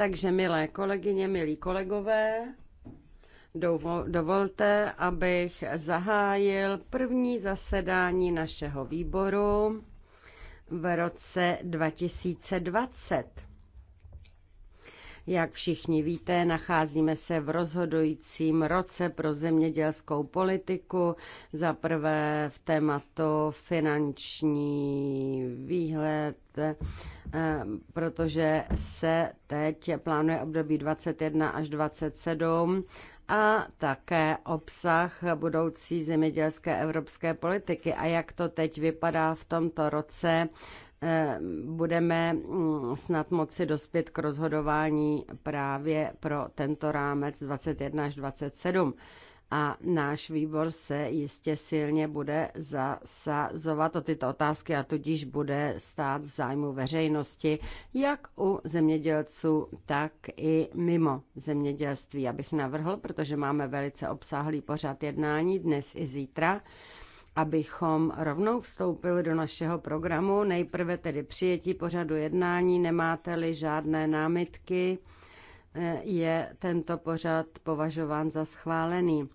Takže milé kolegyně, milí kolegové, dovolte, abych zahájil první zasedání našeho výboru v roce 2020. Jak všichni víte, nacházíme se v rozhodujícím roce pro zemědělskou politiku. Za prvé v tématu finanční výhled, eh, protože se teď plánuje období 21 až 27 a také obsah budoucí zemědělské evropské politiky a jak to teď vypadá v tomto roce Eh, budeme mm, snad moci dospět k rozhodování právě pro tento rámec 21 až 27 a náš výbor se jistě silně bude zasazovat o tyto otázky a tudíž bude stát v zájmu veřejnosti, jak u zemědělců, tak i mimo zemědělství. Abych navrhl, protože máme velice obsáhlý pořad jednání dnes i zítra, abychom rovnou vstoupili do našeho programu. Nejprve tedy přijetí pořadu jednání, nemáte-li žádné námitky, je tento pořad považován za schválený.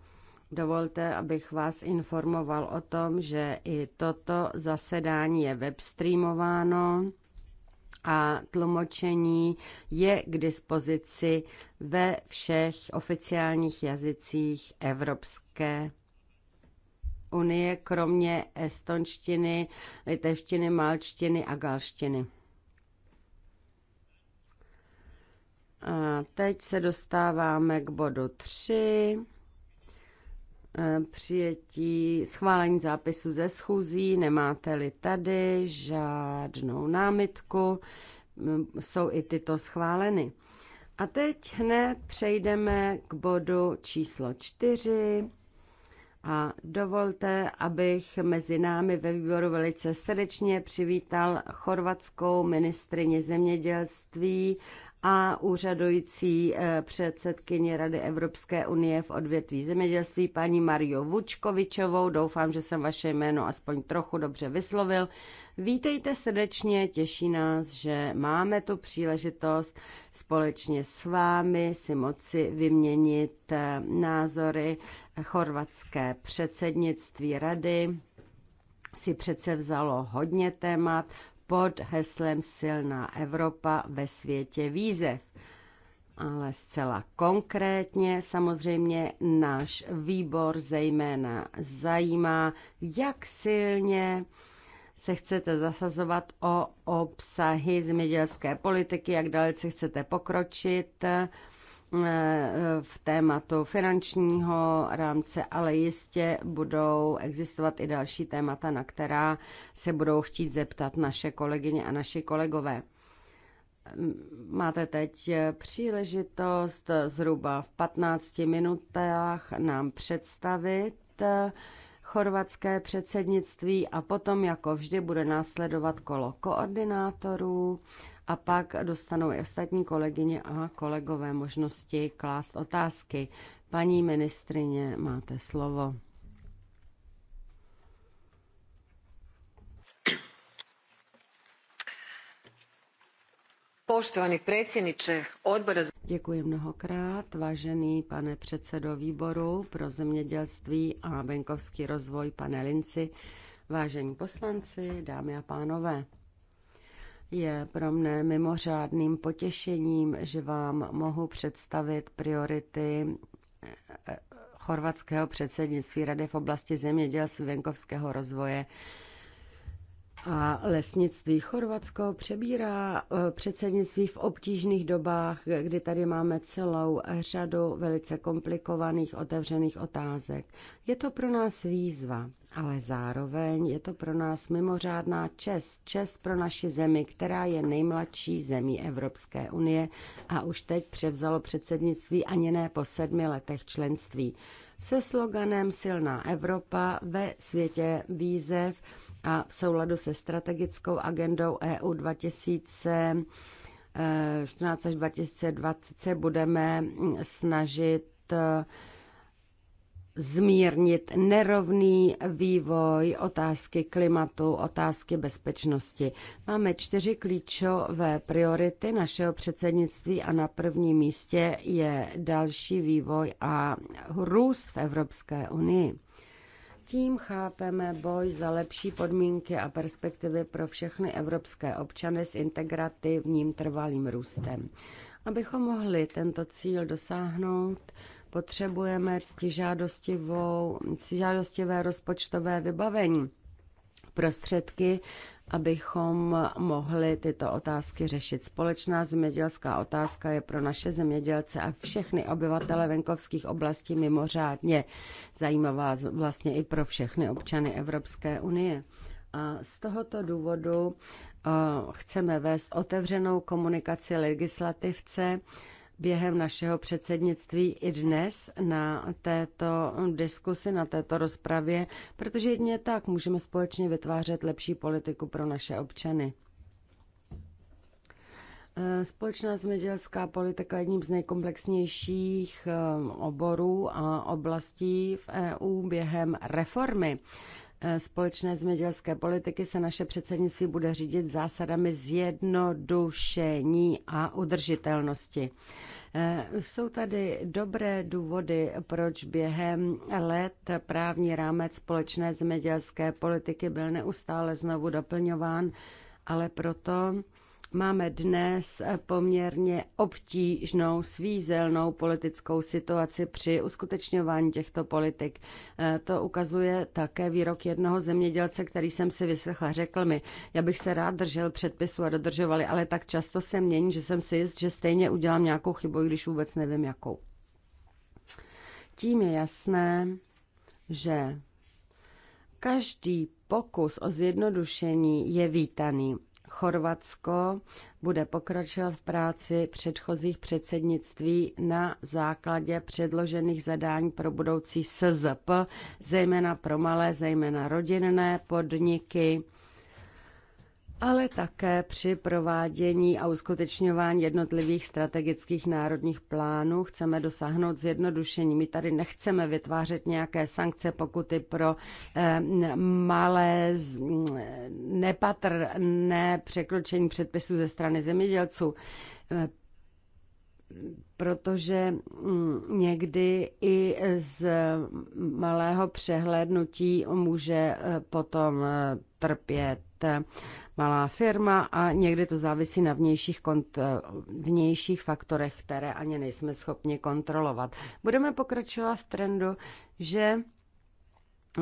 Dovolte, abych vás informoval o tom, že i toto zasedání je webstreamováno a tlumočení je k dispozici ve všech oficiálních jazycích Evropské unie, kromě estonštiny, litevštiny, malčtiny a galštiny. A teď se dostáváme k bodu 3. Eh, přijetí schválení zápisu ze schůzí. Nemáte-li tady žádnou námitku, mm, jsou i tyto schváleny. A teď hned přejdeme k bodu číslo 4. A dovolte, abych mezi námi ve výboru velice srdečně přivítal chorvatskou ministrině zemědělství a úřadující eh, předsedkyně Rady Evropské unie v odvětví zemědělství paní Mario Vučkovičovou. Doufám, že jsem vaše jméno aspoň trochu dobře vyslovil. Vítejte srdečně, těší nás, že máme tu příležitost společně s vámi si moci vyměnit eh, názory chorvatské předsednictví Rady si přece vzalo hodně témat, pod heslem Silná Evropa ve světě výzev. Ale zcela konkrétně samozřejmě náš výbor zejména zajímá, jak silně se chcete zasazovat o obsahy zemědělské politiky, jak dalece chcete pokročit v tématu finančního rámce, ale jistě budou existovat i další témata, na která se budou chtít zeptat naše kolegyně a naši kolegové. Máte teď příležitost zhruba v 15 minutách nám představit chorvatské předsednictví a potom, jako vždy, bude následovat kolo koordinátorů a pak dostanou i ostatní kolegyně a kolegové možnosti klást otázky. Paní ministrině, máte slovo. Poštovani predsjedniče odbora za... Děkuji mnohokrát, vážený pane předsedo výboru pro zemědělství a venkovský rozvoj, pane Linci, vážení poslanci, dámy a pánové. Je pro mne mimořádným potěšením, že vám mohu představit priority eh, eh, chorvatského předsednictví Rady v oblasti zemědělství venkovského rozvoje a lesnictví. Chorvatsko přebírá eh, předsednictví v obtížných dobách, kdy tady máme celou řadu velice komplikovaných otevřených otázek. Je to pro nás výzva, ale zároveň je to pro nás mimořádná čest. Čest pro naši zemi, která je nejmladší zemí Evropské unie a už teď převzalo předsednictví ani ne po sedmi letech členství. Se sloganem Silná Evropa ve světě výzev a v souladu se strategickou agendou EU 2014 eh, až 2020 se budeme snažit eh, zmírnit nerovný vývoj otázky klimatu, otázky bezpečnosti. Máme čtyři klíčové priority našeho předsednictví a na prvním místě je další vývoj a růst v Evropské unii tím chápeme boj za lepší podmínky a perspektivy pro všechny evropské občany s integrativním trvalým růstem. Abychom mohli tento cíl dosáhnout, potřebujeme ctižádostivou, ctižádostivé rozpočtové vybavení prostředky, abychom mohli tyto otázky řešit. Společná zemědělská otázka je pro naše zemědělce a všechny obyvatele venkovských oblastí mimořádně zajímavá vlastně i pro všechny občany Evropské unie. A z tohoto důvodu eh, chceme vést otevřenou komunikaci legislativce, během našeho předsednictví i dnes na této diskusi, na této rozpravě, protože jedině tak můžeme společně vytvářet lepší politiku pro naše občany. Společná zemědělská politika je jedním z nejkomplexnějších eh, oborů a oblastí v EU během reformy Eh, společné zemědělské politiky se naše předsednictví bude řídit zásadami zjednodušení a udržitelnosti. Eh, jsou tady dobré důvody, proč během let právní rámec společné zemědělské politiky byl neustále znovu doplňován, ale proto, Máme dnes poměrně obtížnou, svízelnou politickou situaci při uskutečňování těchto politik. E, to ukazuje také výrok jednoho zemědělce, který jsem si vyslechla. Řekl mi, já bych se rád držel předpisu a dodržovali, ale tak často se mění, že jsem si jist, že stejně udělám nějakou chybu, i když vůbec nevím jakou. Tím je jasné, že každý pokus o zjednodušení je vítaný Chorvatsko bude pokračovat v práci předchozích předsednictví na základě předložených zadání pro budoucí SZP, zejména pro malé, zejména rodinné podniky ale také při provádění a uskutečňování jednotlivých strategických národních plánů chceme dosáhnout zjednodušení. My tady nechceme vytvářet nějaké sankce, pokuty pro eh, malé mm, nepatrné překročení předpisů ze strany zemědělců eh, protože mm, někdy i z malého přehlédnutí může eh, potom eh, trpět malá firma a někdy to závisí na vnějších, kont- vnějších faktorech, které ani nejsme schopni kontrolovat. Budeme pokračovat v trendu, že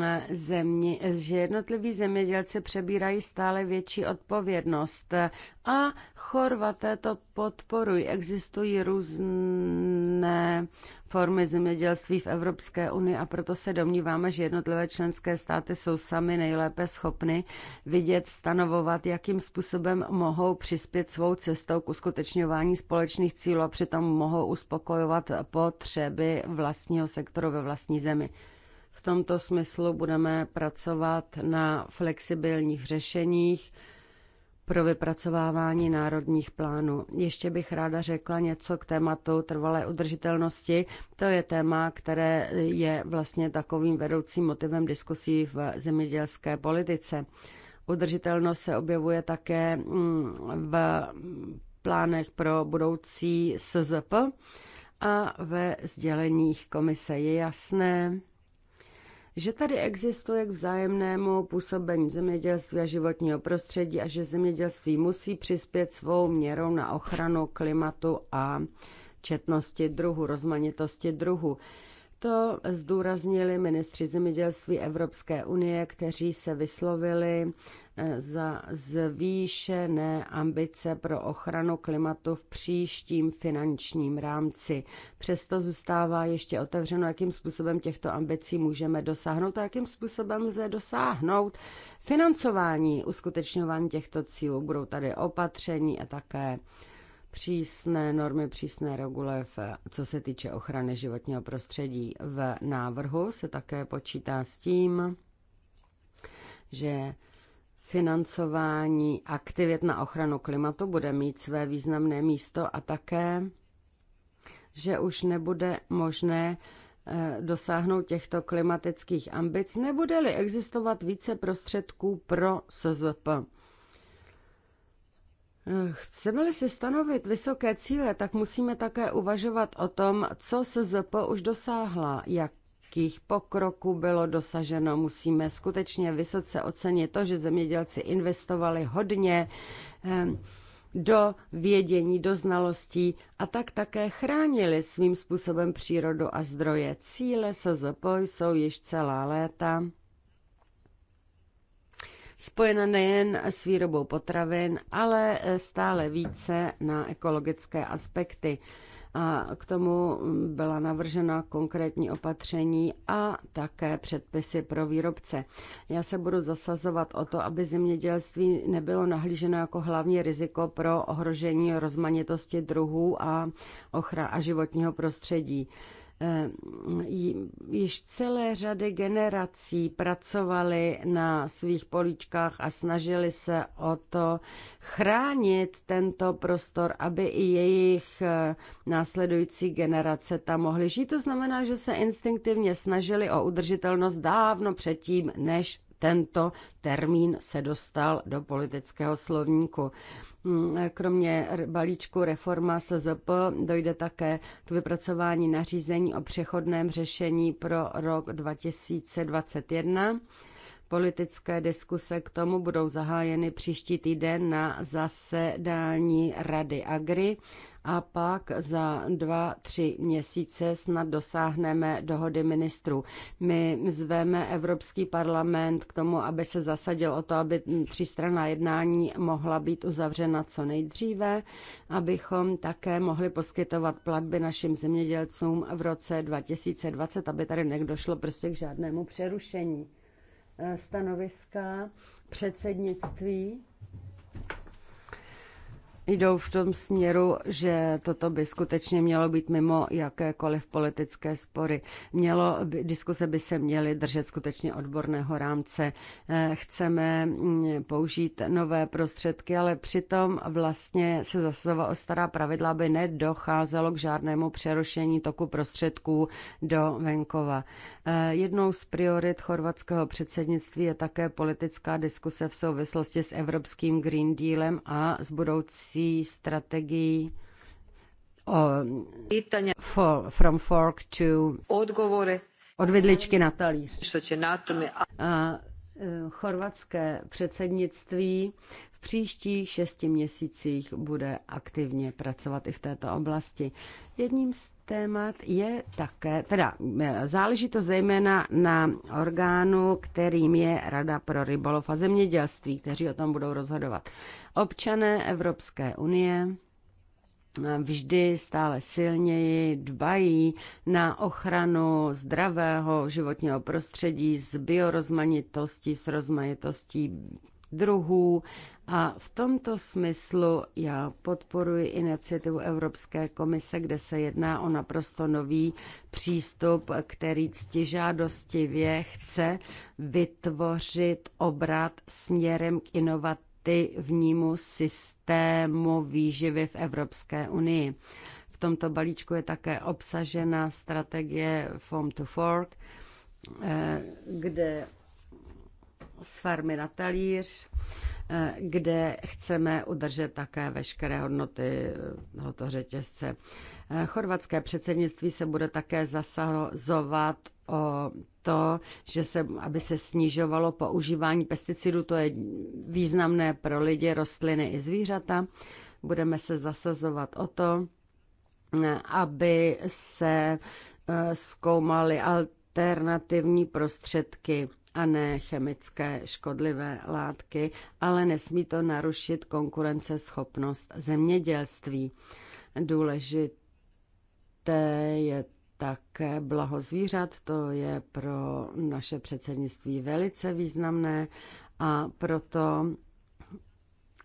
Eh, země, eh, že jednotliví zemědělci přebírají stále větší odpovědnost eh, a Chorvaté to podporují. Existují různé formy zemědělství v Evropské unii a proto se domníváme, že jednotlivé členské státy jsou sami nejlépe schopny vidět, stanovovat, jakým způsobem mohou přispět svou cestou k uskutečňování společných cílů a přitom mohou uspokojovat potřeby vlastního sektoru ve vlastní zemi. V tomto smyslu budeme pracovat na flexibilních řešeních pro vypracovávání národních plánů. Ještě bych ráda řekla něco k tématu trvalé udržitelnosti. To je téma, které je vlastně takovým vedoucím motivem diskusí v zemědělské politice. Udržitelnost se objevuje také mm, v plánech pro budoucí SZP a ve sděleních komise. Je jasné, že tady existuje k vzájemnému působení zemědělství a životního prostředí a že zemědělství musí přispět svou měrou na ochranu klimatu a četnosti druhu, rozmanitosti druhu. To zdůraznili ministři zemědělství Evropské unie, kteří se vyslovili Eh, za zvýšené ambice pro ochranu klimatu v příštím finančním rámci. Přesto zůstává ještě otevřeno, jakým způsobem těchto ambicí můžeme dosáhnout a jakým způsobem lze dosáhnout financování, uskutečňování těchto cílů. Budou tady opatření a také přísné normy, přísné regule, v, co se týče ochrany životního prostředí. V návrhu se také počítá s tím, že financování aktivit na ochranu klimatu bude mít své významné místo a také, že už nebude možné eh, dosáhnout těchto klimatických ambic, nebude-li existovat více prostředků pro SZP. Eh, chceme-li si stanovit vysoké cíle, tak musíme také uvažovat o tom, co SZP už dosáhla, jak Jakých pokroků bylo dosaženo? Musíme skutečně vysoce ocenit to, že zemědělci investovali hodně ehm, do vědění, do znalostí a tak také chránili svým způsobem přírodu a zdroje. Cíle SZP jsou již celá léta spojena nejen s výrobou potravin, ale stále více na ekologické aspekty a k tomu byla navržena konkrétní opatření a také předpisy pro výrobce. Já se budu zasazovat o to, aby zemědělství nebylo nahlíženo jako hlavní riziko pro ohrožení rozmanitosti druhů a, ochra- a životního prostředí. Eh, již celé řady generací pracovali na svých políčkách a snažili se o to chránit tento prostor, aby i jejich eh, následující generace tam mohly žít. To znamená, že se instinktivně snažili o udržitelnost dávno předtím, než tento termín se dostal do politického slovníku. Mm, kromě balíčku reforma SZP dojde také k vypracování nařízení o přechodném řešení pro rok 2021. Politické diskuse k tomu budou zahájeny příští týden na zasedání Rady Agri a pak za dva, tři měsíce snad dosáhneme dohody ministrů. My zveme Evropský parlament k tomu, aby se zasadil o to, aby třístranná jednání mohla být uzavřena co nejdříve, abychom také mohli poskytovat platby našim zemědělcům v roce 2020, aby tady nedošlo prostě k žádnému přerušení eh, stanoviska předsednictví jdou v tom směru, že toto by skutečně mělo být mimo jakékoliv politické spory. Mělo, by, diskuse by se měly držet skutečně odborného rámce. Eh, chceme mm, použít nové prostředky, ale přitom vlastně se zasova o stará pravidla, aby nedocházelo k žádnému přerušení toku prostředků do venkova. Eh, jednou z priorit chorvatského předsednictví je také politická diskuse v souvislosti s Evropským Green Dealem a s budoucí budoucí strategií pitanja for, from fork to odgovore od vidličky na talíř. A e, chorvatské předsednictví v příštích šesti měsících bude aktivně pracovat i v této oblasti. Jedním z témat je také, teda eh, záleží to zejména na orgánu, kterým je Rada pro rybolov a zemědělství, kteří o tom budou rozhodovat. Občané Evropské unie eh, vždy stále silněji dbají na ochranu zdravého životního prostředí s biorozmanitostí, s rozmanitostí druhů a v tomto smyslu já podporuji iniciativu Evropské komise, kde se jedná o naprosto nový přístup, který ctižádostivě chce vytvořit obrat směrem k inovativnímu systému výživy v Evropské unii. V tomto balíčku je také obsažena strategie Form to Fork, eh, kde z farmy na talíř, eh, kde chceme udržet také veškeré hodnoty tohoto řetězce. Eh, chorvatské předsednictví se bude také zasazovat o to, že se, aby se snižovalo používání pesticidů, to je významné pro lidi, rostliny i zvířata. Budeme se zasazovat o to, eh, aby se zkoumaly alternativní prostředky a ne chemické škodlivé látky, ale nesmí to narušit konkurenceschopnost zemědělství. Důležité je také blaho zvířat, to je pro naše předsednictví velice významné a proto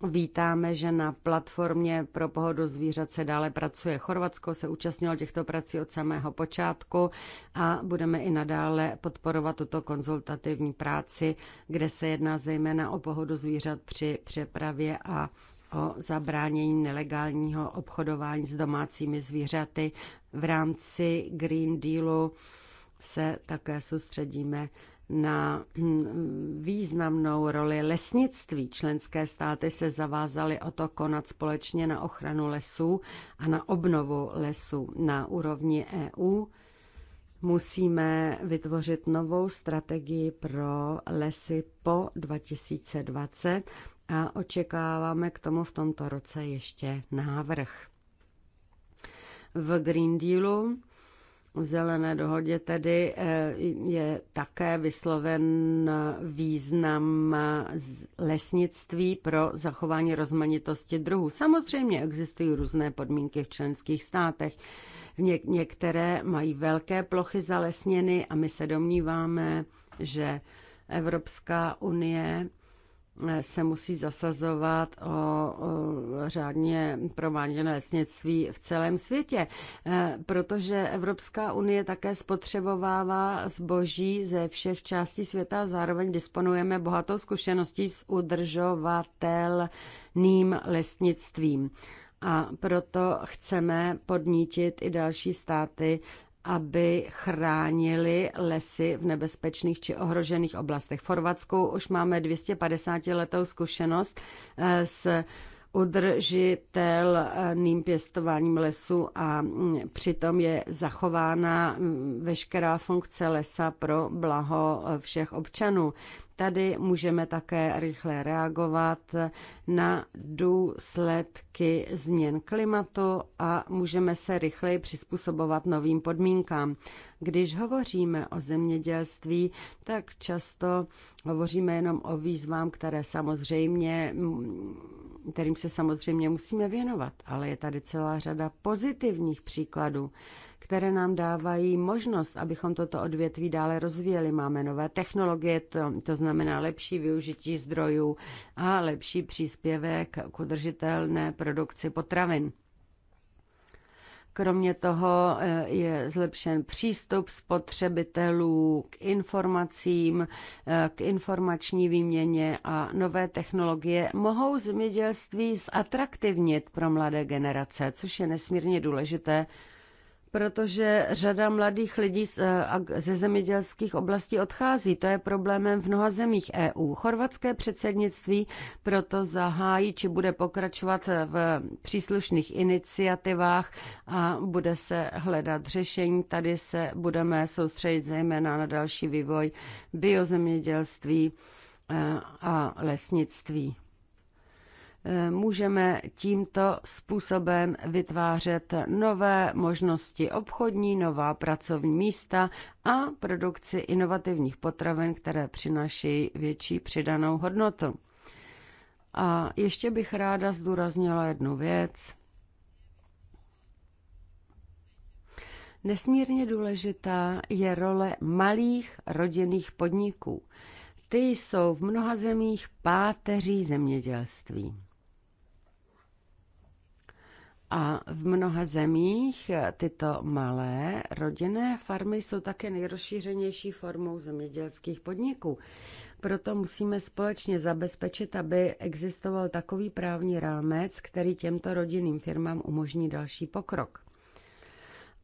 Vítáme, že na platformě pro pohodu zvířat se dále pracuje. Chorvatsko se účastnilo těchto prací od samého počátku a budeme i nadále podporovat tuto konzultativní práci, kde se jedná zejména o pohodu zvířat při přepravě a o zabránění nelegálního obchodování s domácími zvířaty. V rámci Green Dealu se také soustředíme na hm, významnou roli lesnictví. Členské státy se zavázaly o to konat společně na ochranu lesů a na obnovu lesů na úrovni EU. Musíme vytvořit novou strategii pro lesy po 2020 a očekáváme k tomu v tomto roce ještě návrh. V Green Dealu zelené dohodě tedy eh, je také vysloven význam lesnictví pro zachování rozmanitosti druhů. Samozřejmě existují různé podmínky v členských státech. některé mají velké plochy zalesněny a my se domníváme, že Evropská unie se musí zasazovat o, o řádně prováděné lesnictví v celém světě, e, protože Evropská unie také spotřebovává zboží ze všech částí světa a zároveň disponujeme bohatou zkušeností s udržovatelným lesnictvím. A proto chceme podnítit i další státy, aby chránili lesy v nebezpečných či ohrožených oblastech. V Chorvatsku už máme 250 letou zkušenost eh, s udržitelným pěstováním lesu a mm, přitom je zachována mm, veškerá funkce lesa pro blaho eh, všech občanů. Tady můžeme také rychle reagovat na důsledky změn klimatu a můžeme se rychleji přizpůsobovat novým podmínkám. Když hovoříme o zemědělství, tak často hovoříme jenom o výzvám, které samozřejmě, kterým se samozřejmě musíme věnovat, ale je tady celá řada pozitivních příkladů které nám dávají možnost, abychom toto odvětví dále rozvíjeli. Máme nové technologie, to, to znamená lepší využití zdrojů a lepší příspěvek k udržitelné produkci potravin. Kromě toho eh, je zlepšen přístup spotřebitelů k informacím, eh, k informační výměně a nové technologie mohou zemědělství zatraktivnit pro mladé generace, což je nesmírně důležité protože řada mladých lidí eh, ze zemědělských oblastí odchází. To je problémem v mnoha zemích EU. Chorvatské předsednictví proto zahájí, či bude pokračovat v příslušných iniciativách a bude se hledat řešení. Tady se budeme soustředit zejména na další vývoj biozemědělství eh, a lesnictví můžeme tímto způsobem vytvářet nové možnosti obchodní, nová pracovní místa a produkci inovativních potravin, které přinašejí větší přidanou hodnotu. A ještě bych ráda zdůraznila jednu věc. Nesmírně důležitá je role malých rodinných podniků. Ty jsou v mnoha zemích páteří zemědělství. A v mnoha zemích tyto malé rodinné farmy jsou také nejrozšířenější formou zemědělských podniků. Proto musíme společně zabezpečit, aby existoval takový právní rámec, který těmto rodinným firmám umožní další pokrok.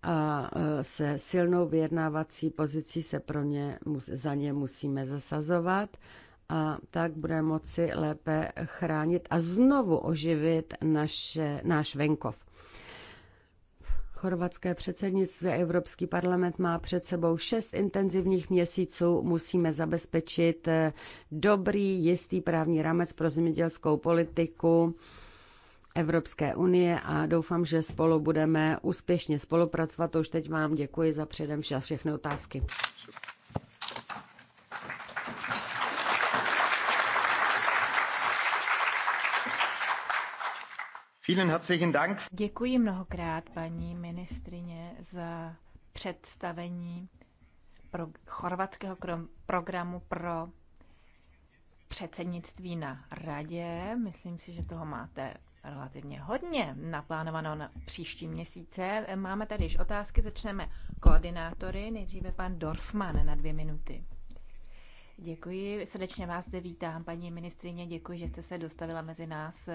A e, se silnou vyjednávací pozicí se pro ně, za ně musíme zasazovat a tak bude moci lépe chránit a znovu oživit naše, náš venkov. Chorvatské předsednictví a Evropský parlament má před sebou šest intenzivních měsíců. Musíme zabezpečit eh, dobrý, jistý právní rámec pro zemědělskou politiku. Evropské unie a doufám, že spolu budeme úspěšně spolupracovat. Už teď vám děkuji za předem za všechny otázky. Vielen herzlichen Dank. Děkuji mnohokrát, paní ministrině, za představení pro chorvatského programu pro předsednictví na radě. Myslím si, že toho máte relativně hodně naplánováno na příští měsíce. Máme tady již otázky, začneme koordinátory. Nejdříve pan Dorfman na dvě minuty. Děkuji, srdečně vás zde vítám, paní ministrině, děkuji, že jste se dostavila mezi nás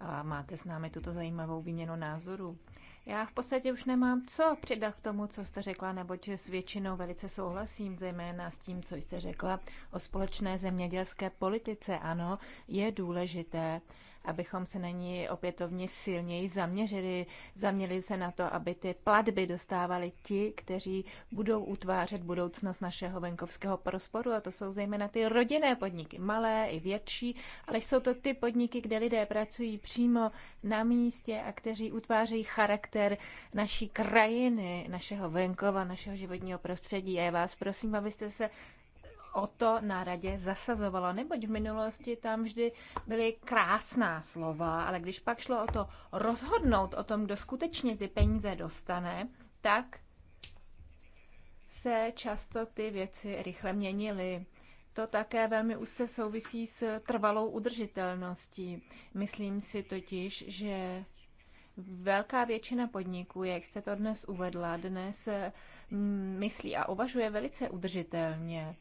a máte s námi tuto zajímavou výměnu názorů. Já v podstatě už nemám co přidat k tomu, co jste řekla, neboť s většinou velice souhlasím, zejména s tím, co jste řekla o společné zemědělské politice. Ano, je důležité, abychom se na ní opětovně silněji zaměřili. Zaměřili se na to, aby ty platby dostávali ti, kteří budou utvářet budoucnost našeho venkovského prosporu. A to jsou zejména ty rodinné podniky, malé i větší, ale jsou to ty podniky, kde lidé pracují přímo na místě a kteří utvářejí charakter naší krajiny, našeho venkova, našeho životního prostředí. A já vás prosím, abyste se o to na radě zasazovalo, neboť v minulosti tam vždy byly krásná slova, ale když pak šlo o to rozhodnout o tom, kdo skutečně ty peníze dostane, tak se často ty věci rychle měnily. To také velmi úzce souvisí s trvalou udržitelností. Myslím si totiž, že velká většina podniků, jak jste to dnes uvedla, dnes mm, myslí a uvažuje velice udržitelně.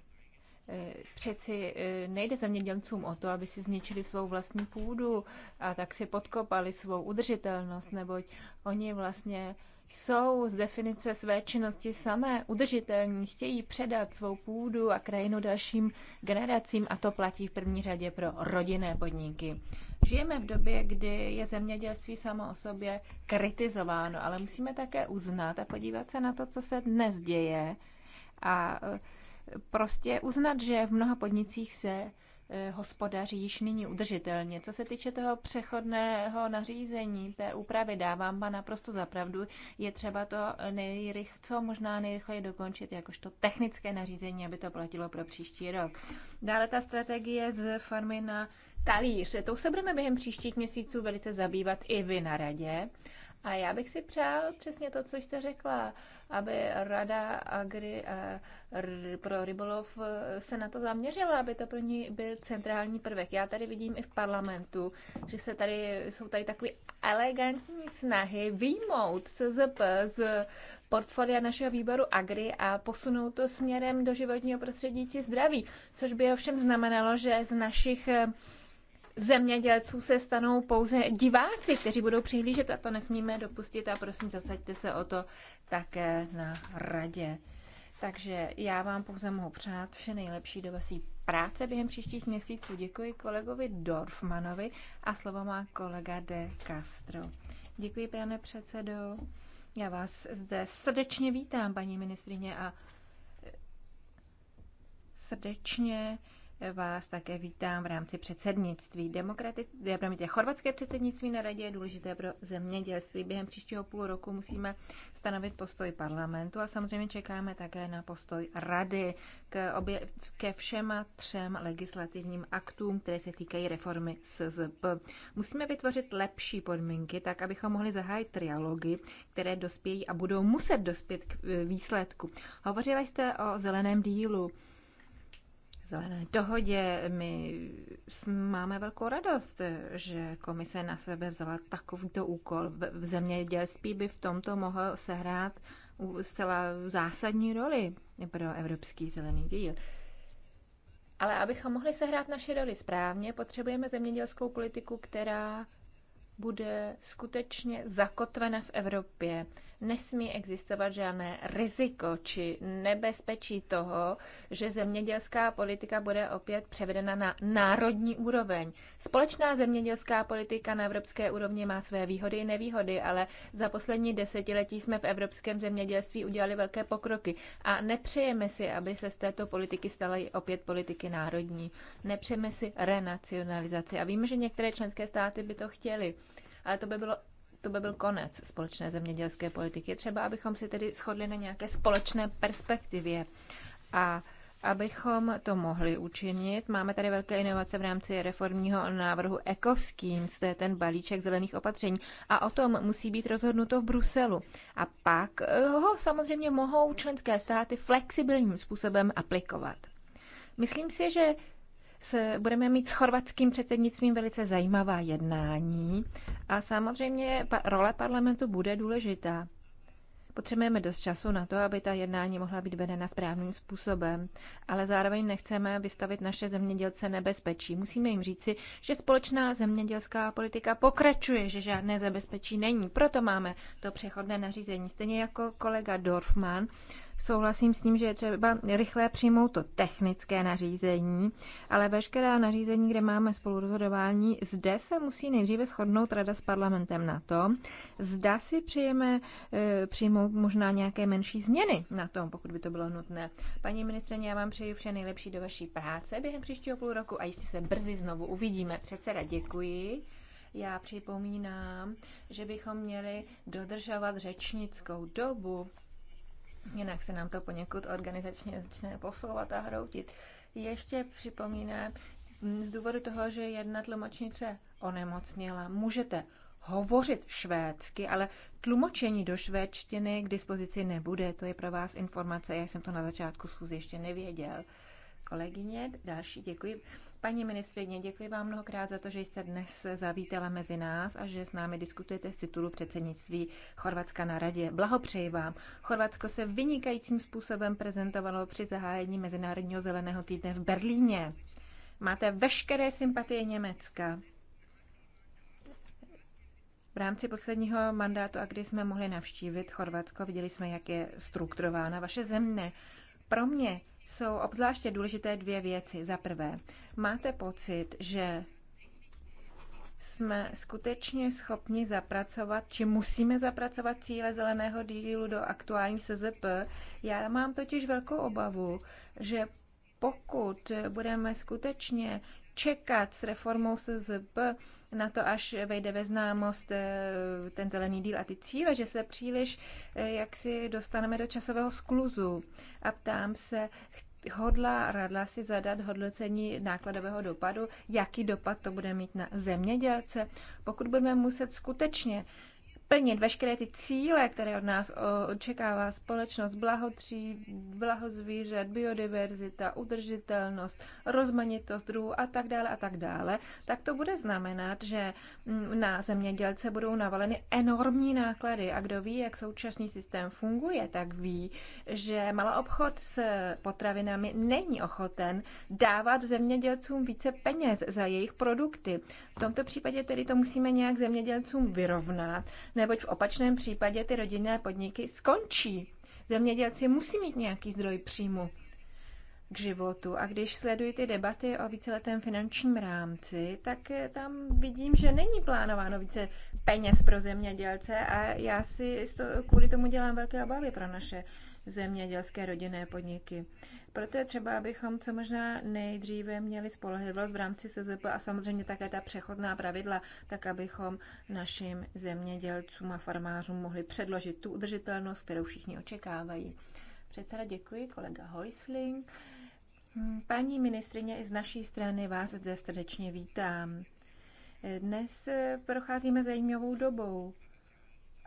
Eh, přeci eh, nejde zemědělcům o to, aby si zničili svou vlastní půdu a tak si podkopali svou udržitelnost, neboť oni vlastně jsou z definice své činnosti samé udržitelní, chtějí předat svou půdu a krajinu dalším generacím a to platí v první řadě pro rodinné podniky. Žijeme v době, kdy je zemědělství samo o sobě kritizováno, ale musíme také uznat a podívat se na to, co se dnes děje a prostě uznat, že v mnoha podnicích se eh, hospodaří již nyní udržitelně. Co se týče toho přechodného nařízení, té úpravy, dávám vám naprosto zapravdu, je třeba to nejrych, co možná nejrychleji dokončit, jakožto technické nařízení, aby to platilo pro příští rok. Dále ta strategie z farmy na talíř. Tou se budeme během příštích měsíců velice zabývat i vy na radě. A já bych si přál přesně to, co jste řekla, aby Rada Agri eh, pro rybolov eh, se na to zaměřila, aby to pro ní byl centrální prvek. Já tady vidím i v parlamentu, že se tady, jsou tady takové elegantní snahy výmout CZP z portfolia našeho výboru Agri a posunout to směrem do životního prostředí či zdraví, což by ovšem znamenalo, že z našich eh, zemědělců se stanou pouze diváci, kteří budou přihlížet a to nesmíme dopustit a prosím zasaďte se o to také na radě. Takže já vám pouze mohu přát vše nejlepší do vaší práce během příštích měsíců. Děkuji kolegovi Dorfmanovi a slovo má kolega de Castro. Děkuji, pane předsedo. Já vás zde srdečně vítám, paní ministrině, a srdečně vás také vítám v rámci předsednictví. Demokratické, eh, chorvatské předsednictví na radě je důležité pro zemědělství. Během příštího půl roku musíme stanovit postoj parlamentu a samozřejmě čekáme také na postoj rady k obě- ke všema třem legislativním aktům, které se týkají reformy SZP. Musíme vytvořit lepší podmínky, tak abychom mohli zahájit trialogy, které dospějí a budou muset dospět k eh, výsledku. Hovořila jste o zeleném dílu zelené dohodě. My máme velkou radost, že komise na sebe vzala takovýto úkol. V zemědělství by v tomto mohl sehrát zcela zásadní roli pro Evropský zelený díl. Ale abychom mohli sehrát naše roli správně, potřebujeme zemědělskou politiku, která bude skutečně zakotvena v Evropě nesmí existovat žádné riziko či nebezpečí toho, že zemědělská politika bude opět převedena na národní úroveň. Společná zemědělská politika na evropské úrovni má své výhody i nevýhody, ale za poslední desetiletí jsme v evropském zemědělství udělali velké pokroky a nepřejeme si, aby se z této politiky staly opět politiky národní. Nepřejeme si renacionalizaci a víme, že některé členské státy by to chtěly ale to by bylo to by byl konec společné zemědělské politiky. Třeba, abychom si tedy shodli na nějaké společné perspektivě. A abychom to mohli učinit, máme tady velké inovace v rámci reformního návrhu EcoSchemes, to je ten balíček zelených opatření. A o tom musí být rozhodnuto v Bruselu. A pak eh, ho samozřejmě mohou členské státy flexibilním způsobem aplikovat. Myslím si, že se budeme mít s chorvatským předsednictvím velice zajímavá jednání a samozřejmě role parlamentu bude důležitá. Potřebujeme dost času na to, aby ta jednání mohla být vedena správným způsobem, ale zároveň nechceme vystavit naše zemědělce nebezpečí. Musíme jim říci, že společná zemědělská politika pokračuje, že žádné zabezpečí není. Proto máme to přechodné nařízení. Stejně jako kolega Dorfman Souhlasím s tím, že je třeba rychle přijmout to technické nařízení, ale veškerá nařízení, kde máme spolurozhodování, zde se musí nejdříve shodnout Rada s parlamentem na to. zda si přijeme e, přijmout možná nějaké menší změny na tom, pokud by to bylo nutné. Paní ministrině, já vám přeji vše nejlepší do vaší práce během příštího půl roku a jistě se brzy znovu uvidíme. Předseda, děkuji. Já připomínám, že bychom měli dodržovat řečnickou dobu. Jinak se nám to poněkud organizačně začne posouvat a hroutit. Ještě připomínám, mm, z důvodu toho, že jedna tlumočnice onemocněla, můžete hovořit švédsky, ale tlumočení do švédštiny k dispozici nebude. To je pro vás informace, já jsem to na začátku schůz ještě nevěděl. Kolegyně, další děkuji. Paní ministrině, děkuji vám mnohokrát za to, že jste dnes zavítala mezi nás a že s námi diskutujete z titulu předsednictví Chorvatska na radě. Blahopřeji vám. Chorvatsko se vynikajícím způsobem prezentovalo při zahájení Mezinárodního zeleného týdne v Berlíně. Máte veškeré sympatie Německa. V rámci posledního mandátu, a kdy jsme mohli navštívit Chorvatsko, viděli jsme, jak je strukturována vaše země. Pro mě jsou obzvláště důležité dvě věci. Za prvé, máte pocit, že jsme skutečně schopni zapracovat, či musíme zapracovat cíle zeleného dílu do aktuální SZP. Já mám totiž velkou obavu, že pokud budeme skutečně čekat s reformou SZB na to, až vejde ve známost eh, ten zelený díl a ty cíle, že se příliš eh, jak si dostaneme do časového skluzu. A ptám se, hodla radla si zadat hodnocení nákladového dopadu, jaký dopad to bude mít na zemědělce. Pokud budeme muset skutečně plnit veškeré ty cíle, které od nás očekává společnost, blahotří, blaho zvířat, biodiverzita, udržitelnost, rozmanitost druhů a tak dále a tak dále, tak to bude znamenat, že mm, na zemědělce budou navaleny enormní náklady a kdo ví, jak současný systém funguje, tak ví, že obchod s potravinami není ochoten dávat zemědělcům více peněz za jejich produkty. V tomto případě tedy to musíme nějak zemědělcům vyrovnat, neboť v opačném případě ty rodinné podniky skončí. Zemědělci musí mít nějaký zdroj příjmu k životu. A když sleduji ty debaty o víceletém finančním rámci, tak eh, tam vidím, že není plánováno více peněz pro zemědělce a já si kvůli tomu dělám velké obavy pro naše zemědělské rodinné podniky. Proto je třeba, abychom co možná nejdříve měli spolehlivost v rámci SZP a samozřejmě také ta přechodná pravidla, tak abychom našim zemědělcům a farmářům mohli předložit tu udržitelnost, kterou všichni očekávají. Předseda děkuji, kolega Hoisling. Paní ministrině, i z naší strany vás zde srdečně vítám. Dnes procházíme zajímavou dobou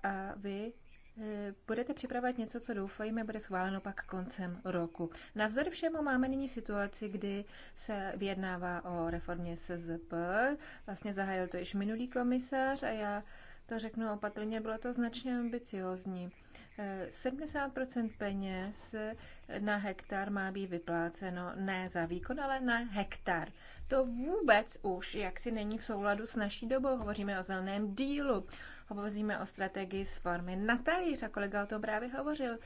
a vy Eh, budete připravovat něco, co doufajíme, bude schváleno pak koncem roku. vzor všemu máme nyní situaci, kdy se vyjednává o reformě SZP. Vlastně zahájil to již minulý komisař a já to řeknu opatrně, bylo to značně ambiciozní. 70% eh, peněz na hektar má být vypláceno ne za výkon, ale na hektar. To vůbec už jaksi není v souladu s naší dobou. Hovoříme o zeleném dílu, hovoříme o strategii z formy na talíř a kolega o tom právě hovořil.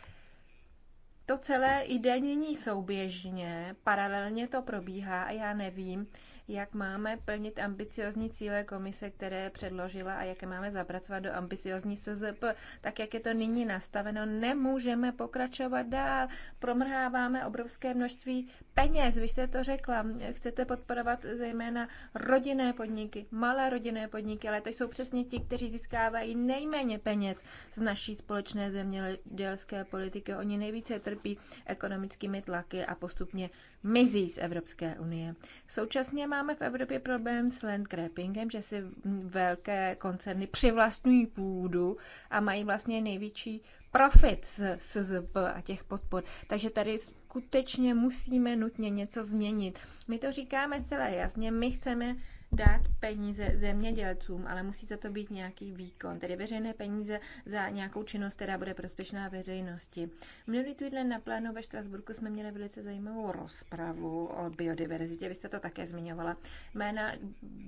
To celé i nyní souběžně, paralelně to probíhá a já nevím, jak máme plnit ambiciozní cíle komise, které předložila a jaké máme zapracovat do ambiciozní SZP. Tak, jak je to nyní nastaveno, nemůžeme pokračovat dál. Promrháváme obrovské množství peněz, vy jste to řekla. Chcete podporovat zejména rodinné podniky, malé rodinné podniky, ale to jsou přesně ti, kteří získávají nejméně peněz z naší společné zemědělské politiky. Oni nejvíce trpí ekonomickými tlaky a postupně mizí z Evropské unie. Současně máme v Evropě problém s landcrappingem, že si velké koncerny přivlastňují půdu a mají vlastně největší profit z SZP a těch podpor. Takže tady skutečně musíme nutně něco změnit. My to říkáme zcela jasně, my chceme dát peníze zemědělcům, ale musí za to být nějaký výkon, tedy veřejné peníze za nějakou činnost, která bude prospěšná veřejnosti. Minulý týden na plénu ve Štrasburku jsme měli velice zajímavou rozpravu o biodiverzitě. Vy jste to také zmiňovala. Jména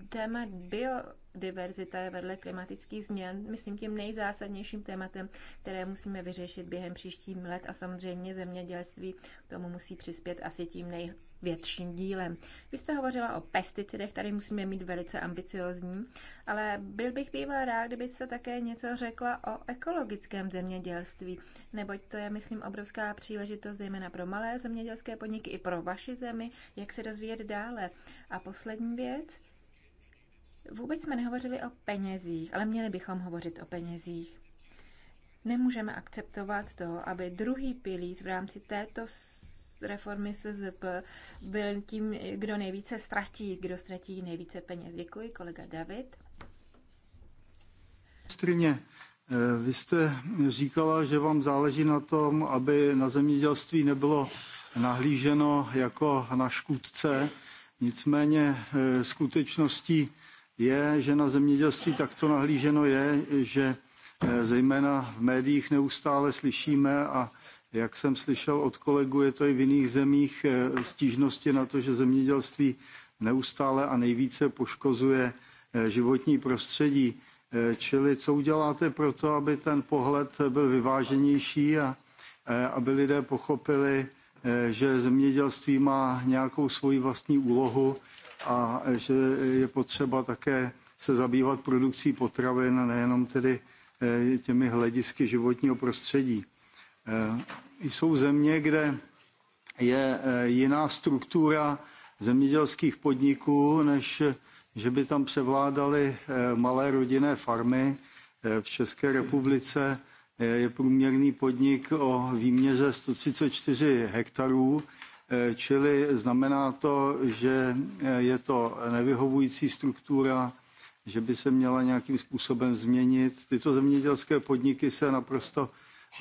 téma biodiverzita je vedle klimatických změn, myslím, tím nejzásadnějším tématem, které musíme vyřešit během příštím let a samozřejmě zemědělství tomu musí přispět asi tím nej větším dílem. Vy jste hovořila o pesticidech, tady musíme mít velice ambiciozní, ale byl bych býval rád, se také něco řekla o ekologickém zemědělství, neboť to je, myslím, obrovská příležitost zejména pro malé zemědělské podniky i pro vaši zemi, jak se rozvíjet dále. A poslední věc, Vůbec jsme nehovořili o penězích, ale měli bychom hovořit o penězích. Nemůžeme akceptovat to, aby druhý pilíř v rámci této reformy SZP byl tím, kdo nejvíce ztratí, kdo ztratí nejvíce peněz. Děkuji, kolega David. Strině, eh, vy jste říkala, že vám záleží na tom, aby na zemědělství nebylo nahlíženo jako na škůdce. Nicméně eh, skutečností je, že na zemědělství takto nahlíženo je, že eh, zejména v médiích neustále slyšíme a jak jsem slyšel od kolegů, je to i v jiných zemích eh, stížnosti na to, že zemědělství neustále a nejvíce poškozuje eh, životní prostředí. Eh, čili co uděláte pro to, aby ten pohled byl vyváženější a aby lidé pochopili, že zemědělství má nějakou svoji vlastní úlohu a že je potřeba také se zabývat produkcí potravin a nejenom tedy těmi hledisky životního prostředí. Eh, jsou země, kde je eh, jiná struktura zemědělských podniků, než že by tam převládaly eh, malé rodinné farmy. V České republice je průměrný podnik o výměře 134 hektarů, čili znamená to, že je to nevyhovující struktura, že by se měla nějakým způsobem změnit. Tyto zemědělské podniky se naprosto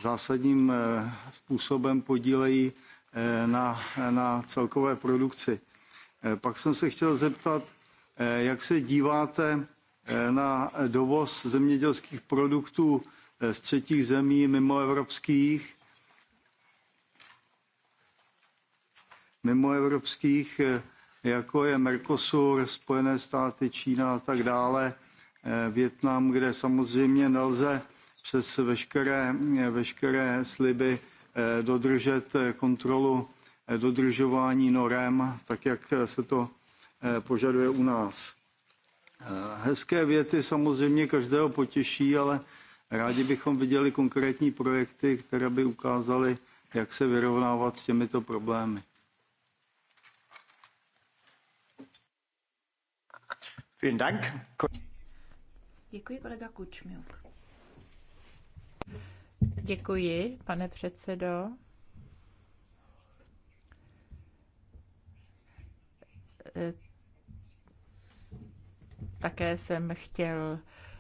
zásadním eh, způsobem podílejí eh, na, na celkové produkci. Eh, pak jsem se chtěl zeptat, jak se díváte na dovoz zemědělských produktů z třetích zemí mimo evropských, mimo evropských, jako je Mercosur, Spojené státy, Čína a tak dále, Větnam, kde samozřejmě nelze přes veškeré, veškeré sliby eh, dodržet eh, kontrolu eh, dodržování norem, tak jak se to požaduje u nás. Hezké věty samozřejmě každého potěší, ale rádi bychom viděli konkrétní projekty, které by ukázaly, jak se vyrovnávat s těmito problémy. Vielen Dank. Děkuji kolega Kučmiuk. Děkuji, pane předsedo. Také jsem chtěl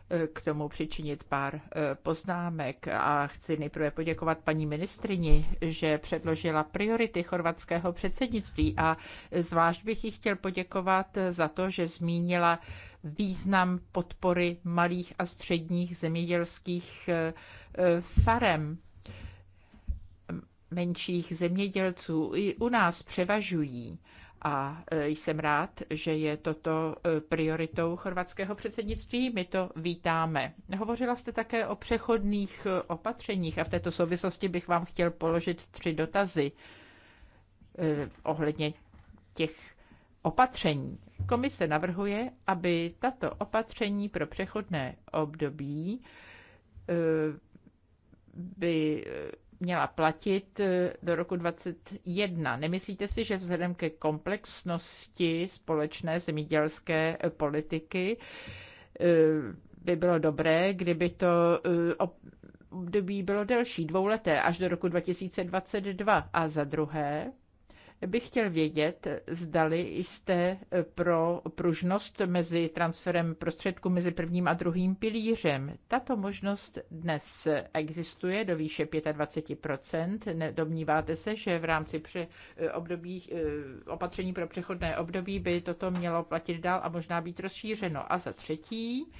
eh, k tomu přičinit pár eh, poznámek a chci nejprve poděkovat paní ministrini, že předložila priority chorvatského předsednictví a zvlášť bych jí chtěl poděkovat eh, za to, že zmínila význam podpory malých a středních zemědělských eh, eh, farem menších zemědělců i u nás převažují. A eh, jsem rád, že je toto prioritou chorvatského předsednictví. My to vítáme. Hovořila jste také o přechodných opatřeních a v této souvislosti bych vám chtěl položit tři dotazy ohledně těch opatření. Komise navrhuje, aby tato opatření pro přechodné období eh, by eh, měla platit eh, do roku 2021. Nemyslíte si, že vzhledem ke komplexnosti společné zemědělské politiky by bylo dobré, kdyby to období bylo delší, dvouleté, až do roku 2022? A za druhé, bych chtěl vědět, zdali jste e, pro pružnost mezi transferem prostředků mezi prvním a druhým pilířem. Tato možnost dnes existuje do výše 25%. Domníváte se, že v rámci pře- e, období, e, opatření pro přechodné období by toto mělo platit dál a možná být rozšířeno? A za třetí,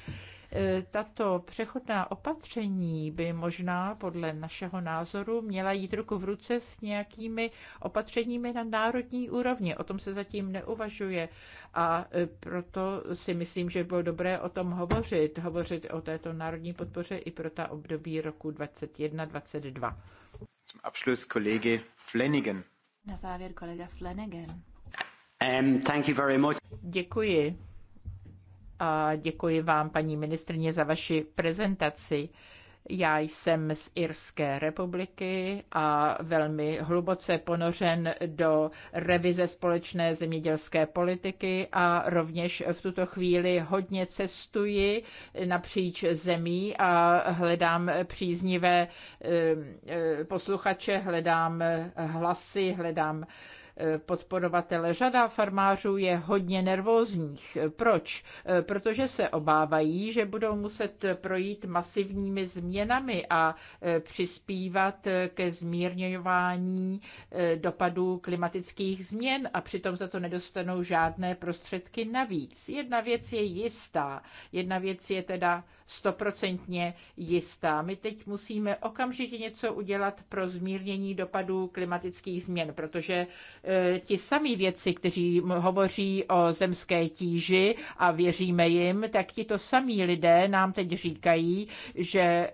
E, tato přechodná opatření by možná podle našeho názoru měla jít ruku v ruce s nějakými opatřeními na národní úrovni. O tom se zatím neuvažuje a e, proto si myslím, že bylo dobré o tom hovořit, hovořit o této národní podpoře i pro ta období roku 2021-2022. Zum Abschluss Kollege Flanagan. Na závěr kolega Flanagan. Um, thank you very much. Děkuji a děkuji vám, paní ministrně, za vaši prezentaci. Já jsem z Irské republiky a velmi hluboce ponořen do revize společné zemědělské politiky a rovněž v tuto chvíli hodně cestuji napříč zemí a hledám příznivé eh, eh, posluchače, hledám hlasy, hledám Eh, podporovatele. Řada farmářů je hodně nervózních. Proč? Eh, protože se obávají, že budou muset projít masivními změnami a eh, přispívat ke zmírňování dopadů klimatických změn a přitom za to nedostanou žádné prostředky navíc. Jedna věc je jistá. Jedna věc je teda stoprocentně jistá. My teď musíme okamžitě něco udělat pro zmírnění dopadů klimatických změn, protože e, ti samí věci, kteří hovoří o zemské tíži a věříme jim, tak ti to samí lidé nám teď říkají, že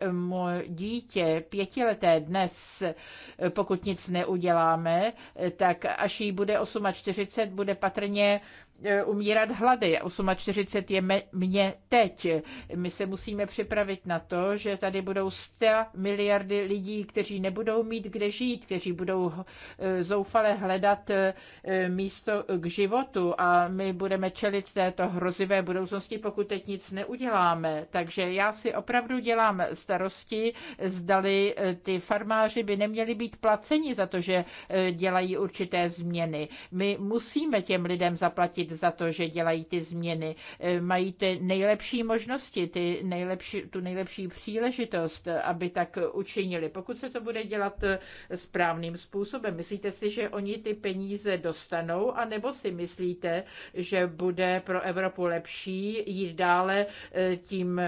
dítě pětileté dnes, e, pokud nic neuděláme, e, tak až jí bude 48, bude patrně Eh, umírat hlady. 48 je mě teď. My se musíme připravit na to, že tady budou 100 miliardy lidí, kteří nebudou mít kde žít, kteří budou eh, zoufale hledat eh, místo k životu a my budeme čelit této hrozivé budoucnosti, pokud teď nic neuděláme. Takže já si opravdu dělám starosti, zdali ty farmáři by neměli být placeni za to, že dělají určité změny. My musíme těm lidem zaplatit za to, že dělají ty změny. E, mají ty nejlepší možnosti, ty nejlepší, tu nejlepší příležitost, aby tak učinili. Pokud se to bude dělat e, správným způsobem, myslíte si, že oni ty peníze dostanou, anebo si myslíte, že bude pro Evropu lepší jít dále e, tím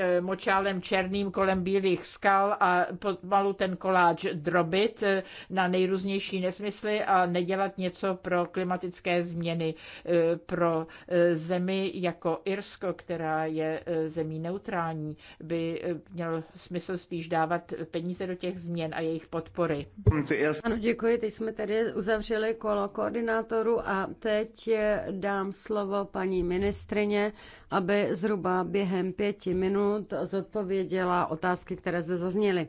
Eh, močálem černým kolem bílých skal a pomalu ten koláč drobit eh, na nejrůznější nesmysly a nedělat něco pro klimatické změny eh, pro zemi jako Irsko, která je zemí neutrální, by měl smysl spíš dávat peníze do těch změn a jejich podpory. Ano, děkuji. Teď jsme tedy uzavřeli kolo koordinátoru a teď dám slovo paní ministrině, aby zhruba během pěti minut minut zodpověděla otázky, které zde zazněly.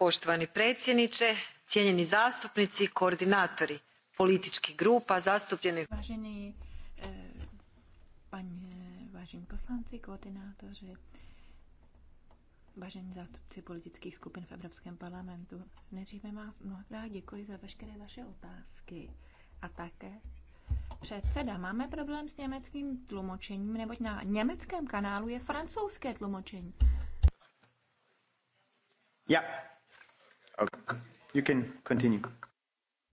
poštovani predsjedniče cijenjeni zastupnici koordinatori političkih grupa zastupljenih Paní, vážení poslanci, koordinátoři, vážení zástupci politických skupin v Evropském parlamentu, nejdříve vás mnohokrát děkuji za veškeré vaše otázky a také Předseda, máme problém s německým tlumočením, neboť na německém kanálu je francouzské tlumočení. Yeah. Okay. You can continue.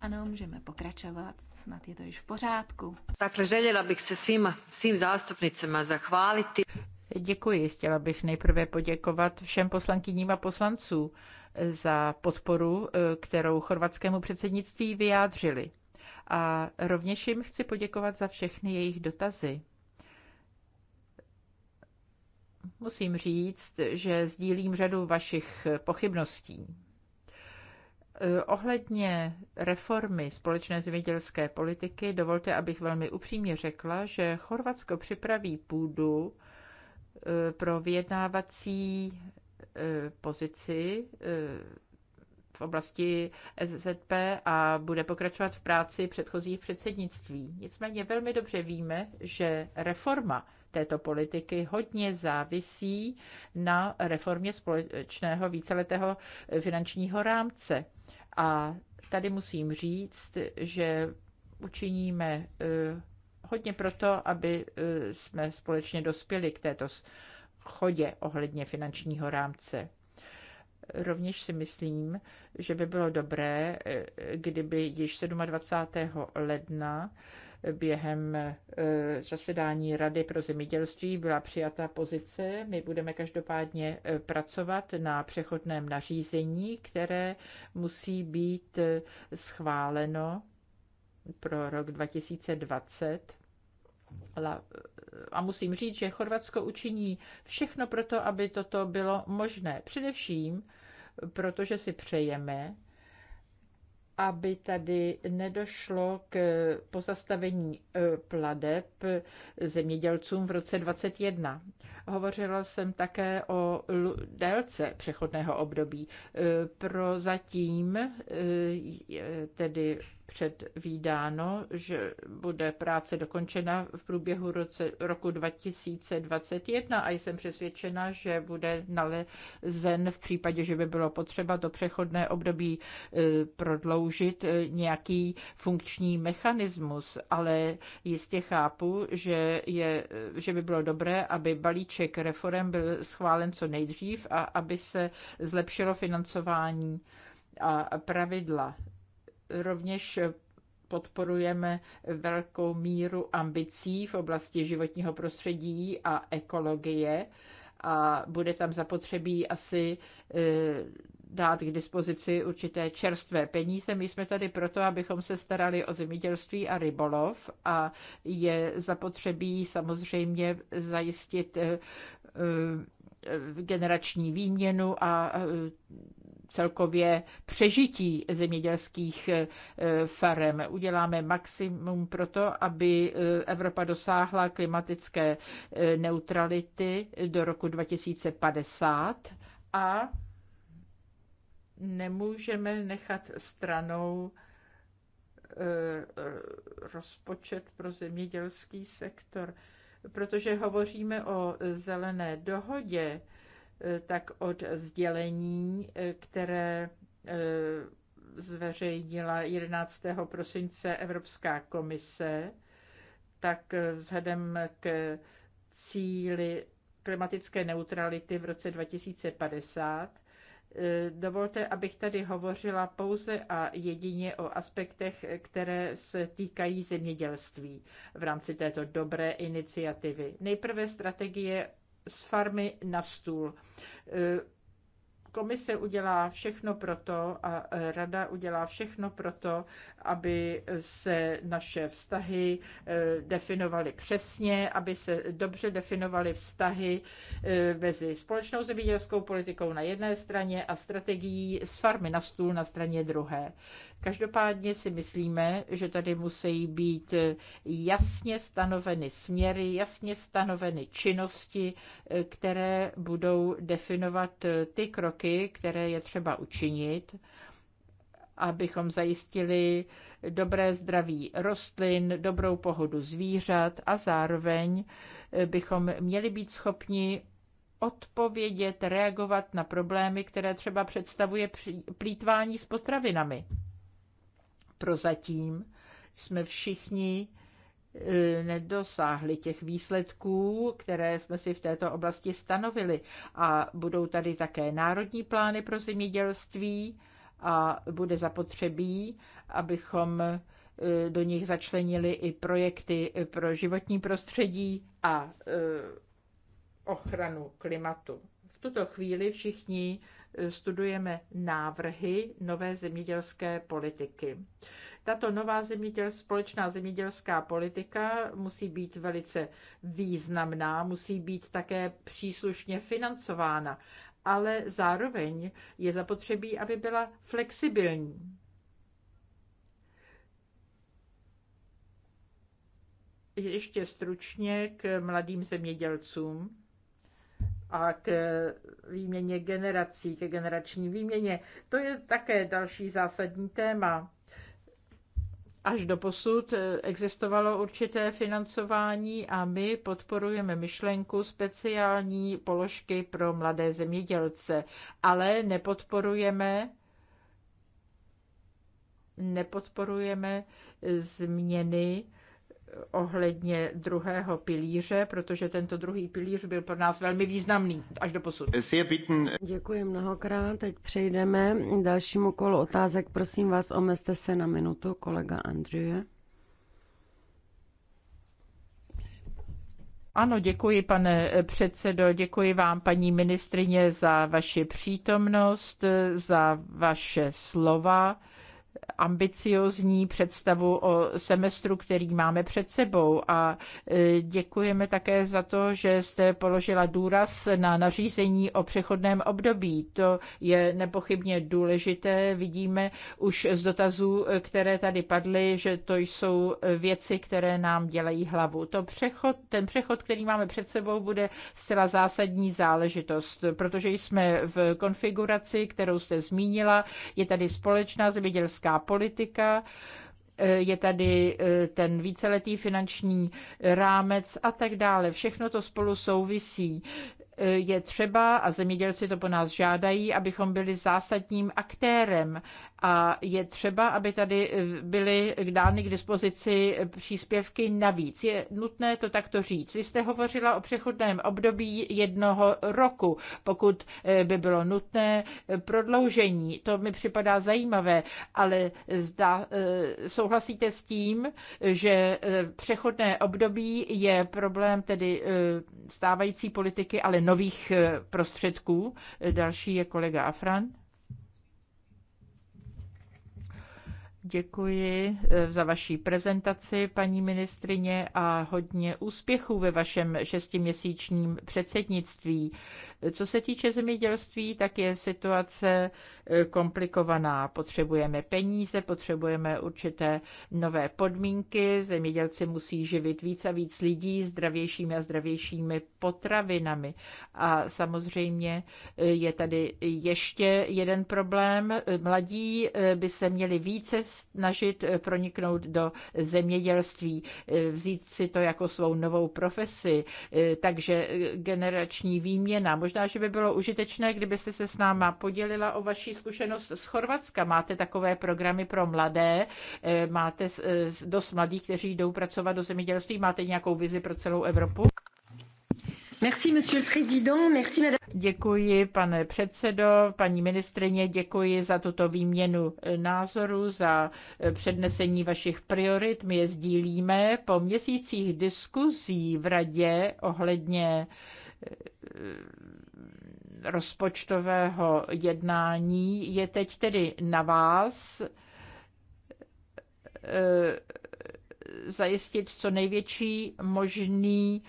Ano, můžeme pokračovat, snad je to již v pořádku. Takhle želela bych se svým, svým zástupnicima zachválit. Děkuji. Chtěla bych nejprve poděkovat všem poslankyním a poslancům za podporu, eh, kterou chorvatskému předsednictví vyjádřili. A rovněž jim chci poděkovat za všechny jejich dotazy. Musím říct, že sdílím řadu vašich pochybností. Eh, ohledně reformy společné zemědělské politiky, dovolte, abych velmi upřímně řekla, že Chorvatsko připraví půdu eh, pro vyjednávací eh, pozici v oblasti SZP a bude pokračovat v práci předchozích předsednictví. Nicméně velmi dobře víme, že reforma této politiky hodně závisí na reformě společného víceletého finančního rámce. A tady musím říct, že učiníme eh, hodně proto, aby eh, jsme společně dospěli k této chodě ohledně finančního rámce. Rovněž si myslím, že by bylo dobré, eh, kdyby již 27. ledna během eh, zasedání Rady pro zemědělství byla přijata pozice. My budeme každopádně eh, pracovat na přechodném nařízení, které musí být eh, schváleno pro rok 2020. A musím říct, že Chorvatsko učiní všechno pro to, aby toto bylo možné. Především, protože si přejeme, aby tady nedošlo k pozastavení e, pladeb zemědělcům v roce 2021. Hovořila jsem také o délce přechodného období. E, prozatím e, tedy předvídáno, že bude práce dokončena v průběhu roce, roku 2021 a jsem přesvědčena, že bude nalezen v případě, že by bylo potřeba to přechodné období e, prodloužit e, nějaký funkční mechanismus, ale jistě chápu, že, je, e, že by bylo dobré, aby balíček reform byl schválen co nejdřív a aby se zlepšilo financování a pravidla Rovněž podporujeme velkou míru ambicí v oblasti životního prostředí a ekologie a bude tam zapotřebí asi e, dát k dispozici určité čerstvé peníze. My jsme tady proto, abychom se starali o zemědělství a rybolov a je zapotřebí samozřejmě zajistit e, generační výměnu a e, celkově přežití zemědělských e, farem. Uděláme maximum pro to, aby e, Evropa dosáhla klimatické neutrality do roku 2050 a nemůžeme nechat stranou rozpočet pro zemědělský sektor protože hovoříme o zelené dohodě, eh, tak od sdělení, eh, které eh, zveřejnila 11. prosince Evropská komise, tak vzhledem k cíli klimatické neutrality v roce 2050 Eh, dovolte, abych tady hovořila pouze a jedině o aspektech, které se týkají zemědělství v rámci této dobré iniciativy. Nejprve strategie z farmy na stůl. Eh, Komise udělá všechno proto a Rada udělá všechno proto, aby se naše vztahy eh, definovaly přesně, aby se dobře definovaly vztahy eh, mezi společnou zemědělskou politikou na jedné straně a strategií s farmy na stůl na straně druhé. Každopádně si myslíme, že tady musí být jasně stanoveny směry, jasně stanoveny činnosti, eh, které budou definovat eh, ty kroky, které je třeba učinit abychom zajistili dobré zdraví rostlin, dobrou pohodu zvířat a zároveň eh, bychom měli být schopni odpovědět, reagovat na problémy, které třeba představuje plítvání s potravinami prozatím jsme všichni e, nedosáhli těch výsledků, které jsme si v této oblasti stanovili. A budou tady také národní plány pro zemědělství a bude zapotřebí, abychom e, do nich začlenili i projekty pro životní prostředí a e, ochranu klimatu. V tuto chvíli všichni studujeme návrhy nové zemědělské politiky. Tato nová zeměděl, společná zemědělská politika musí být velice významná, musí být také příslušně financována, ale zároveň je zapotřebí, aby byla flexibilní. Ještě stručně k mladým zemědělcům a k výměně generací, ke generační výměně. To je také další zásadní téma. Až do posud eh, existovalo určité financování a my podporujeme myšlenku speciální položky pro mladé zemědělce, ale nepodporujeme nepodporujeme změny ohledně druhého pilíře, protože tento druhý pilíř byl pro nás velmi významný až do posud. Děkuji mnohokrát. Teď přejdeme k dalšímu kolu otázek. Prosím vás, omezte se na minutu, kolega Andrew. Ano, děkuji, pane předsedo, děkuji vám, paní ministrině, za vaši přítomnost, za vaše slova ambiciozní představu o semestru, který máme před sebou. A e, děkujeme také za to, že jste položila důraz na nařízení o přechodném období. To je nepochybně důležité. Vidíme už z dotazů, které tady padly, že to jsou věci, které nám dělají hlavu. To přechod, ten přechod, který máme před sebou, bude zcela zásadní záležitost, protože jsme v konfiguraci, kterou jste zmínila, je tady společná zemědělská zemědělská politika, eh, je tady eh, ten víceletý finanční rámec a tak dále. Všechno to spolu souvisí je třeba, a zemědělci to po nás žádají, abychom byli zásadním aktérem a je třeba, aby tady eh, byly dány k dispozici příspěvky navíc. Je nutné to takto říct. Vy jste hovořila o přechodném období jednoho roku, pokud eh, by bylo nutné eh, prodloužení. To mi připadá zajímavé, ale zda, souhlasíte s tím, že přechodné období je problém tedy stávající politiky, ale nových eh, prostředků. Eh, další je kolega Afran. Děkuji eh, za vaší prezentaci, paní ministrině, a hodně úspěchů ve vašem šestiměsíčním předsednictví. Co se týče zemědělství, tak je situace eh, komplikovaná. Potřebujeme peníze, potřebujeme určité nové podmínky. Zemědělci musí živit víc a víc lidí zdravějšími a zdravějšími potravinami. A samozřejmě eh, je tady ještě jeden problém. Mladí eh, by se měli více snažit proniknout do zemědělství, vzít si to jako svou novou profesi. Takže generační výměna, Možná, že by bylo užitečné, kdybyste se s náma podělila o vaší zkušenost z Chorvatska. Máte takové programy pro mladé, eh, máte eh, dost mladých, kteří jdou pracovat do zemědělství. Máte nějakou vizi pro celou Evropu? Merci, monsieur le président. Merci, madame. Děkuji, pane předsedo, paní ministrině, děkuji za tuto výměnu eh, názorů, za přednesení vašich priorit. My je sdílíme po měsících diskuzí v radě ohledně Eh, rozpočtového jednání je teď tedy na vás eh, zajistit co největší možný eh,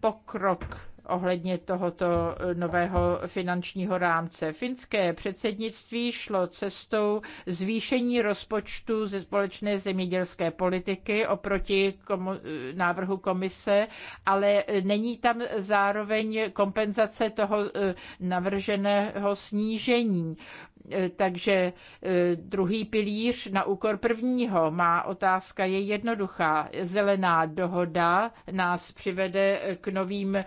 pokrok ohledně tohoto eh, nového finančního rámce. Finské předsednictví šlo cestou zvýšení rozpočtu ze společné zemědělské politiky oproti komu- eh, návrhu komise, ale není tam zároveň kompenzace toho eh, navrženého snížení. E, takže e, druhý pilíř na úkor prvního. Má otázka je jednoduchá. Zelená dohoda nás přivede k novým e,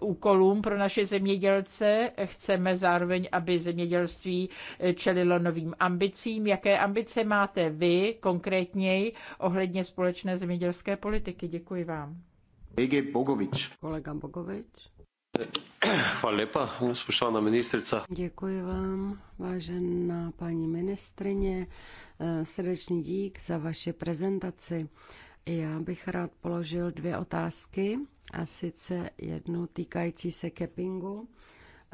úkolům pro naše zemědělce. Chceme zároveň, aby zemědělství čelilo novým ambicím. Jaké ambice máte vy konkrétněji ohledně společné zemědělské politiky? Děkuji vám. Kolega Bogovič. Hvala lepa, spoštovana ministrica. Děkuji vám, vážená paní ministrině. Eh, srdečný dík za vaši prezentaci. Já bych rád položil dvě otázky, a sice jednu týkající se kepingu.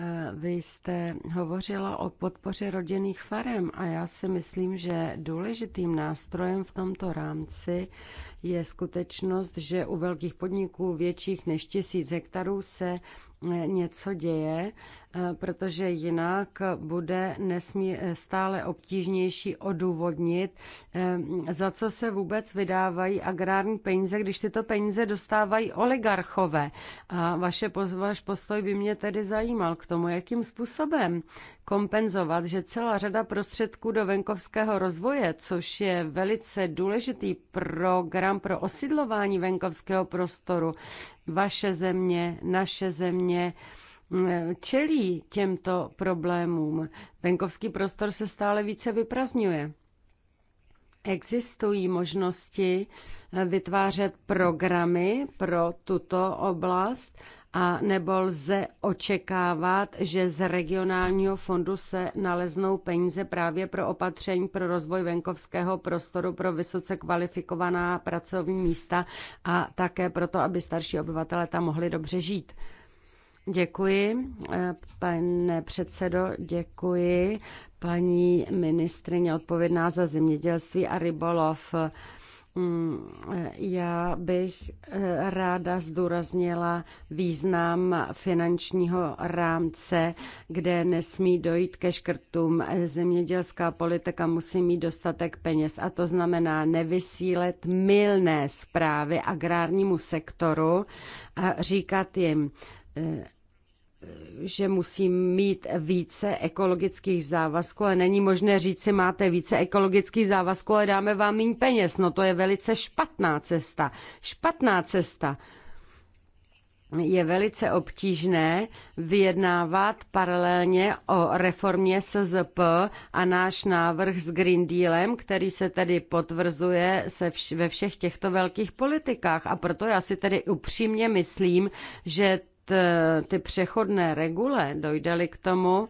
Eh, vy jste hovořila o podpoře rodinných farem a já si myslím, že důležitým nástrojem v tomto rámci je skutečnost, že u velkých podniků větších než tisíc hektarů se něco děje, eh, protože jinak bude nesmí, eh, stále obtížnější odůvodnit, eh, za co se vůbec vydávají agrární peníze, když tyto peníze dostávají oligarchové. A vaše, vaš postoj by mě tedy zajímal k tomu, jakým způsobem kompenzovat, že celá řada prostředků do venkovského rozvoje, což je velice důležitý program pro osidlování venkovského prostoru, vaše země, naše země, mm, čelí těmto problémům. Venkovský prostor se stále více vyprazňuje. Existují možnosti eh, vytvářet programy pro tuto oblast a nebo lze očekávat, že z regionálního fondu se naleznou peníze právě pro opatření pro rozvoj venkovského prostoru pro vysoce kvalifikovaná pracovní místa a také proto, aby starší obyvatele tam mohli dobře žít. Děkuji, eh, pane předsedo, děkuji. Paní ministrině odpovědná za zemědělství a rybolov. Mm, já bych eh, ráda zdůraznila význam finančního rámce, kde nesmí dojít ke škrtům. Zemědělská politika musí mít dostatek peněz a to znamená nevysílet mylné zprávy agrárnímu sektoru a říkat jim, eh, že musím mít více ekologických závazků, ale není možné říct si, máte více ekologických závazků, ale dáme vám méně peněz. No to je velice špatná cesta. Špatná cesta. Je velice obtížné vyjednávat paralelně o reformě SZP a náš návrh s Green Dealem, který se tedy potvrzuje se vš- ve všech těchto velkých politikách. A proto já si tedy upřímně myslím, že Eh, ty přechodné regule, dojdeli k tomu,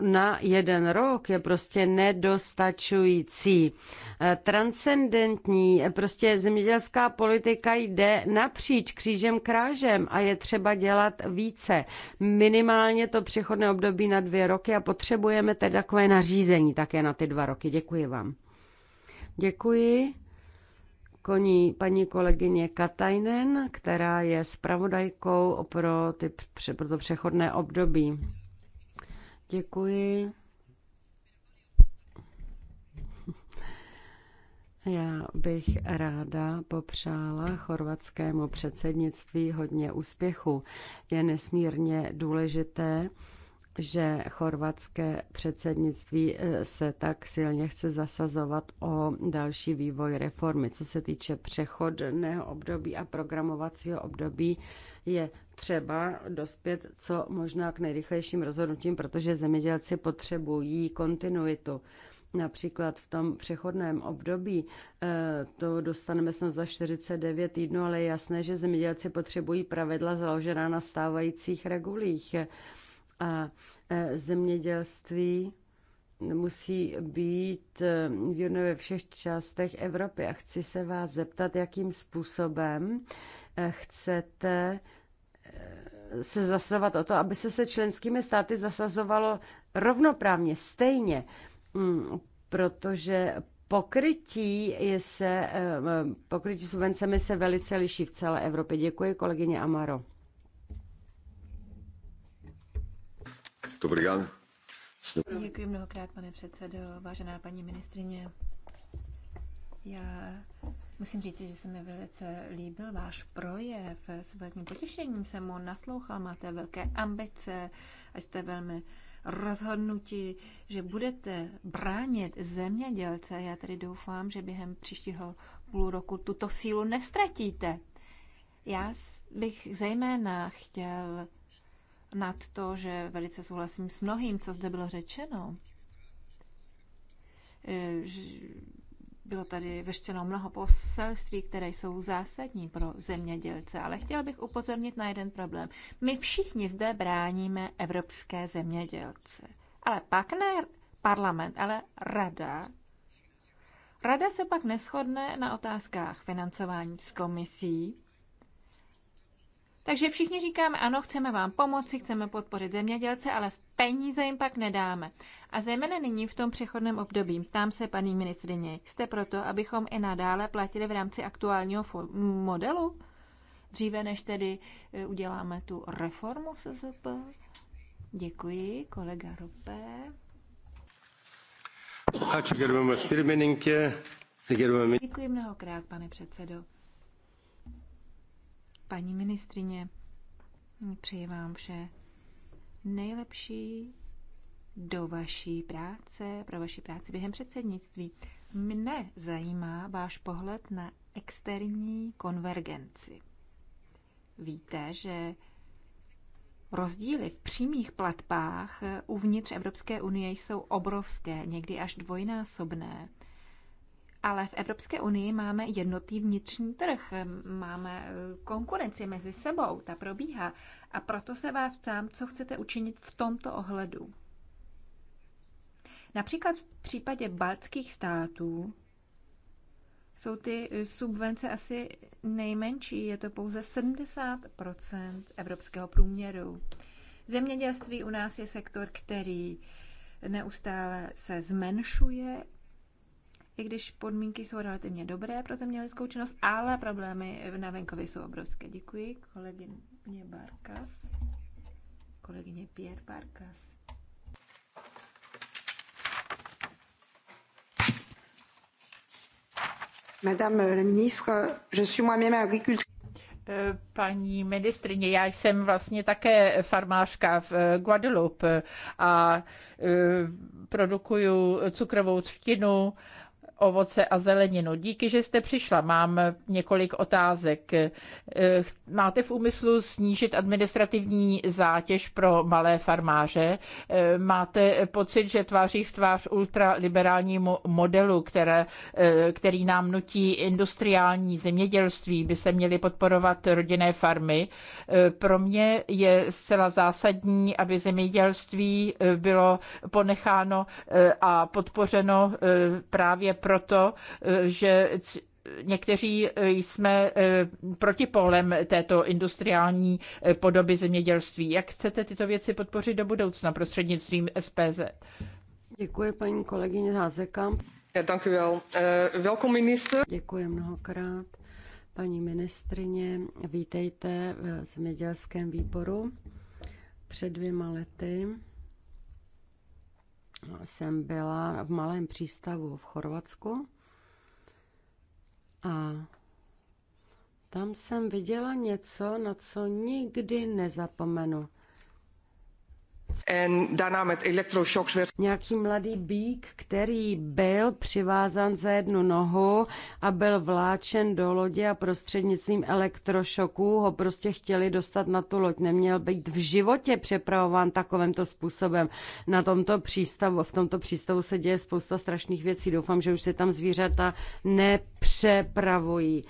na jeden rok je prostě nedostačující. Eh, transcendentní, eh, prostě zemědělská politika jde napříč křížem krážem a je třeba dělat více. Minimálně to přechodné období na dvě roky a potřebujeme tedy takové nařízení také na ty dva roky. Děkuji vám. Děkuji koní paní kolegyně Katajnen, která je zpravodajkou pro, ty, pro to přechodné období. Děkuji. Já bych ráda popřála chorvatskému předsednictví hodně úspěchu. Je nesmírně důležité, že chorvatské předsednictví eh, se tak silně chce zasazovat o další vývoj reformy. Co se týče přechodného období a programovacího období, je třeba dospět co možná k nejrychlejším rozhodnutím, protože zemědělci potřebují kontinuitu. Například v tom přechodném období eh, to dostaneme snad za 49 týdnů, ale je jasné, že zemědělci potřebují pravidla založená na stávajících regulích a e, zemědělství musí být e, výhodné ve všech částech Evropy. A chci se vás zeptat, jakým způsobem e, chcete se zasazovat o to, aby se se členskými státy zasazovalo rovnoprávně, stejně, mm, protože pokrytí, je se, pokrytí subvencemi se velice liší v celé Evropě. Děkuji, kolegyně Amaro. Děkuji mnohokrát, pane předsedo, vážená paní ministrině. Já musím říct, že se mi velice líbil váš projev. S velkým potěšením jsem ho naslouchal. Máte velké ambice a jste velmi rozhodnutí, že budete bránit zemědělce. Já tedy doufám, že během příštího půl roku tuto sílu nestratíte. Já bych zejména chtěl nad to, že velice souhlasím s mnohým, co zde bylo řečeno. E, bylo tady veštěno mnoho poselství, které jsou zásadní pro zemědělce, ale chtěl bych upozornit na jeden problém. My všichni zde bráníme evropské zemědělce, ale pak ne parlament, ale rada. Rada se pak neschodne na otázkách financování s komisí, takže všichni říkáme, ano, chceme vám pomoci, chceme podpořit zemědělce, ale peníze jim pak nedáme. A zejména nyní v tom přechodném období. Tam se, paní ministrině, jste proto, abychom i nadále platili v rámci aktuálního modelu? Dříve, než tedy e, uděláme tu reformu SZP? Děkuji, kolega Ropé. Děkuji mnohokrát, pane předsedo paní ministrině. Přeji vám vše nejlepší do vaší práce, pro vaši práci během předsednictví. Mne zajímá váš pohled na externí konvergenci. Víte, že rozdíly v přímých platbách uvnitř Evropské unie jsou obrovské, někdy až dvojnásobné. Ale v Evropské unii máme jednotný vnitřní trh, máme eh, konkurenci mezi sebou, ta probíhá. A proto se vás ptám, co chcete učinit v tomto ohledu. Například v případě baltských států jsou ty eh, subvence asi nejmenší, je to pouze 70 evropského průměru. Zemědělství u nás je sektor, který neustále se zmenšuje i když podmínky jsou relativně dobré pro zemědělskou činnost, ale problémy na venkově jsou obrovské. Děkuji kolegyně Barkas, kolegyně Pierre Barkas. Madame la ministre, je suis moi-même agricultrice. Paní ministrině, já jsem vlastně také farmářka v Guadeloupe a e, produkuju cukrovou třtinu ovoce a zeleninu. Díky, že jste přišla. Mám několik otázek. Eh, máte v úmyslu snížit administrativní zátěž pro malé farmáře? Eh, máte pocit, že tváří v tvář ultraliberálnímu modelu, které, eh, který nám nutí industriální zemědělství, by se měly podporovat rodinné farmy? Pro mě je zcela zásadní, aby zemědělství bylo ponecháno a podpořeno právě proto, eh, že někteří eh, jsme eh, protipólem této industriální podoby zemědělství. Jak chcete tyto věci podpořit do budoucna prostřednictvím SPZ? Děkuji paní kolegyně Házeka. Děkuji vám, wel. minister. Děkuji mnohokrát. Paní ministrině, vítejte v zemědělském výboru. Před dvěma lety jsem byla v malém přístavu v Chorvatsku a tam jsem viděla něco, na co nikdy nezapomenu. Nějaký mladý bík, který byl přivázan za jednu nohu a byl vláčen do lodě a prostřednictvím elektrošoků ho prostě chtěli dostat na tu loď. Neměl být v životě přepravován takovýmto způsobem. Na tomto přístavu, v tomto přístavu se děje spousta strašných věcí. Doufám, že už se tam zvířata nepřepravují.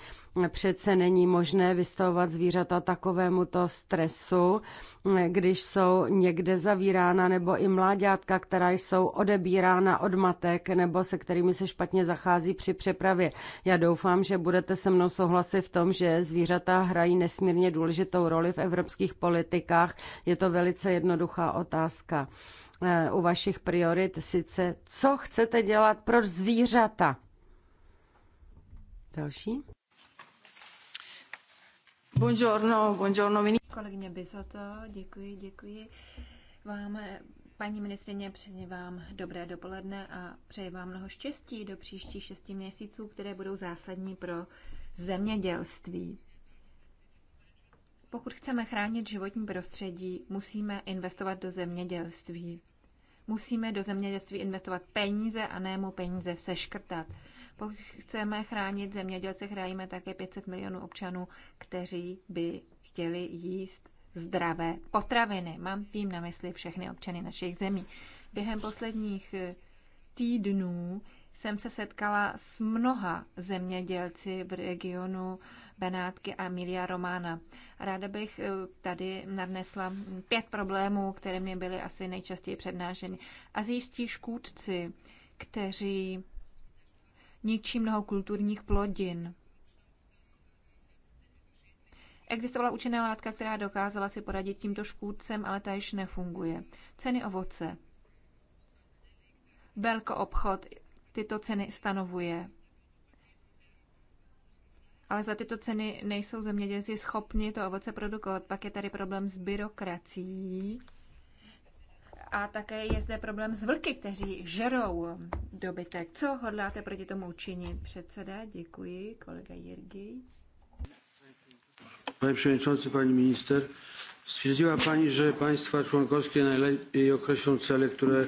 Přece není možné vystavovat zvířata takovému to stresu, když jsou někde zavírána nebo i mláďátka, která jsou odebírána od matek nebo se kterými se špatně zachází při přepravě. Já doufám, že budete se mnou souhlasit v tom, že zvířata hrají nesmírně důležitou roli v evropských politikách. Je to velice jednoduchá otázka eh, u vašich priorit, sice co chcete dělat pro zvířata. Další. Buongiorno, buongiorno, Kolegyně Bisoto, děkuji, děkuji vám, paní ministrině, přeji vám dobré dopoledne a přeji vám mnoho štěstí do příštích šesti měsíců, které budou zásadní pro zemědělství. Pokud chceme chránit životní prostředí, musíme investovat do zemědělství. Musíme do zemědělství investovat peníze a ne mu peníze seškrtat. Pokud chceme chránit zemědělce, chráníme také 500 milionů občanů, kteří by chtěli jíst zdravé potraviny. Mám tím na mysli všechny občany našich zemí. Během posledních eh, týdnů jsem se setkala s mnoha zemědělci v regionu Benátky a Emilia Romana. Ráda bych eh, tady nadnesla pět problémů, které mě byly asi nejčastěji přednášeny. Azijští škůdci, kteří ničí mnoho kulturních plodin. Existovala účinná látka, která dokázala si poradit s tímto škůdcem, ale ta již nefunguje. Ceny ovoce. Velko obchod tyto ceny stanovuje. Ale za tyto ceny nejsou zemědělci schopni to ovoce produkovat. Pak je tady problém s byrokracií a také je zde problém s vlky, kteří žerou dobytek. Co hodláte proti tomu učinit? Předseda, děkuji, kolega Jirgi. Pane předsedající, paní minister, stvrdila Pani, že państwa członkowskie najlepiej określą cele, které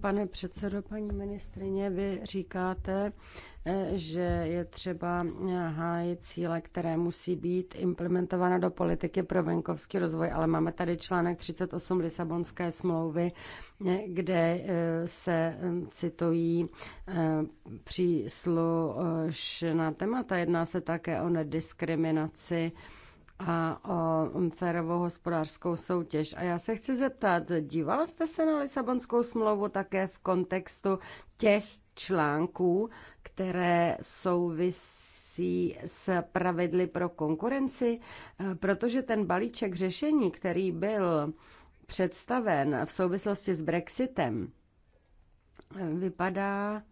Pane předsedo, paní ministrině, vy říkáte, eh, že je třeba eh, hájit cíle, které musí být implementována do politiky pro venkovský rozvoj, ale máme tady článek 38 Lisabonské smlouvy, eh, kde se citují příslušná témata. Jedná se také o nediskriminaci a o férovou hospodářskou soutěž. A já se chci zeptat, dívala jste se na Lisabonskou smlouvu také v kontextu těch článků, které souvisí s pravidly pro konkurenci, protože ten balíček řešení, který byl představen v souvislosti s Brexitem, vypadá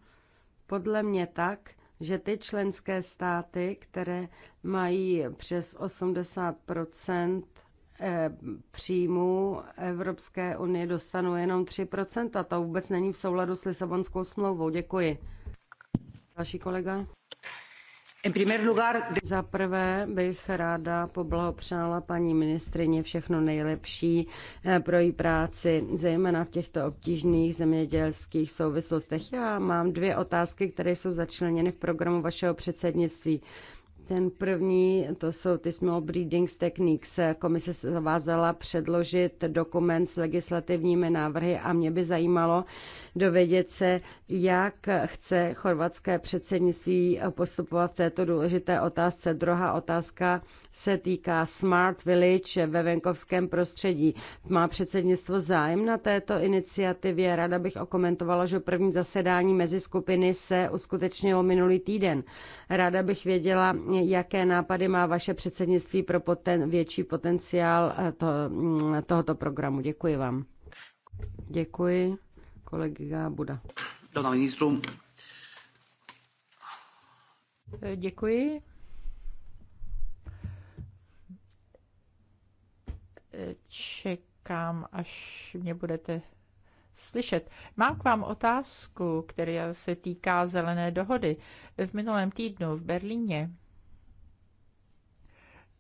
podle mě tak, že ty členské státy, které mají přes 80 eh, příjmů Evropské unie dostanou jenom 3%. A to vůbec není v souladu s Lisabonskou smlouvou. Děkuji. Další kolega. Za prvé bych ráda poblahopřála paní ministrině všechno nejlepší eh, pro její práci, zejména v těchto obtížných zemědělských souvislostech. Já mám dvě otázky, které jsou začleněny v programu vašeho předsednictví. Ten první, to jsou ty small breeding techniques. Komise se zavázala předložit dokument s legislativními návrhy a mě by zajímalo dovědět se, jak chce chorvatské předsednictví postupovat v této důležité otázce. Druhá otázka se týká Smart Village ve venkovském prostředí. Má předsednictvo zájem na této iniciativě? Rada bych okomentovala, že první zasedání mezi skupiny se uskutečnilo minulý týden. Ráda bych věděla, jaké nápady má vaše předsednictví pro poten, větší potenciál eh, to, mm, tohoto programu. Děkuji vám. Děkuji, kolega Buda. Dana ministru. Eh, děkuji. Eh, čekám, až mě budete slyšet. Mám k vám otázku, která se týká zelené dohody. V minulém týdnu v Berlíně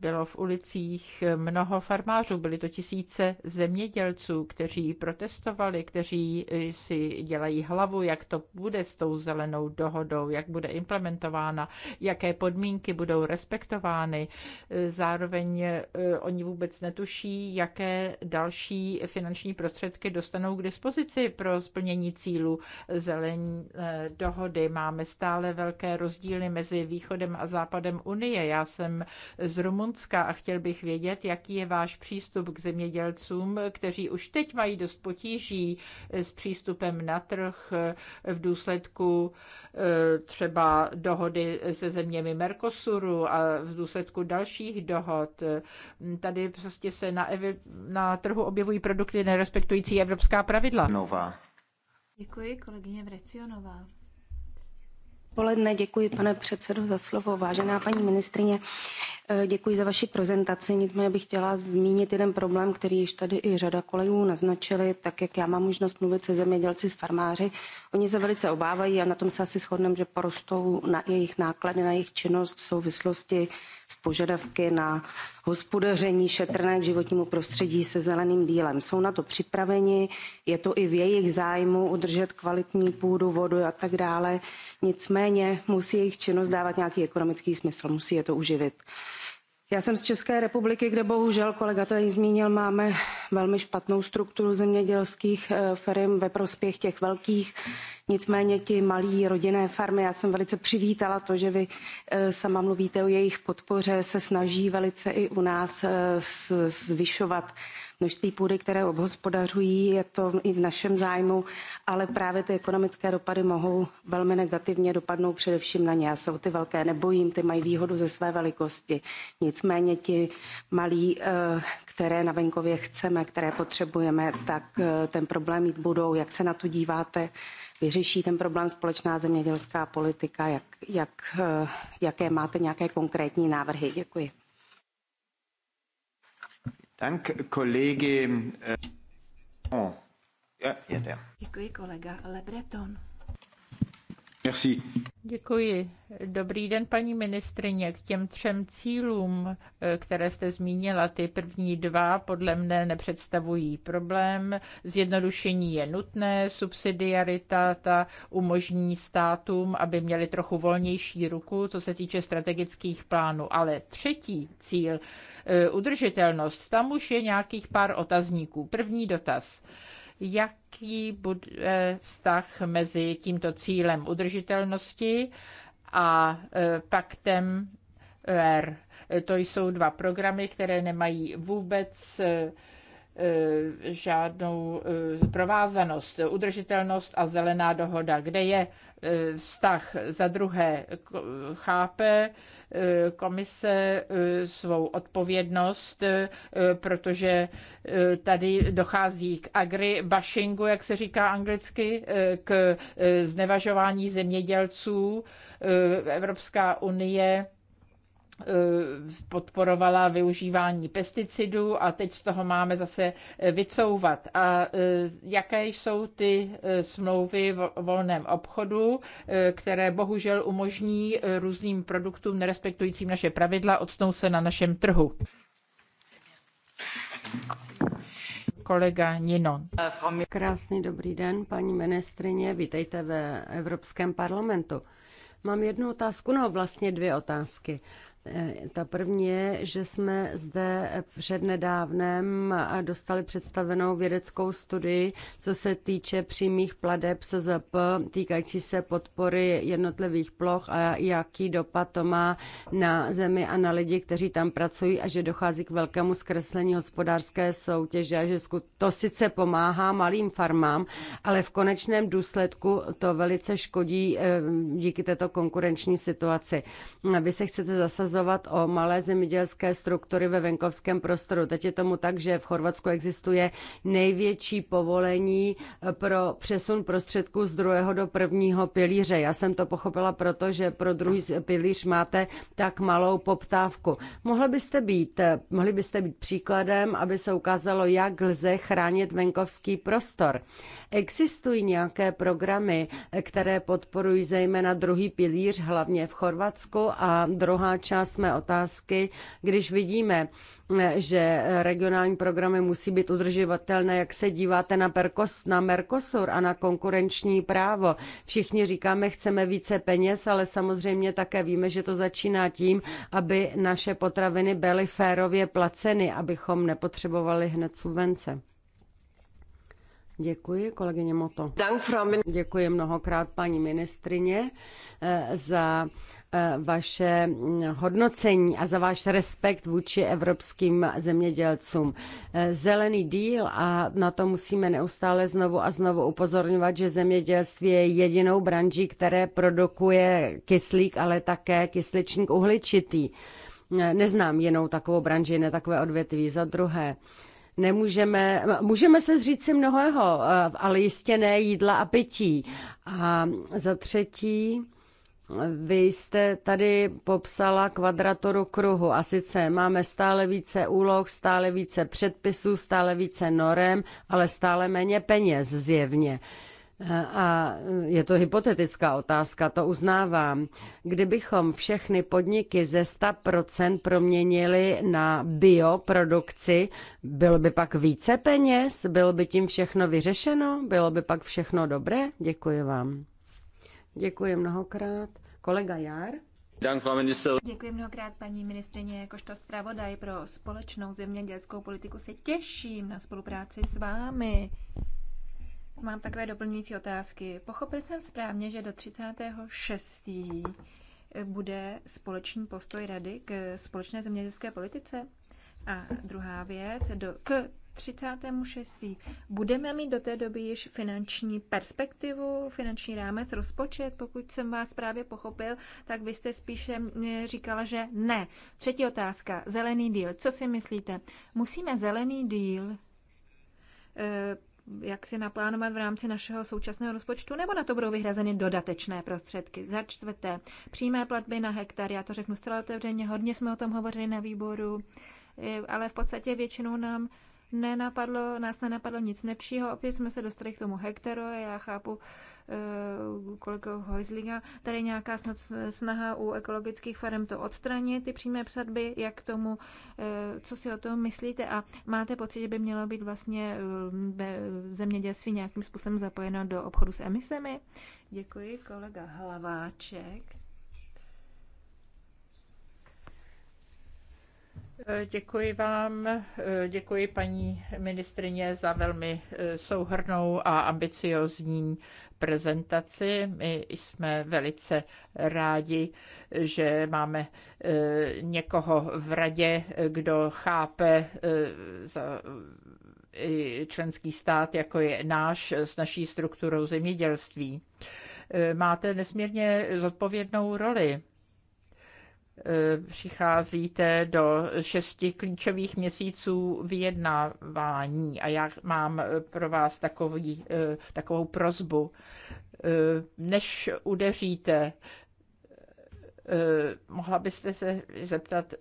bylo v ulicích mnoho farmářů, byly to tisíce zemědělců, kteří protestovali, kteří eh, si dělají hlavu, jak to bude s tou zelenou dohodou, jak bude implementována, jaké podmínky budou respektovány. Eh, zároveň eh, oni vůbec netuší, jaké další finanční prostředky dostanou k dispozici pro splnění cílu zelení dohody. Máme stále velké rozdíly mezi východem a západem Unie. Já jsem z z Rumunska a chtěl bych vědět, jaký je váš přístup k zemědělcům, kteří už teď mají dost potíží s přístupem na trh v důsledku eh, třeba dohody se zeměmi Mercosuru a v důsledku dalších dohod. Tady prostě se na, na trhu objevují produkty nerespektující evropská pravidla. Nová. Děkuji, kolegyně Vrecionová odpoledne. Děkuji, pane předsedo, za slovo. Vážená paní ministrině, eh, děkuji za vaši prezentaci. Nicméně bych chtěla zmínit jeden problém, který již tady i řada kolegů naznačili. Tak jak já mám možnost mluvit se zemědělci, s farmáři, oni se velice obávají a na tom se asi shodneme, že porostou na jejich náklady, na jejich činnost v souvislosti s požadavky na hospodaření šetrné k životnímu prostředí se zeleným dílem. Jsou na to připraveni, je to i v jejich zájmu udržet kvalitní půdu, vodu a tak dále. Nicméně musí jejich činnost dávat nějaký ekonomický smysl, musí je to uživit já jsem z české republiky kde bohužel kolega to již zmínil máme velmi špatnou strukturu zemědělských eh, firm, ve prospěch těch velkých nicméně ty malé rodinné farmy já jsem velice přivítala to že vy eh, sama mluvíte o jejich podpoře se snaží velice i u nás eh, zvyšovat množství půdy, které obhospodařují. Je to i v našem zájmu, ale právě ty ekonomické dopady mohou velmi negativně dopadnout především na ně. A jsou ty velké, nebojím, ty mají výhodu ze své velikosti. Nicméně ti malí, eh, které na venkově chceme, které potřebujeme, tak eh, ten problém mít budou. Jak se na to díváte? Vyřeší ten problém společná zemědělská politika? Jak, jak, eh, jaké máte nějaké konkrétní návrhy? Děkuji. Dank, kolegy. Oh. Eh, yeah, yeah, yeah. Děkuji, kolega Lebreton. Merci. Děkuji. Dobrý den, paní ministrině. K těm třem cílům, eh, které jste zmínila, ty první dva podle mne nepředstavují problém. Zjednodušení je nutné, subsidiarita ta umožní státům, aby měli trochu volnější ruku, co se týče strategických plánů. Ale třetí cíl, eh, udržitelnost, tam už je nějakých pár otazníků. První dotaz jaký bude vztah mezi tímto cílem udržitelnosti a e, paktem R. To jsou dva programy, které nemají vůbec e, e, žádnou provázanost, udržitelnost a zelená dohoda, kde je vztah za druhé chápe Eh, komise eh, svou odpovědnost, eh, protože tady dochází k agri-bashingu, jak se říká anglicky, k znevažování zemědělců. Evropská unie Eh, podporovala využívání pesticidů a teď z toho máme zase vycouvat. A eh, jaké jsou ty eh, smlouvy v volném obchodu, které bohužel umožní různým produktům nerespektujícím naše pravidla odstnou se na našem trhu? Kolega Nino. Krásný dobrý den, paní ministrině, vítejte ve Evropském parlamentu. Mám jednu otázku, no vlastně dvě otázky. Eh, ta první je, že jsme zde přednedávnem dostali představenou vědeckou studii, co se týče přímých pladeb SZP, týkající se podpory jednotlivých ploch a jaký dopad to má na zemi a na lidi, kteří tam pracují a že dochází k velkému zkreslení hospodářské soutěže a že to sice pomáhá malým farmám, ale v konečném důsledku to velice škodí eh, díky této konkurenční situaci. Vy se chcete zasazovat prosazovat o malé zemědělské struktury ve venkovském prostoru. Teď je tomu tak, že v Chorvatsku existuje největší povolení pro přesun prostředků z druhého do prvního pilíře. Já jsem to pochopila proto, že pro druhý pilíř máte tak malou poptávku. Mohli byste být, mohli byste být příkladem, aby se ukázalo, jak lze chránit venkovský prostor. Existují nějaké programy, které podporují zejména druhý pilíř, hlavně v Chorvatsku a druhá část nás mé otázky, když vidíme, že regionální programy musí být udržovatelné, jak se díváte na, Perkos, na Mercosur a na konkurenční právo. Všichni říkáme, chceme více peněz, ale samozřejmě také víme, že to začíná tím, aby naše potraviny byly férově placeny, abychom nepotřebovali hned subvence. Děkuji, kolegyně Moto. Děkuji mnohokrát, paní ministrině, eh, za eh, vaše mm, hodnocení a za váš respekt vůči evropským zemědělcům. Eh, zelený díl a na to musíme neustále znovu a znovu upozorňovat, že zemědělství je jedinou branží, které produkuje kyslík, ale také kysličník uhličitý. Neznám jinou takovou branži, ne takové odvětví. Za druhé, Nemůžeme, můžeme se zříct si mnohého, eh, ale jistě ne jídla a pití. A za třetí, vy jste tady popsala kvadratoru kruhu a sice máme stále více úloh, stále více předpisů, stále více norem, ale stále méně peněz zjevně. A je to hypotetická otázka, to uznávám. Kdybychom všechny podniky ze 100% proměnili na bioprodukci, bylo by pak více peněz? Bylo by tím všechno vyřešeno? Bylo by pak všechno dobré? Děkuji vám. Děkuji mnohokrát. Kolega Jár? Děkuji mnohokrát, paní ministrině. Jakožto zpravodaj pro společnou zemědělskou politiku se těším na spolupráci s vámi. Mám takové doplňující otázky. Pochopil jsem správně, že do 36. bude společný postoj rady k společné zemědělské politice? A druhá věc, do, k 36. budeme mít do té doby již finanční perspektivu, finanční rámec, rozpočet. Pokud jsem vás právě pochopil, tak vy jste spíše říkala, že ne. Třetí otázka, zelený díl. Co si myslíte? Musíme zelený díl eh, jak si naplánovat v rámci našeho současného rozpočtu, nebo na to budou vyhrazeny dodatečné prostředky. Za čtvrté, přímé platby na hektar, já to řeknu zcela otevřeně, hodně jsme o tom hovořili na výboru, ale v podstatě většinou nám nenapadlo, nás nenapadlo nic lepšího, opět jsme se dostali k tomu hektaru a já chápu, Eh, kolegou Heuslinga, tady nějaká snad snaha u ekologických farm to odstranit, ty přímé přadby, jak k tomu, eh, co si o tom myslíte a máte pocit, že by mělo být vlastně eh, zemědělství nějakým způsobem zapojeno do obchodu s emisemi? Děkuji, kolega Hlaváček. Děkuji vám, děkuji paní ministrině za velmi souhrnou a ambiciozní prezentaci. My jsme velice rádi, že máme eh, někoho v radě, kdo chápe eh, za členský stát, jako je náš, s naší strukturou zemědělství eh, máte nesmírně zodpovědnou roli. Eh, přicházíte do šesti klíčových měsíců vyjednávání a já mám eh, pro vás takový, eh, takovou prozbu. Než udeříte, mohla byste se zeptat,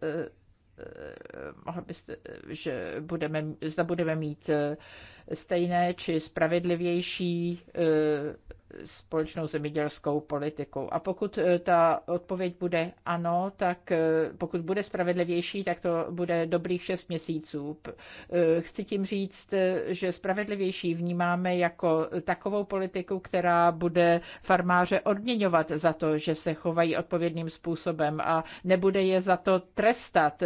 mohla byste, že budeme, zda budeme mít stejné či spravedlivější společnou zemědělskou politikou. A pokud e, ta odpověď bude ano, tak e, pokud bude spravedlivější, tak to bude dobrých šest měsíců. E, chci tím říct, že spravedlivější vnímáme jako takovou politiku, která bude farmáře odměňovat za to, že se chovají odpovědným způsobem a nebude je za to trestat.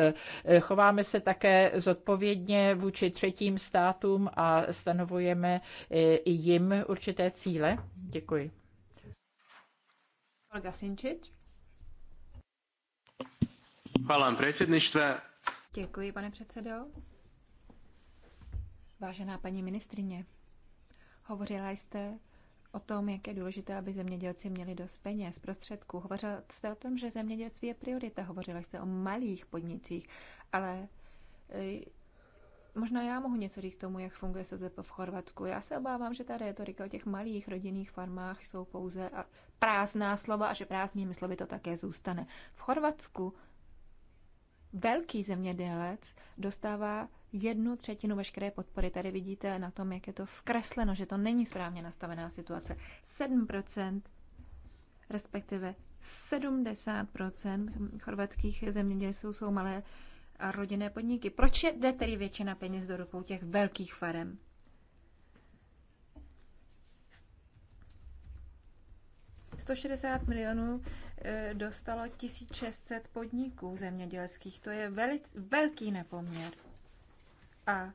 Chováme se také zodpovědně vůči třetím státům a stanovujeme i jim určité cíle. Děkuji. Olga Sinčič. Hvala vám, předsedništve. Děkuji, pane předsedo. Vážená paní ministrině, hovořila jste o tom, jak je důležité, aby zemědělci měli dost peněz, prostředků. Hovořila jste o tom, že zemědělství je priorita. Hovořila jste o malých podnicích, ale eh, Možná já mohu něco říct k tomu, jak funguje SZP v Chorvatsku. Já se obávám, že ta retorika o těch malých rodinných farmách jsou pouze prázdná slova a že prázdnými slovy to také zůstane. V Chorvatsku velký zemědělec dostává jednu třetinu veškeré podpory. Tady vidíte na tom, jak je to zkresleno, že to není správně nastavená situace. 7%, respektive 70% chorvatských zemědělců jsou malé a rodinné podniky. Proč jde tedy většina peněz do rukou těch velkých farem? ...160 milionů eh, dostalo 1600 podniků zemědělských. To je velký nepoměr. A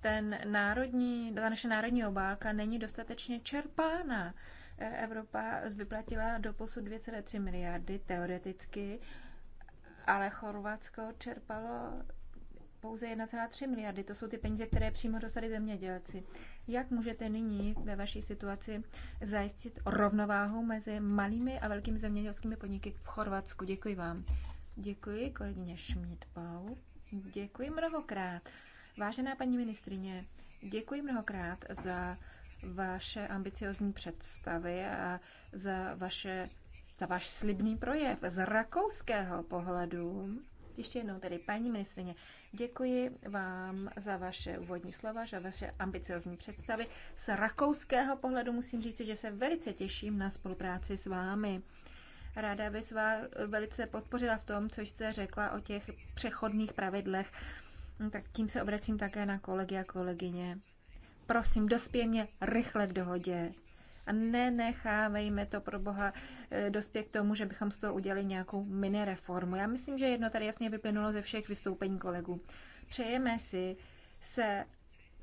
ten národní, ta naše národní obálka není dostatečně čerpána. Eh, Evropa vyplatila do posud 2,3 miliardy teoreticky ale Chorvatsko čerpalo pouze 1,3 miliardy. To jsou ty peníze, které přímo dostali zemědělci. Jak můžete nyní ve vaší situaci zajistit rovnováhu mezi malými a velkými zemědělskými podniky v Chorvatsku? Děkuji vám. Děkuji, kolegyně Šmítbau. Děkuji mnohokrát. Vážená paní ministrině, děkuji mnohokrát za vaše ambiciozní představy a za vaše za váš slibný projev z rakouského pohledu. Ještě jednou tedy, paní ministrině, děkuji vám za vaše úvodní slova, za vaše ambiciozní představy. Z rakouského pohledu musím říct, že se velice těším na spolupráci s vámi. Ráda bych vás velice podpořila v tom, co jste řekla o těch přechodných pravidlech. Tak tím se obracím také na kolegy a kolegyně. Prosím, mě rychle k dohodě a nenechávejme to pro boha eh, dospět k tomu, že bychom z toho udělali nějakou mini reformu. Já myslím, že jedno tady jasně vyplynulo ze všech vystoupení kolegů. Přejeme si se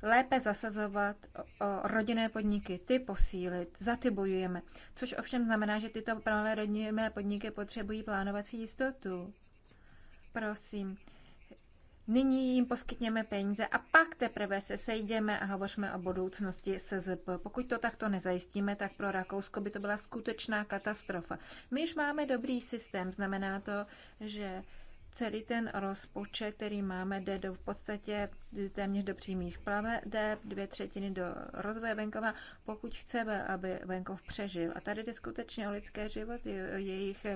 lépe zasazovat o rodinné podniky, ty posílit, za ty bojujeme. Což ovšem znamená, že tyto malé rodinné podniky potřebují plánovací jistotu. Prosím, Nyní jim poskytněme peníze a pak teprve se sejdeme a hovoříme o budoucnosti SZP. Pokud to takto nezajistíme, tak pro Rakousko by to byla skutečná katastrofa. My už máme dobrý systém, znamená to, že celý ten rozpočet, který máme, jde do, v podstatě téměř do přímých jde dvě třetiny do rozvoje venkova, pokud chceme, aby venkov přežil. A tady jde skutečně o lidské životy, o jejich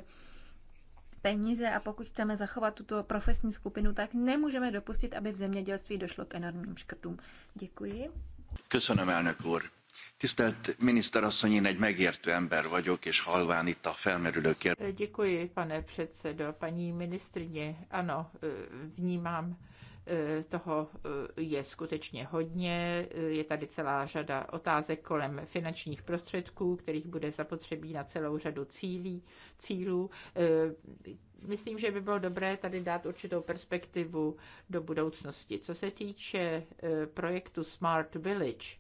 peníze a pokud chceme zachovat tuto profesní skupinu, tak nemůžeme dopustit, aby v zemědělství došlo k enormním škrtům. Děkuji. Köszönöm, elnök úr. Tisztelt miniszterasszony, én egy megértő ember vagyok, és halván itt a felmerülő kérdés. Děkuji, pane předsedo, paní ministrině. Ano, vnímám Eh, toho eh, je skutečně hodně. Eh, je tady celá řada otázek kolem finančních prostředků, kterých bude zapotřebí na celou řadu cílí, cílů. Myslím, že by bylo dobré tady dát určitou perspektivu do budoucnosti. Co se týče projektu Smart Village,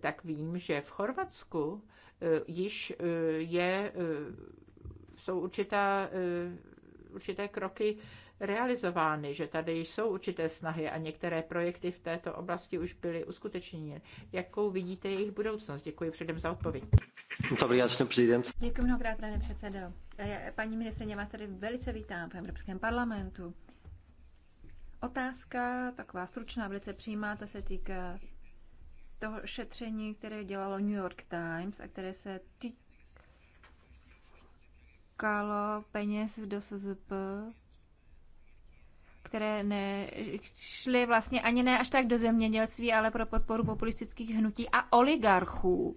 tak vím, že v Chorvatsku již je, jsou určitá, určité kroky realizovány, že tady jsou určité snahy a některé projekty v této oblasti už byly uskutečněny. Jakou vidíte jejich budoucnost? Děkuji předem za odpověď. Dobrý prezident. Děkuji mnohokrát, pane předsedo. Eh, paní ministrině, vás tady velice vítám v Evropském parlamentu. Otázka, taková stručná, velice přímá, ta se týká toho šetření, které dělalo New York Times a které se týkalo peněz do SZP které šly vlastně ani ne až tak do zemědělství, ale pro podporu populistických hnutí a oligarchů.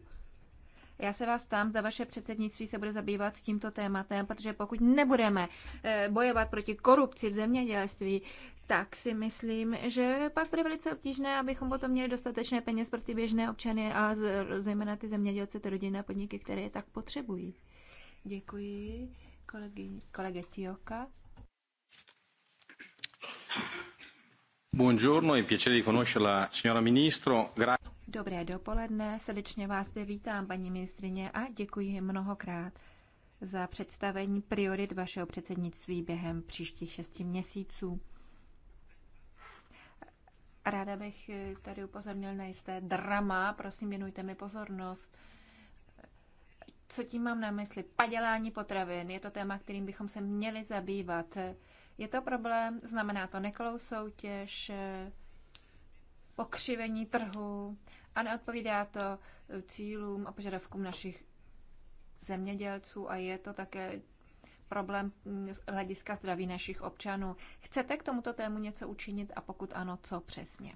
Já se vás ptám, za vaše předsednictví se bude zabývat tímto tématem, protože pokud nebudeme eh, bojovat proti korupci v zemědělství, tak si myslím, že pak bude velice obtížné, abychom potom měli dostatečné peněz pro ty běžné občany a zejména ty zemědělce, ty rodinné podniky, které je tak potřebují. Děkuji, kolegy, kolege Tioka. Dobré dopoledne, srdečně vás zde vítám, paní ministrině, a děkuji mnohokrát za představení priorit vašeho předsednictví během příštích šesti měsíců. Ráda bych tady upozornil na jisté drama, prosím, věnujte mi pozornost. Co tím mám na mysli? Padělání potravin je to téma, kterým bychom se měli zabývat. Je to problém, znamená to nekalou soutěž, eh, pokřivení trhu a neodpovídá to eh, cílům a požadavkům našich zemědělců a je to také problém mm, z hlediska zdraví našich občanů. Chcete k tomuto tému něco učinit a pokud ano, co přesně?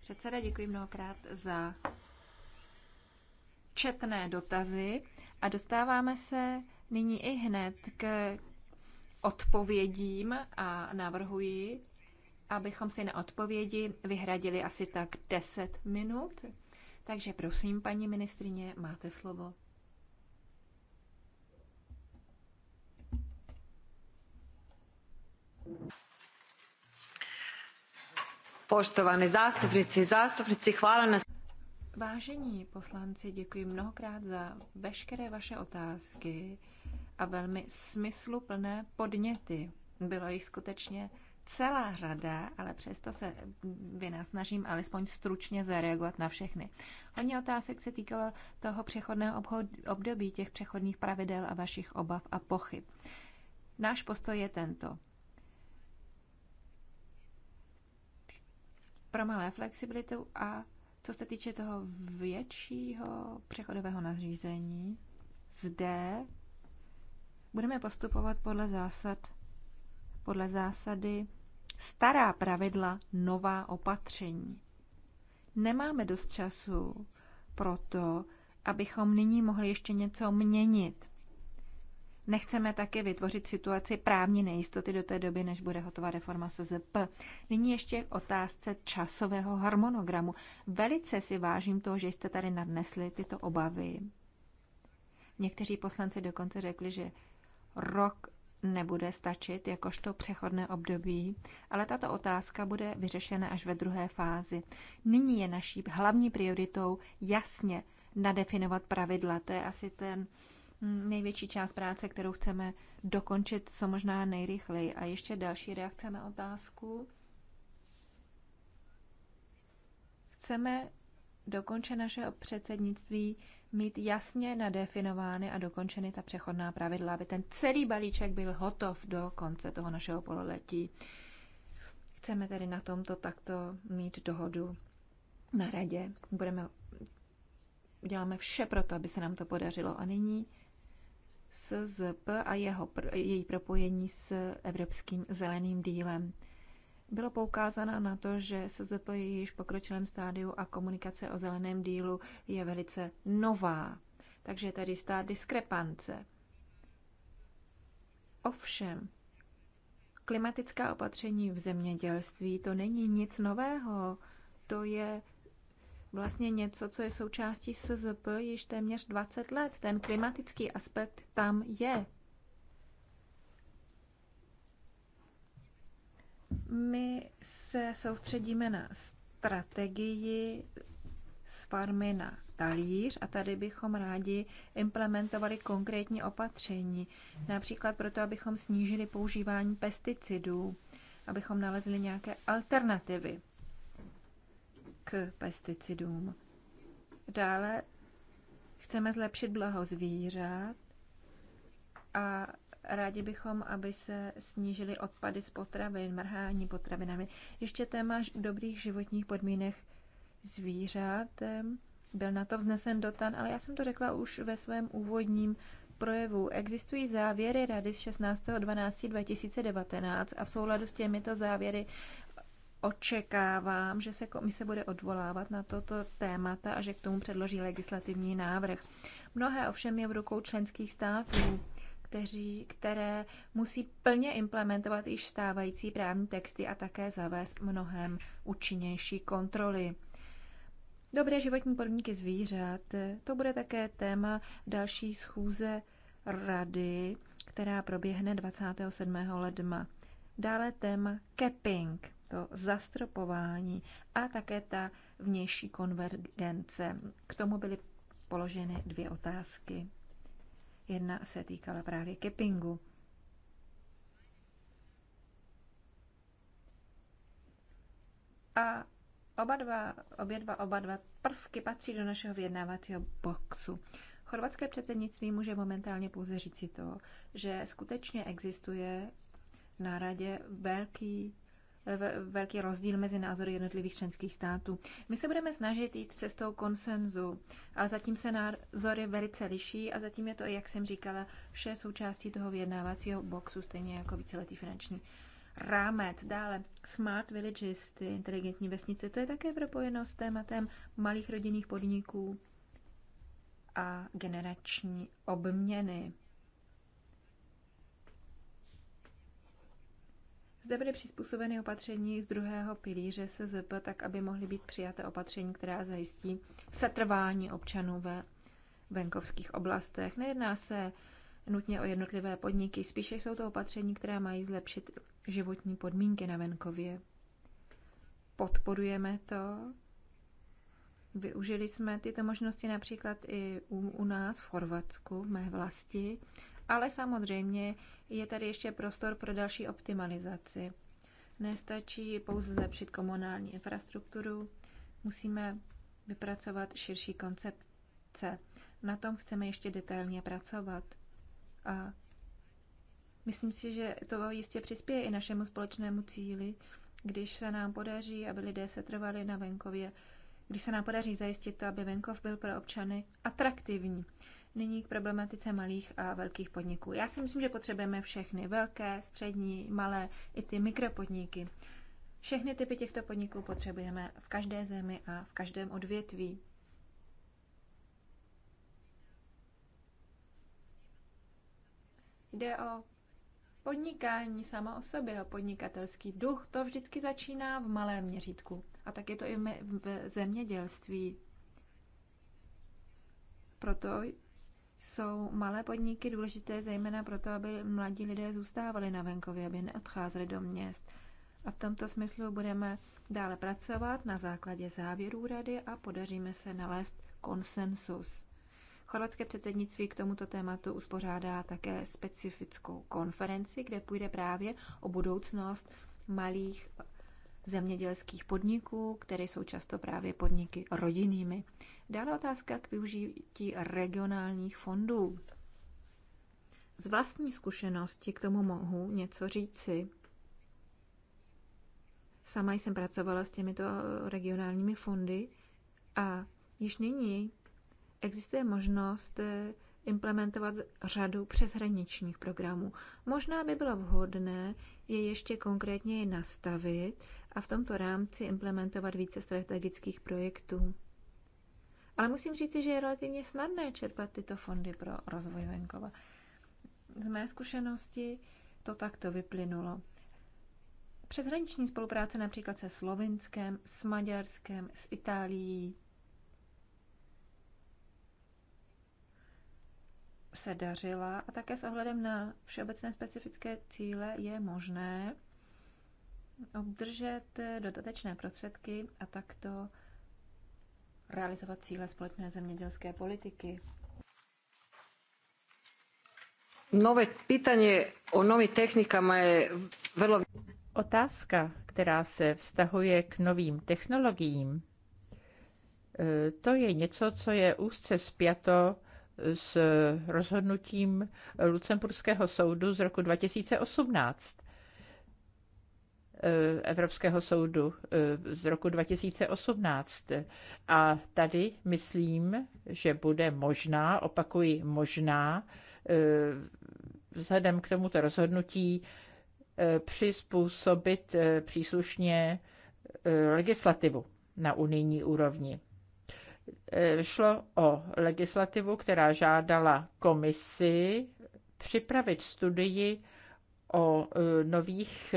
Předseda, děkuji mnohokrát za četné dotazy a dostáváme se nyní i hned k odpovědím a navrhuji, abychom si na odpovědi vyhradili asi tak 10 minut. Takže prosím, paní ministrině, máte slovo. Poštovane zástupnici, zástupnici, chvála na... Vážení poslanci, děkuji mnohokrát za veškeré vaše otázky a velmi smysluplné podněty. Bylo jich skutečně celá řada, ale přesto se snažím alespoň stručně zareagovat na všechny. Hodně otázek se týkalo toho přechodného období, těch přechodných pravidel a vašich obav a pochyb. Náš postoj je tento. Pro malé flexibilitu a co se týče toho většího přechodového nařízení, zde Budeme postupovat podle zásad, podle zásady stará pravidla, nová opatření. Nemáme dost času pro to, abychom nyní mohli ještě něco měnit. Nechceme také vytvořit situaci právní nejistoty do té doby, než bude hotová reforma SZP. Nyní ještě k otázce časového harmonogramu. Velice si vážím toho, že jste tady nadnesli tyto obavy. Někteří poslanci dokonce řekli, že rok nebude stačit jakožto přechodné období, ale tato otázka bude vyřešena až ve druhé fázi. Nyní je naší hlavní prioritou jasně nadefinovat pravidla. To je asi ten největší část práce, kterou chceme dokončit co možná nejrychleji. A ještě další reakce na otázku. Chceme dokončit naše předsednictví mít jasně nadefinovány a dokončeny ta přechodná pravidla, aby ten celý balíček byl hotov do konce toho našeho pololetí. Chceme tedy na tomto takto mít dohodu na radě. Budeme, uděláme vše pro to, aby se nám to podařilo. A nyní SZP a jeho, její propojení s Evropským zeleným dílem bylo poukázáno na to, že SZP je již v pokročilém stádiu a komunikace o zeleném dílu je velice nová. Takže je tady stá diskrepance. Ovšem, klimatická opatření v zemědělství to není nic nového. To je vlastně něco, co je součástí SZP již téměř 20 let. Ten klimatický aspekt tam je. My se soustředíme na strategii z farmy na talíř a tady bychom rádi implementovali konkrétní opatření, například proto, abychom snížili používání pesticidů, abychom nalezli nějaké alternativy k pesticidům. Dále chceme zlepšit blaho zvířat a Rádi bychom, aby se snížily odpady z potravin, mrhání potravinami. Ještě téma dobrých životních podmínek zvířat. Byl na to vznesen dotan, ale já jsem to řekla už ve svém úvodním projevu. Existují závěry Rady z 16.12.2019 a v souladu s těmito závěry očekávám, že se komise bude odvolávat na toto témata a že k tomu předloží legislativní návrh. Mnohé ovšem je v rukou členských států kteří, které musí plně implementovat již stávající právní texty a také zavést mnohem účinnější kontroly. Dobré životní podmínky zvířat, to bude také téma další schůze rady, která proběhne 27. ledna. Dále téma capping, to zastropování a také ta vnější konvergence. K tomu byly položeny dvě otázky. Jedna se týkala právě kepingu. A oba dva, obě dva, oba dva prvky patří do našeho vyjednávacího boxu. Chorvatské předsednictví může momentálně pouze říci to, že skutečně existuje na radě velký velký rozdíl mezi názory jednotlivých členských států. My se budeme snažit jít cestou konsenzu, ale zatím se názory velice liší a zatím je to, jak jsem říkala, vše součástí toho vyjednávacího boxu, stejně jako víceletý finanční rámec. Dále Smart Villages, ty inteligentní vesnice, to je také propojeno s tématem malých rodinných podniků a generační obměny. Zde byly přizpůsobeny opatření z druhého pilíře SZP, tak aby mohly být přijaté opatření, která zajistí setrvání občanů ve venkovských oblastech. Nejedná se nutně o jednotlivé podniky, spíše jsou to opatření, která mají zlepšit životní podmínky na venkově. Podporujeme to. Využili jsme tyto možnosti například i u, u nás v Chorvatsku, v mé vlasti ale samozřejmě je tady ještě prostor pro další optimalizaci. Nestačí pouze zlepšit komunální infrastrukturu, musíme vypracovat širší koncepce. Na tom chceme ještě detailně pracovat. A myslím si, že to jistě přispěje i našemu společnému cíli, když se nám podaří, aby lidé se trvali na venkově, když se nám podaří zajistit to, aby venkov byl pro občany atraktivní. Nyní k problematice malých a velkých podniků. Já si myslím, že potřebujeme všechny. Velké, střední, malé, i ty mikropodniky. Všechny typy těchto podniků potřebujeme v každé zemi a v každém odvětví. Jde o podnikání sama o sobě, o podnikatelský duch. To vždycky začíná v malém měřítku. A tak je to i v zemědělství. Proto jsou malé podniky důležité zejména proto, aby mladí lidé zůstávali na venkově, aby neodcházeli do měst. A v tomto smyslu budeme dále pracovat na základě závěrů rady a podaříme se nalézt konsensus. Chorvatské předsednictví k tomuto tématu uspořádá také specifickou konferenci, kde půjde právě o budoucnost malých zemědělských podniků, které jsou často právě podniky rodinnými. Dále otázka k využití regionálních fondů. Z vlastní zkušenosti k tomu mohu něco říci. Sama jsem pracovala s těmito regionálními fondy a již nyní existuje možnost eh, implementovat řadu přeshraničních programů. Možná by bylo vhodné je ještě konkrétněji nastavit a v tomto rámci implementovat více strategických projektů. Ale musím říci, že je relativně snadné čerpat tyto fondy pro rozvoj venkova. Z mé zkušenosti to takto vyplynulo. Přeshraniční spolupráce například se Slovinskem, s Maďarskem, s Itálií se dařila a také s ohledem na všeobecné specifické cíle je možné obdržet dodatečné prostředky a takto realizovat cíle společné zemědělské politiky. Nové pitanje o nových technikama je velo... Otázka, která se vztahuje k novým technologiím, e, to je něco, co je úzce spjato s rozhodnutím Lucemburského soudu z roku 2018. Eh, Evropského soudu eh, z roku 2018. A tady myslím, že bude možná, opakuji možná, eh, vzhledem k tomuto rozhodnutí přizpůsobit příslušně legislativu na unijní úrovni. Šlo o legislativu, která žádala komisi připravit studii o nových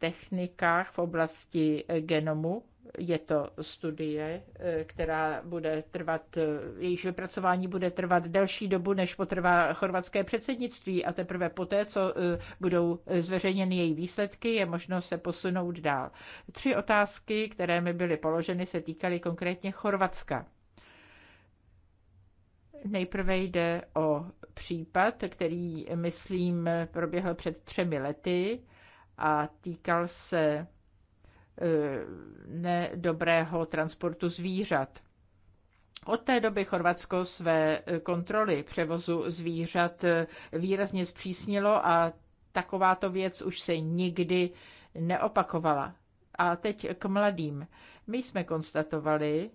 technikách v oblasti eh, genomu. Je to studie, eh, která bude trvat, eh, jejíž vypracování bude trvat delší dobu, než potrvá chorvatské předsednictví a teprve poté, co budou zveřejněny její výsledky, je možno se posunout dál. Tři otázky, které mi byly položeny, se týkaly konkrétně Chorvatska. Nejprve jde o případ, který, myslím, proběhl před třemi lety a týkal se e, nedobrého transportu zvířat. Od té doby Chorvatsko své e, kontroly převozu zvířat e, výrazně zpřísnilo a takováto věc už se nikdy neopakovala. A teď k mladým. My jsme konstatovali,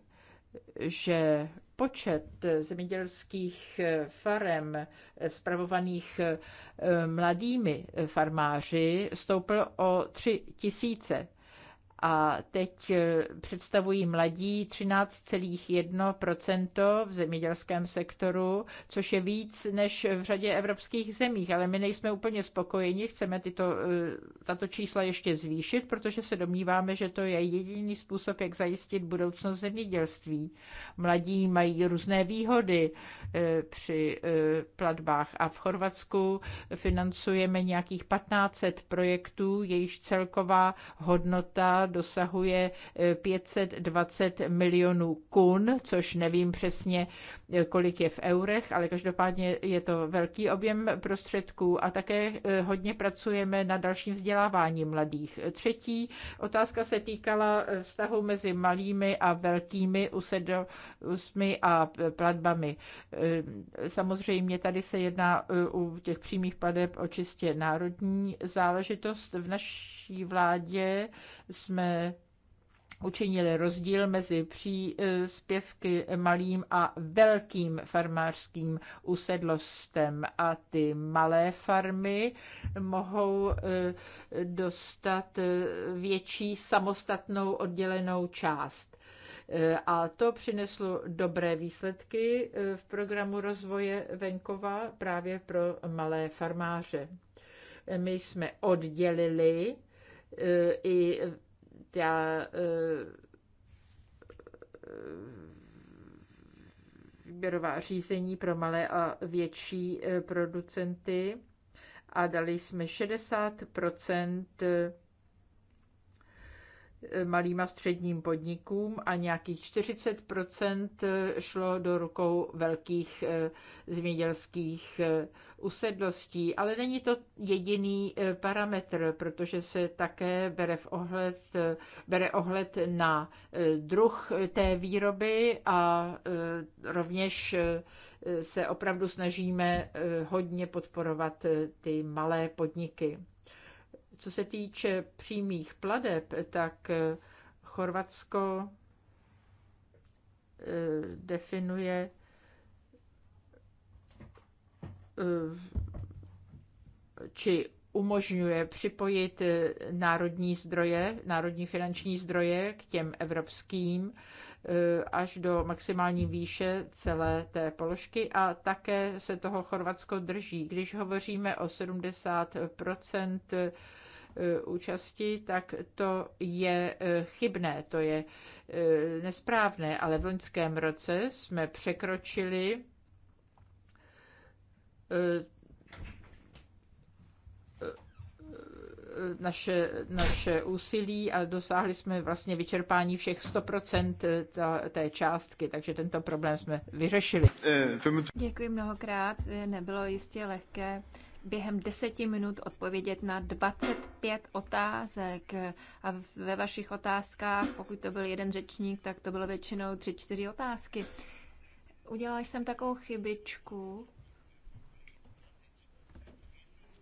že počet eh, zemědělských eh, farem eh, spravovaných mladými farmáři stoupl o tři tisíce a teď eh, představují mladí 13,1% v zemědělském sektoru, což je víc než v řadě evropských zemích, ale my nejsme úplně spokojeni, chceme tyto, eh, tato čísla ještě zvýšit, protože se domníváme, že to je jediný způsob, jak zajistit budoucnost zemědělství. Mladí mají různé výhody eh, při platbách a v Chorvatsku financujeme nějakých 1500 projektů, jejichž celková hodnota dosahuje 520 eh, milionů kun, což nevím přesně, eh, kolik je v eurech, ale každopádně je to velký objem prostředků a také eh, hodně pracujeme na dalším vzdělávání mladých. Třetí otázka se týkala vztahu mezi malými a velkými usedlostmi a platbami. Samozřejmě tady se jedná u těch přímých plateb o čistě národní záležitost. V naší vládě jsme jsme učinili rozdíl mezi příspěvky malým a velkým farmářským usedlostem a ty malé farmy mohou eh, dostat eh, větší samostatnou oddělenou část. Eh, a to přineslo dobré výsledky v programu rozvoje venkova právě pro malé farmáře. My jsme oddělili i der eh, ö, výběrová řízení pro malé a větší eh, producenty a dali jsme 60 malým a středním podnikům a nějakých 40 šlo do rukou velkých eh, zemědělských eh, usedlostí. Ale není to jediný eh, parametr, protože se také bere, v ohled, bere ohled na druh té výroby a rovněž se opravdu snažíme hodně podporovat ty malé podniky. Co se týče přímých pladeb, tak eh, Chorvatsko eh, definuje eh, či umožňuje připojit národní zdroje, národní finanční zdroje k těm evropským až do maximální výše celé té položky a také se toho Chorvatsko drží. Když hovoříme o 70 Eh, účasti, tak to je eh, chybné, to je eh, nesprávné, ale v loňském roce jsme překročili naše, naše úsilí a dosáhli jsme vlastně vyčerpání všech 100% té částky, takže tento problém jsme vyřešili. Děkuji mnohokrát, nebylo jistě lehké během deseti minut odpovědět na 25 otázek. A ve vašich otázkách, pokud to byl jeden řečník, tak to bylo většinou tři, čtyři otázky. Udělala jsem takovou chybičku.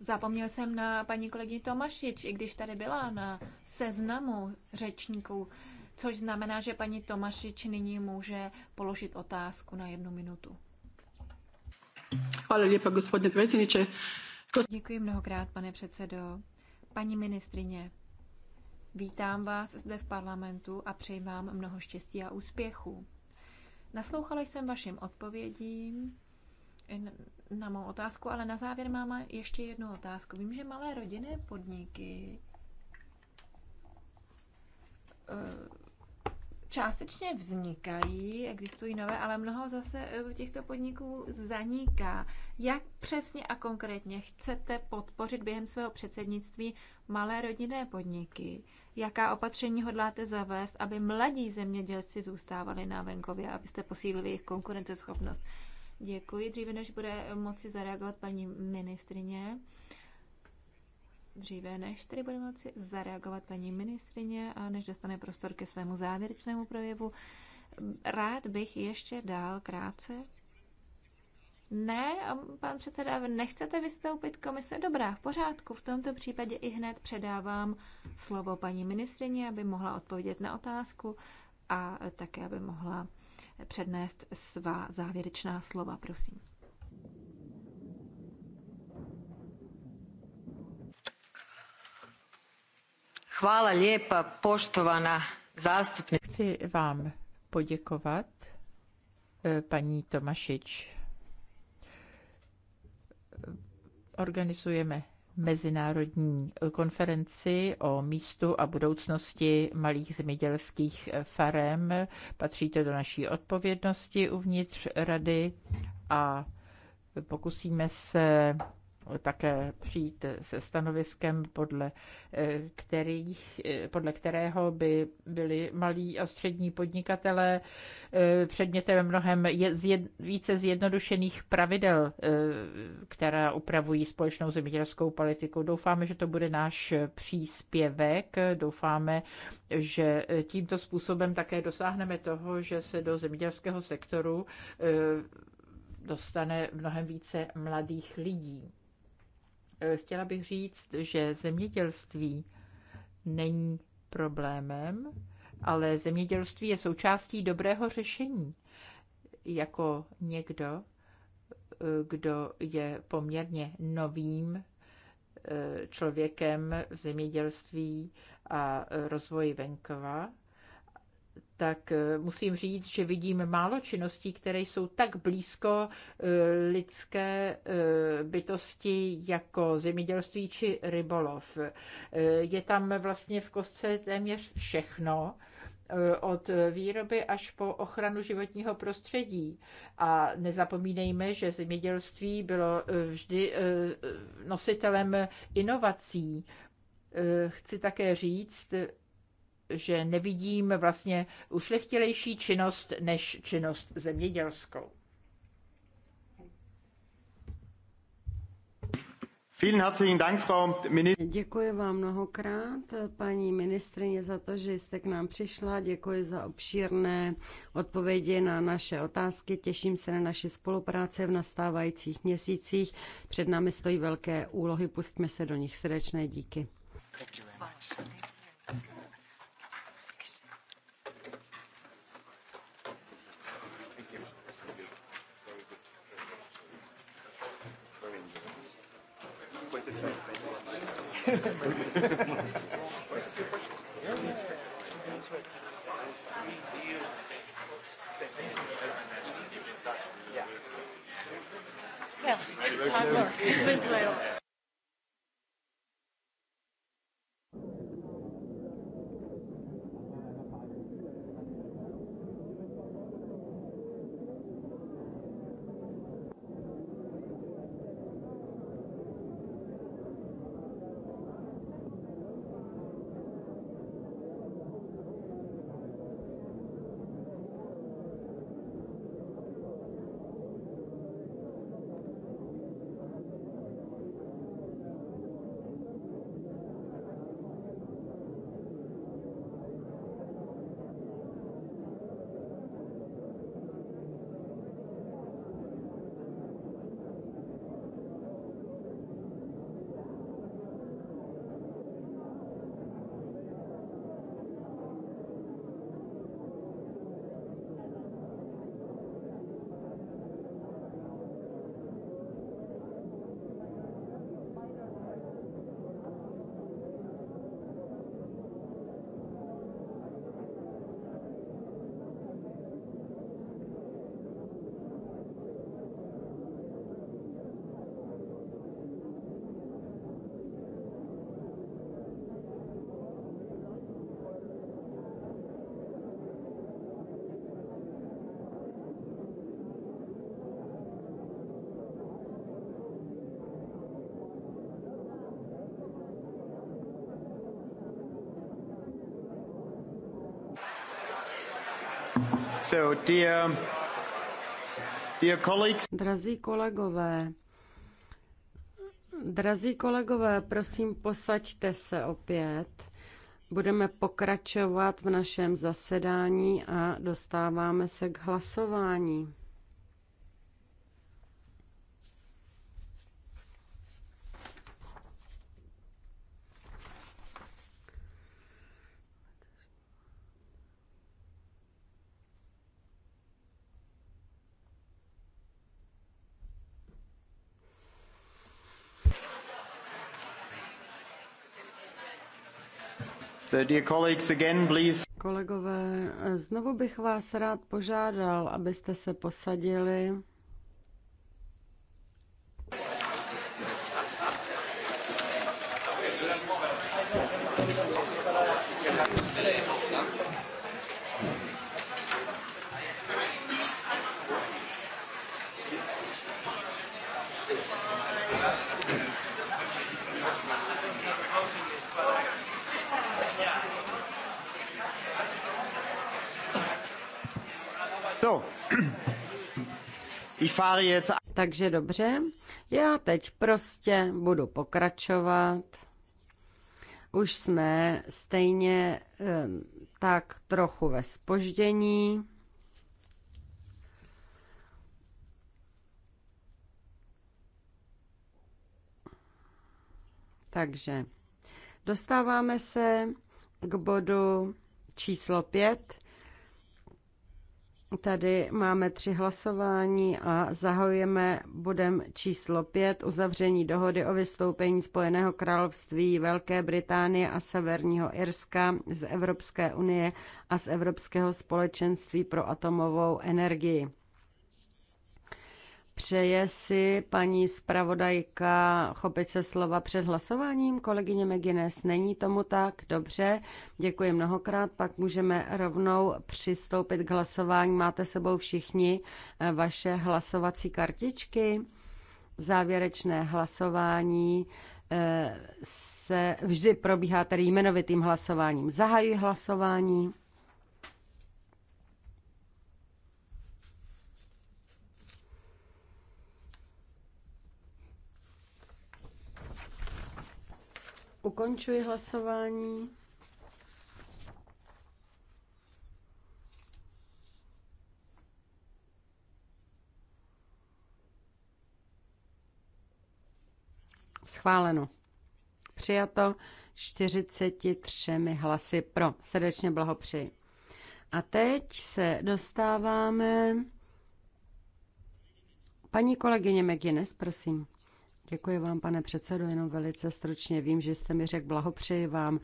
Zapomněl jsem na paní kolegyni Tomašič, i když tady byla na seznamu řečníků, což znamená, že paní Tomašič nyní může položit otázku na jednu minutu. Hvala lijepa, gospodine predsjedniče. Děkuji mnohokrát, pane předsedo. Paní ministrině, vítám vás zde v parlamentu a přeji vám mnoho štěstí a úspěchů. Naslouchala jsem vašim odpovědím na mou otázku, ale na závěr mám ještě jednu otázku. Vím, že malé rodinné podniky částečně vznikají, existují nové, ale mnoho zase eh, těchto podniků zaniká. Jak přesně a konkrétně chcete podpořit během svého předsednictví malé rodinné podniky? Jaká opatření hodláte zavést, aby mladí zemědělci zůstávali na venkově, abyste posílili jejich konkurenceschopnost? Děkuji. Dříve než bude moci zareagovat paní ministrině, dříve, než tedy bude moci zareagovat paní ministrině a než dostane prostor ke svému závěrečnému projevu. Rád bych ještě dál krátce. Ne, pan předseda, nechcete vystoupit komise? Dobrá, v pořádku. V tomto případě i hned předávám slovo paní ministrině, aby mohla odpovědět na otázku a také, aby mohla přednést svá závěrečná slova. Prosím. Chvála zástupnice. Chci vám poděkovat, eh, paní Tomašič. Organizujeme mezinárodní konferenci o místu a budoucnosti malých zemědělských farem. Patří to do naší odpovědnosti uvnitř rady a pokusíme se také přijít se stanoviskem, podle, eh, který, eh, podle kterého by byli malí a střední podnikatelé eh, předmětem mnohem je, zjed, více zjednodušených pravidel, která upravují společnou zemědělskou politiku. Doufáme, že to bude náš příspěvek. Doufáme, že tímto způsobem také dosáhneme toho, že se do zemědělského sektoru dostane mnohem více mladých lidí. Eh, chtěla bych říct, že zemědělství není problémem, ale zemědělství je součástí dobrého řešení. Jako někdo, eh, kdo je poměrně novým eh, člověkem v zemědělství a rozvoji venkova, tak eh, musím říct, že vidím málo činností, které jsou tak blízko eh, lidské eh, bytosti jako zemědělství či rybolov. Je tam vlastně v kostce téměř všechno od výroby až po ochranu životního prostředí. A nezapomínejme, že zemědělství bylo vždy nositelem inovací. Chci také říct, že nevidím vlastně ušlechtilejší činnost než činnost zemědělskou. Děkuji vám mnohokrát, paní ministrině, za to, že jste k nám přišla. Děkuji za obšírné odpovědi na naše otázky. Těším se na naši spolupráce v nastávajících měsících. Před námi stojí velké úlohy, pustíme se do nich. Srdečné díky. Yeah, Yeah. Yeah. Yeah. Yeah. Yeah Drazí kolegové, drazí kolegové, prosím, posaďte se opět. Budeme pokračovat v našem zasedání a dostáváme se k hlasování. Kolegové, znovu bych vás rád požádal, abyste se posadili. Takže dobře, já teď prostě budu pokračovat. Už jsme stejně tak trochu ve spoždění. Takže dostáváme se k bodu číslo 5 Tady máme tři hlasování a zahajujeme bodem číslo pět uzavření dohody o vystoupení Spojeného království Velké Británie a Severního Irska z Evropské unie a z Evropského společenství pro atomovou energii. Přeje si paní zpravodajka chopit se slova před hlasováním? Kolegyně Megines, není tomu tak? Dobře, děkuji mnohokrát. Pak můžeme rovnou přistoupit k hlasování. Máte sebou všichni eh, vaše hlasovací kartičky? Závěrečné hlasování eh, se vždy probíhá tedy jmenovitým hlasováním. Zahajuji hlasování. Ukončuji hlasování. Schváleno. Přijato 43 hlasy pro. Srdečně blahopřeji. A teď se dostáváme. Paní kolegyně McGuinness, prosím. Děkuji vám, pane předsedo, jenom velice stručně. Vím, že jste mi řekl blahopřeji vám,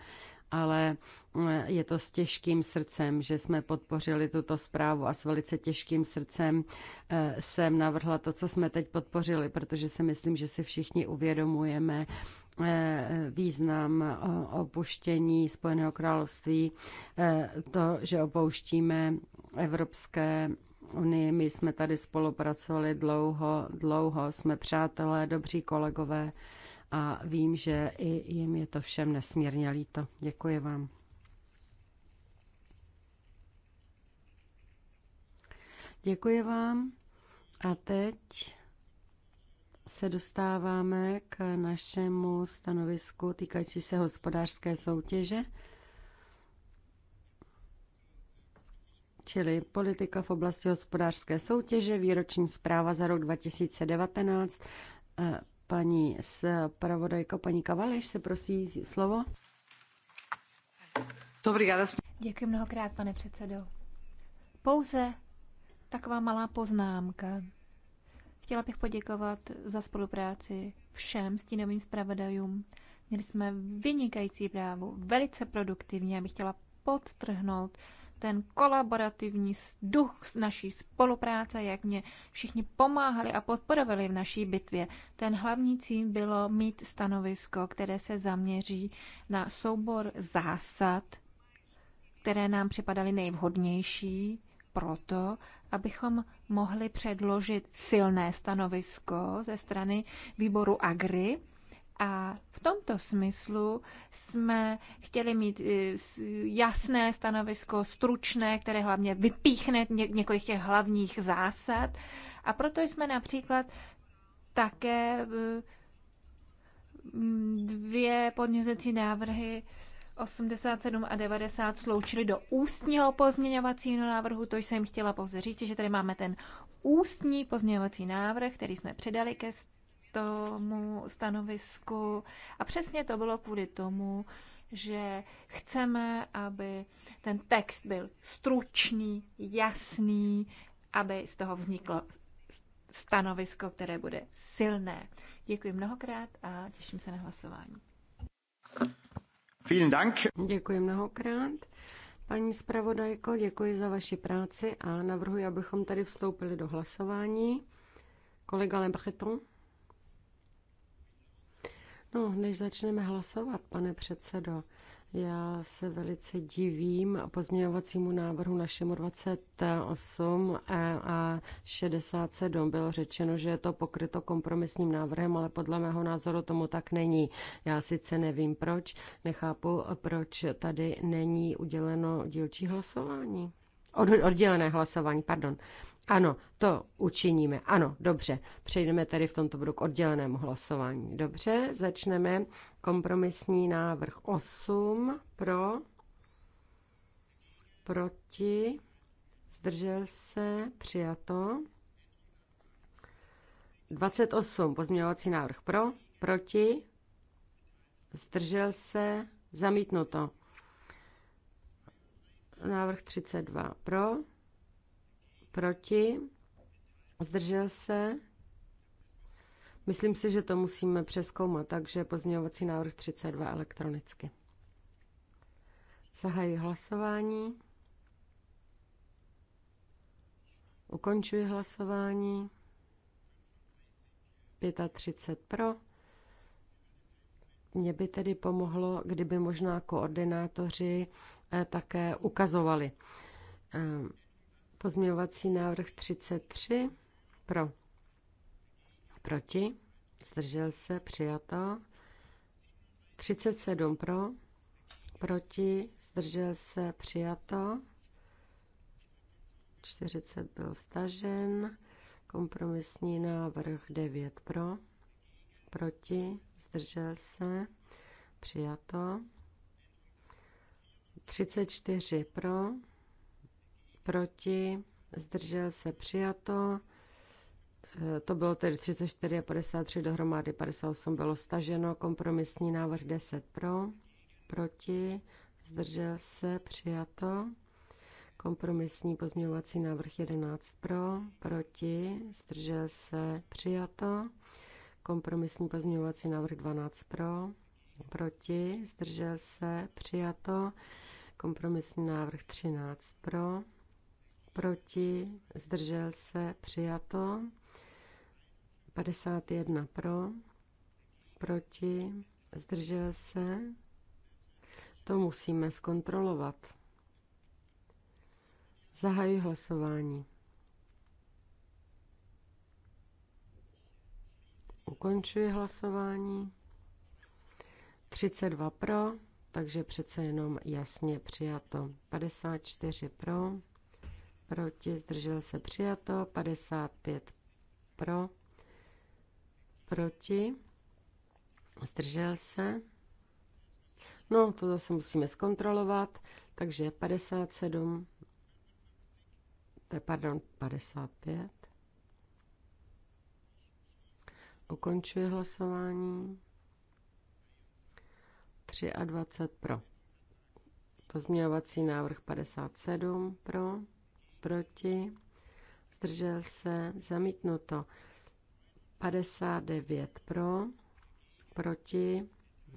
ale mm, je to s těžkým srdcem, že jsme podpořili tuto zprávu a s velice těžkým srdcem eh, jsem navrhla to, co jsme teď podpořili, protože si myslím, že si všichni uvědomujeme, eh, význam eh, opuštění Spojeného království, to, že opouštíme evropské unii. My jsme tady spolupracovali dlouho, dlouho, jsme přátelé, dobří kolegové a vím, že i jim je to všem nesmírně líto. Děkuji vám. Děkuji vám. A teď se dostáváme k našemu stanovisku týkající se hospodářské soutěže. čili politika v oblasti hospodářské soutěže, výroční zpráva za rok 2019. Eh, paní zpravodajka, paní Kavaleš, se prosí slovo. Děkuji mnohokrát, pane předsedo. Pouze taková malá poznámka. Chtěla bych poděkovat za spolupráci všem stínovým zpravodajům. Měli jsme vynikající právu, velice produktivně. Já bych chtěla podtrhnout ten kolaborativní duch naší spolupráce, jak mě všichni pomáhali a podporovali v naší bitvě. Ten hlavní cíl bylo mít stanovisko, které se zaměří na soubor zásad, které nám připadaly nejvhodnější proto, abychom mohli předložit silné stanovisko ze strany výboru Agri, a v tomto smyslu jsme chtěli mít eh, jasné stanovisko, stručné, které hlavně vypíchne několik těch hlavních zásad. A proto jsme například také eh, dvě podnězecí návrhy 87 a 90 sloučili do ústního pozměňovacího návrhu. To jsem chtěla pouze říct, že tady máme ten ústní pozměňovací návrh, který jsme předali ke tomu stanovisku. A přesně to bylo kvůli tomu, že chceme, aby ten text byl stručný, jasný, aby z toho vzniklo stanovisko, které bude silné. Děkuji mnohokrát a těším se na hlasování. Vielen Dank. Děkuji mnohokrát. Paní zpravodajko, děkuji za vaši práci a navrhuji, abychom tady vstoupili do hlasování. Kolega Lebreton. No, než začneme hlasovat, pane předsedo, já se velice divím pozměňovacímu návrhu našemu 28 e a 67. Bylo řečeno, že je to pokryto kompromisním návrhem, ale podle mého názoru tomu tak není. Já sice nevím proč, nechápu, proč tady není uděleno dílčí hlasování. Od, oddělené hlasování, pardon. Ano, to učiníme. Ano, dobře. Přejdeme tedy v tomto bodu k oddělenému hlasování. Dobře, začneme. Kompromisní návrh 8 pro, proti, zdržel se, přijato. 28 pozměňovací návrh pro, proti, zdržel se, zamítnuto. Návrh 32 pro, Proti? Zdržel se? Myslím si, že to musíme přeskoumat, takže pozměňovací návrh 32 elektronicky. Zahajuji hlasování. Ukončuji hlasování. 35 pro. Mě by tedy pomohlo, kdyby možná koordinátoři eh, také ukazovali eh, Pozměňovací návrh 33. Pro. Proti. Zdržel se. Přijato. 37 pro. Proti. Zdržel se. Přijato. 40 byl stažen. Kompromisní návrh 9 pro. Proti. Zdržel se. Přijato. 34 pro proti, zdržel se přijato. E, to bylo tedy 34 a 53 dohromady, 58 bylo staženo, kompromisní návrh 10 pro, proti, zdržel se přijato. Kompromisní pozměňovací návrh 11 pro, proti, zdržel se přijato. Kompromisní pozměňovací návrh 12 pro, proti, zdržel se přijato. Kompromisní návrh 13 pro, proti, zdržel se, přijato. 51 pro, proti, zdržel se. To musíme zkontrolovat. Zahajuji hlasování. Ukončuji hlasování. 32 pro, takže přece jenom jasně přijato. 54 pro, proti, zdržel se přijato, 55 pro, proti, zdržel se. No, to zase musíme zkontrolovat, takže 57, pardon, 55. Ukončuje hlasování. 23 pro. Pozměňovací návrh 57 pro proti, zdržel se, zamítnuto. 59 pro, proti,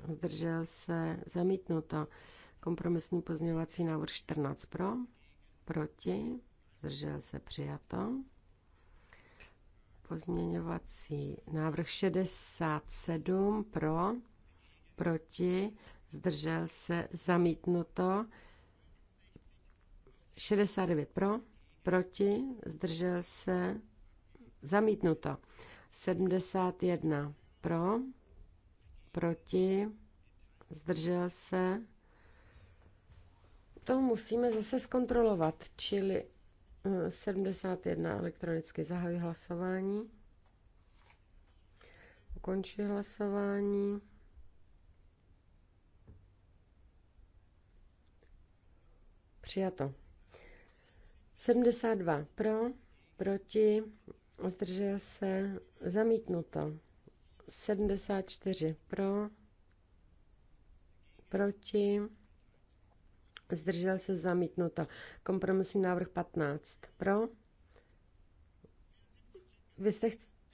zdržel se, zamítnuto. Kompromisní pozměňovací návrh 14 pro, proti, zdržel se, přijato. Pozměňovací návrh 67 pro, proti, zdržel se, zamítnuto. 69 pro, proti, zdržel se, zamítnuto. 71 pro, proti, zdržel se. To musíme zase zkontrolovat, čili 71 eh, elektronicky zahajuji hlasování. Ukončuji hlasování. Přijato. 72 pro, proti, zdržel se, zamítnuto. 74 pro, proti, zdržel se, zamítnuto. Kompromisní návrh 15 pro. Vy jste,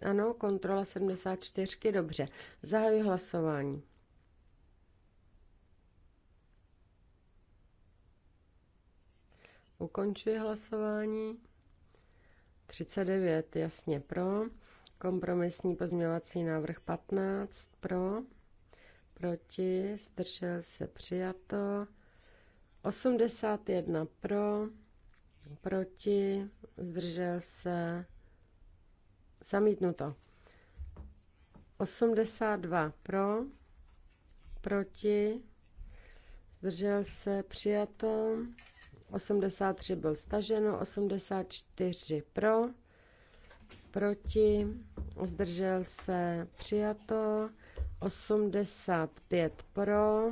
ano, kontrola 74, dobře. Zahajuji hlasování. Ukončuji hlasování. 39 jasně pro. Kompromisní pozměňovací návrh 15 pro. Proti, zdržel se přijato. 81 pro. Proti, zdržel se zamítnuto. 82 pro. Proti, zdržel se přijato. 83 byl staženo, 84 pro, proti, zdržel se přijato, 85 pro,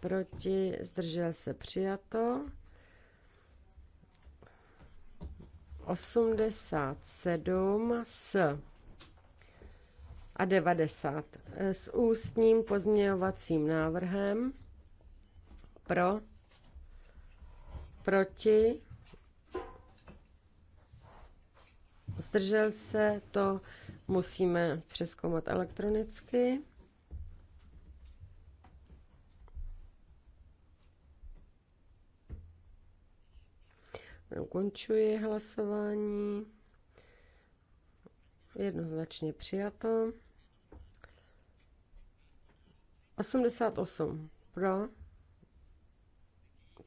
proti, zdržel se přijato, 87 s a 90 s ústním pozměňovacím návrhem pro proti, zdržel se, to musíme přeskoumat elektronicky. Ukončuji hlasování. Jednoznačně přijato. 88 pro,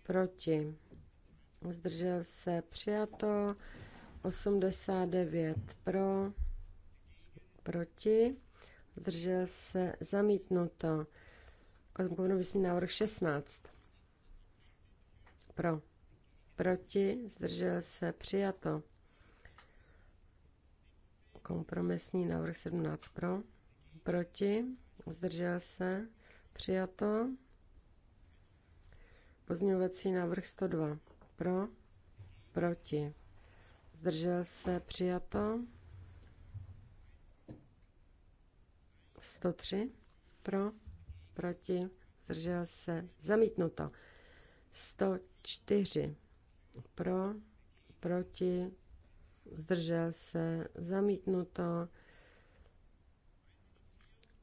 proti, zdržel se, přijato. 89 pro, proti, zdržel se, zamítnuto. Kompromisní návrh 16 pro, proti, zdržel se, přijato. Kompromisní návrh 17 pro, proti, zdržel se, přijato. Pozměňovací návrh 102 pro? Proti? Zdržel se? Přijato? 103. Pro? Proti? Zdržel se? Zamítnuto. 104. Pro? Proti? Zdržel se? Zamítnuto.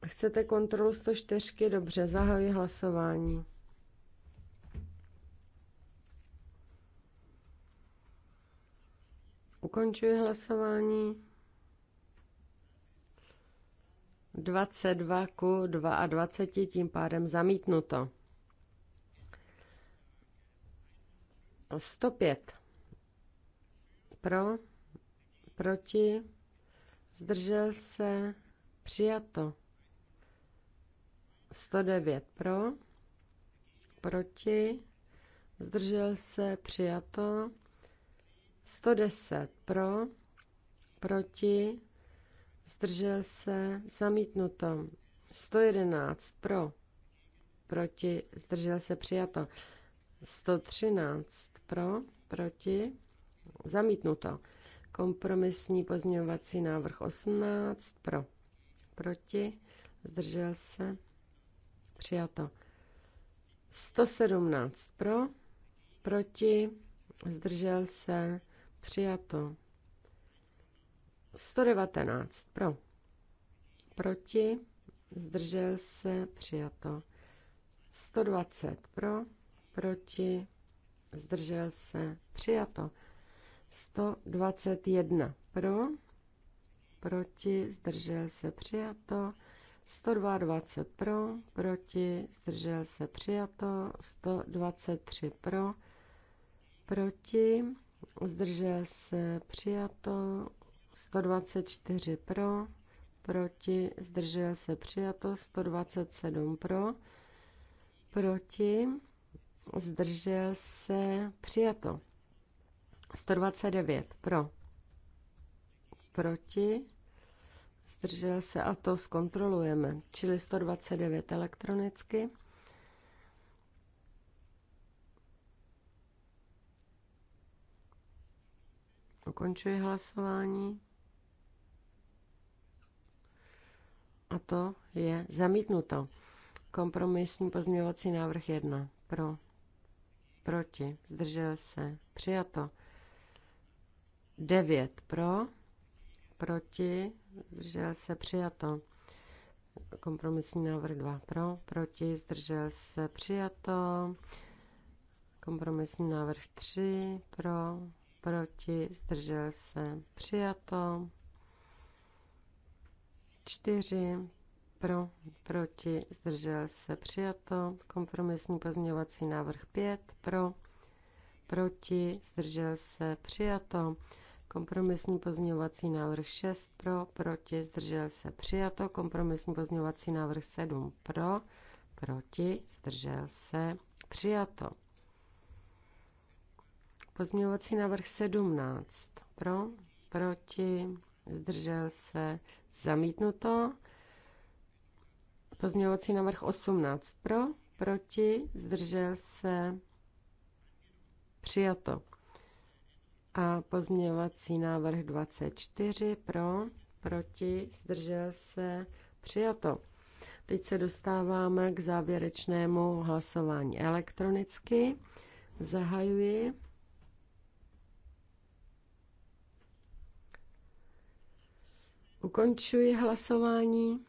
Chcete kontrolu 104? Dobře, zahajuji hlasování. Ukončuji hlasování. 22 ku 22, tím pádem zamítnuto. 105. Pro, proti, zdržel se, přijato. 109 pro, proti, zdržel se, přijato. 110 pro, proti, zdržel se, zamítnuto. 111 pro, proti, zdržel se, přijato. 113 pro, proti, zamítnuto. Kompromisní pozměňovací návrh 18 pro, proti, zdržel se, přijato. 117 pro, proti, zdržel se, Přijato. 119 pro. Proti. Zdržel se. Přijato. 120 pro. Proti. Zdržel se. Přijato. 121 pro. Proti. Zdržel se. Přijato. 122 pro, proti, zdržel se přijato, 123 pro, proti, zdržel se přijato 124 pro, proti, zdržel se přijato 127 pro, proti, zdržel se přijato 129 pro, proti, zdržel se a to zkontrolujeme, čili 129 elektronicky. Ukončuji hlasování. A to je zamítnuto. Kompromisní pozměňovací návrh 1. Pro. Proti. Zdržel se. Přijato. 9 pro. Proti. Zdržel se. Přijato. Kompromisní návrh 2 pro. Proti. Zdržel se. Přijato. Kompromisní návrh 3 pro proti, zdržel se, přijato. čtyři pro, proti, zdržel se, přijato. Kompromisní pozměňovací návrh pět pro, proti, zdržel se, přijato. Kompromisní pozměňovací návrh 6 pro, proti, zdržel se, přijato. Kompromisní pozměňovací návrh 7 pro, proti, zdržel se, přijato. Pozměňovací návrh 17. Pro, proti, zdržel se, zamítnuto. Pozměňovací návrh 18. Pro, proti, zdržel se, přijato. A pozměňovací návrh 24. Pro, proti, zdržel se, přijato. Teď se dostáváme k závěrečnému hlasování elektronicky. Zahajuji. Ukončuji hlasování.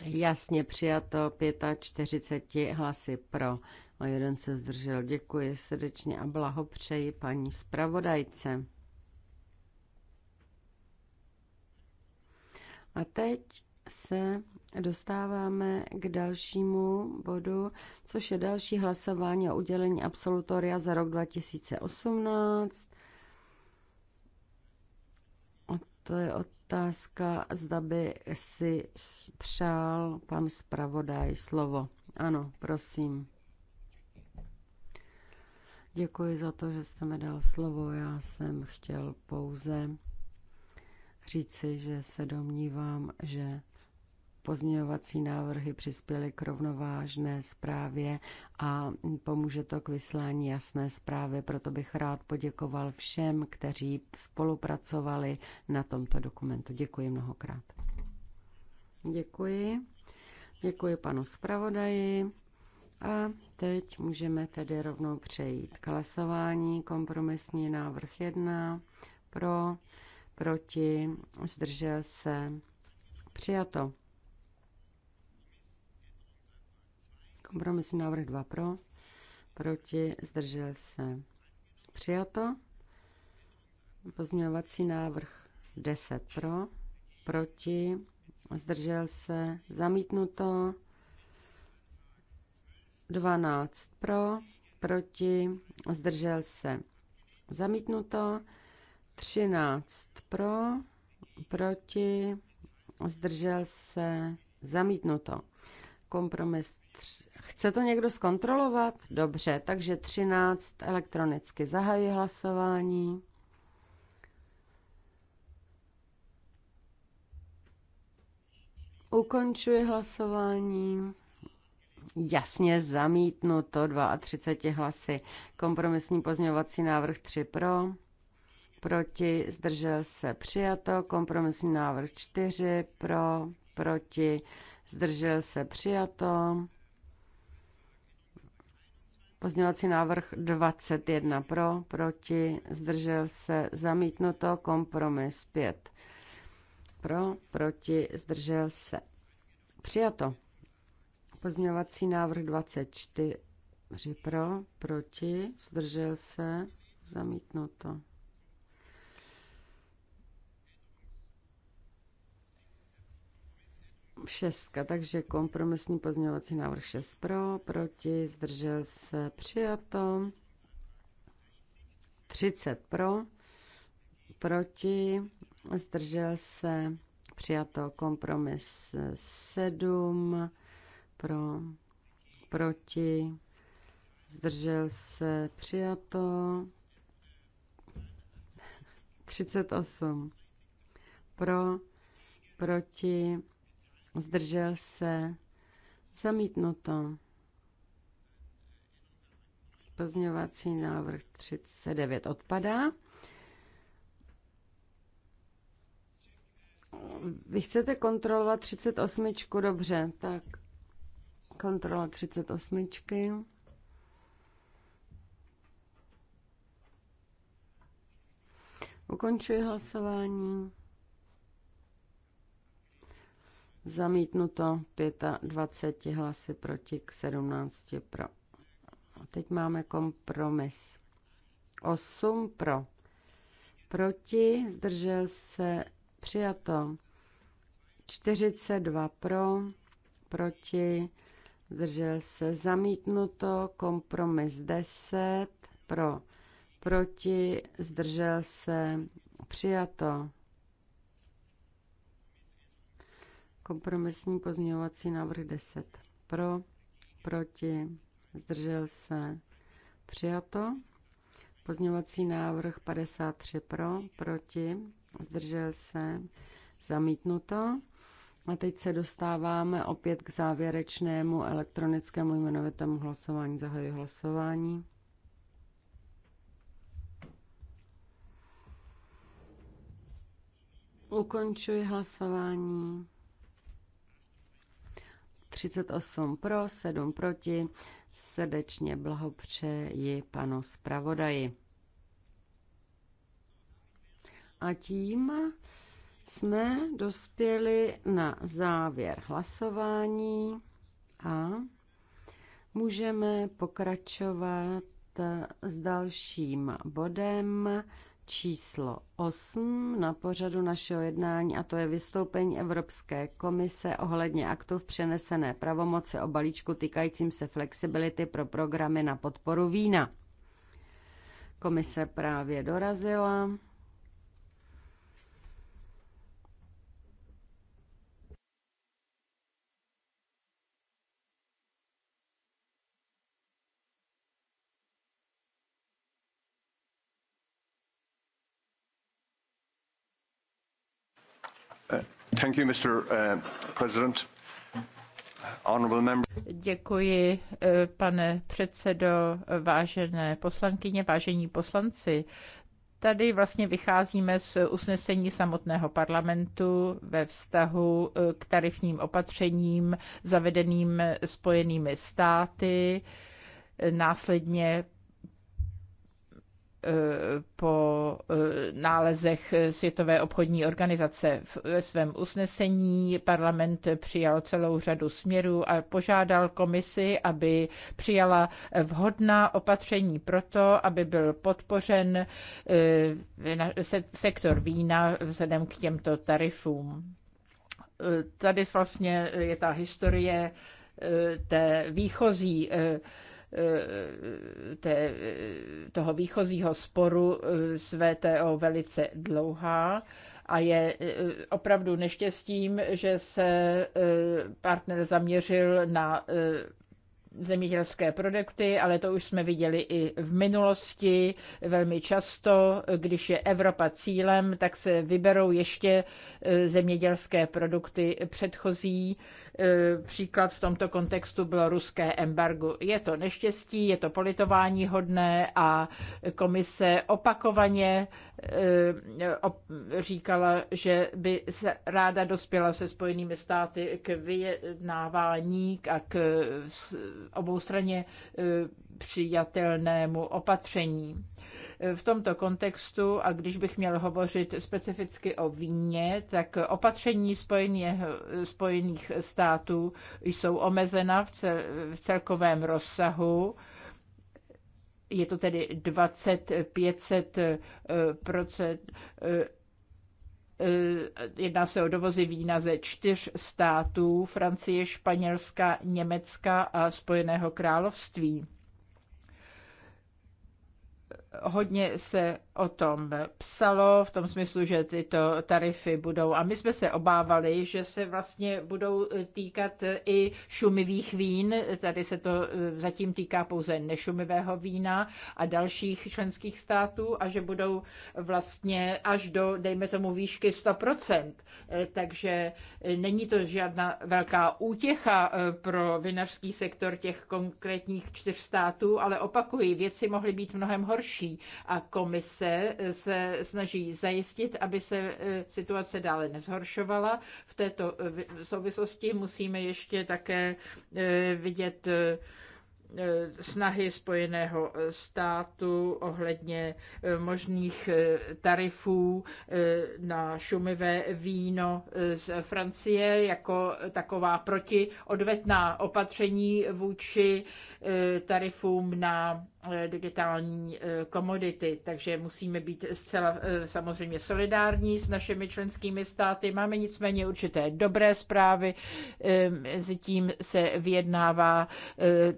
Jasně přijato 45 hlasy pro. A jeden se zdržel. Děkuji srdečně a blahopřeji paní zpravodajce. A teď se dostáváme k dalšímu bodu, což je další hlasování o udělení absolutoria za rok 2018. To je otázka, zda by si přál pan zpravodaj slovo. Ano, prosím. Děkuji za to, že jste mi dal slovo. Já jsem chtěl pouze říci, že se domnívám, že Pozměňovací návrhy přispěly k rovnovážné zprávě a pomůže to k vyslání jasné zprávy. Proto bych rád poděkoval všem, kteří spolupracovali na tomto dokumentu. Děkuji mnohokrát. Děkuji. Děkuji panu zpravodaji. A teď můžeme tedy rovnou přejít k hlasování. Kompromisní návrh 1 pro, proti, zdržel se, přijato. Kompromisní návrh 2 pro, proti, zdržel se. Přijato. Pozměňovací návrh 10 pro, proti, zdržel se, zamítnuto. 12 pro, proti, zdržel se. Zamítnuto 13 pro, proti, zdržel se, zamítnuto. Kompromis Chce to někdo zkontrolovat? Dobře, takže 13 elektronicky zahají hlasování. Ukončuji hlasování. Jasně zamítnuto 32 hlasy. Kompromisní pozměňovací návrh 3 pro. Proti zdržel se přijato. Kompromisní návrh 4 pro. Proti zdržel se přijato. Pozměňovací návrh 21 pro, proti, zdržel se, zamítnuto, kompromis 5 pro, proti, zdržel se. Přijato. Pozměňovací návrh 24 pro, proti, zdržel se, zamítnuto. Šestka, takže kompromisní pozměňovací návrh 6 pro, proti, zdržel se, přijato. 30 pro, proti, zdržel se, přijato. Kompromis 7 pro, proti, zdržel se, přijato. 38 pro, proti, zdržel se, zamítnuto. Pozměňovací návrh 39 odpadá. Vy chcete kontrolovat 38, dobře, tak kontrola 38. Ukončuji hlasování. Zamítnuto 25 hlasy proti k 17 pro. A teď máme kompromis. 8 pro. Proti zdržel se přijato. 42 pro. Proti zdržel se zamítnuto. Kompromis 10 pro. Proti zdržel se přijato. Kompromisní pozměňovací návrh 10. Pro, proti, zdržel se, přijato. Pozměňovací návrh 53 pro, proti, zdržel se, zamítnuto. A teď se dostáváme opět k závěrečnému elektronickému jmenovitému hlasování. Zahajuji hlasování. Ukončuji hlasování. 38 pro, 7 proti. Srdečně blahopřeji panu zpravodaji. A tím jsme dospěli na závěr hlasování a můžeme pokračovat s dalším bodem číslo 8 na pořadu našeho jednání a to je vystoupení Evropské komise ohledně aktu v přenesené pravomoci o balíčku týkajícím se flexibility pro programy na podporu vína. Komise právě dorazila. Thank you, Mr. Uh, President. Děkuji, uh, pane předsedo, vážené poslankyně, vážení poslanci. Tady vlastně vycházíme z usnesení samotného parlamentu ve vztahu uh, k tarifním opatřením zavedeným spojenými státy, následně Eh, po eh, nálezech Světové obchodní organizace. Ve svém usnesení parlament přijal celou řadu směrů a požádal komisi, aby přijala vhodná opatření pro to, aby byl podpořen eh, sektor vína vzhledem k těmto tarifům. Tady vlastně je ta historie té výchozí Eh, té, eh, toho výchozího sporu eh, s VTO velice dlouhá a je opravdu neštěstím, že se partner zaměřil na zemědělské produkty, ale to už jsme viděli i v minulosti velmi často, když je Evropa cílem, tak se vyberou ještě zemědělské produkty předchozí E, příklad v tomto kontextu bylo ruské embargo. Je to neštěstí, je to politování hodné a komise opakovaně e, říkala, že by se ráda dospěla se Spojenými státy k vyjednávání a k oboustraně e, přijatelnému opatření. V tomto kontextu, a když bych měl hovořit specificky o víně, tak opatření spojeně, Spojených států jsou omezena v, cel, v celkovém rozsahu je to tedy 20, eh, procent, eh, eh, jedná se o dovozy vína ze čtyř států, Francie, Španělska, Německa a Spojeného království hodně se o tom psalo, v tom smyslu, že tyto tarify budou. A my jsme se obávali, že se vlastně budou týkat i šumivých vín. Tady se to e, zatím týká pouze nešumivého vína a dalších členských států a že budou vlastně až do, dejme tomu, výšky 100%. E, takže není to žádná velká útěcha e, pro vinařský sektor těch konkrétních čtyř států, ale opakuji, věci mohly být mnohem horší a komise komise eh, se snaží zajistit, aby se eh, situace dále nezhoršovala. V této eh, souvislosti musíme ještě také vidět Eh, snahy Spojeného státu ohledně eh, možných eh, tarifů na šumivé víno z Francie jako taková protiodvetná opatření vůči tarifům na digitální komodity. Takže musíme být zcela samozřejmě solidární s našimi členskými státy. Máme nicméně určité dobré zprávy. Mezitím se vyjednává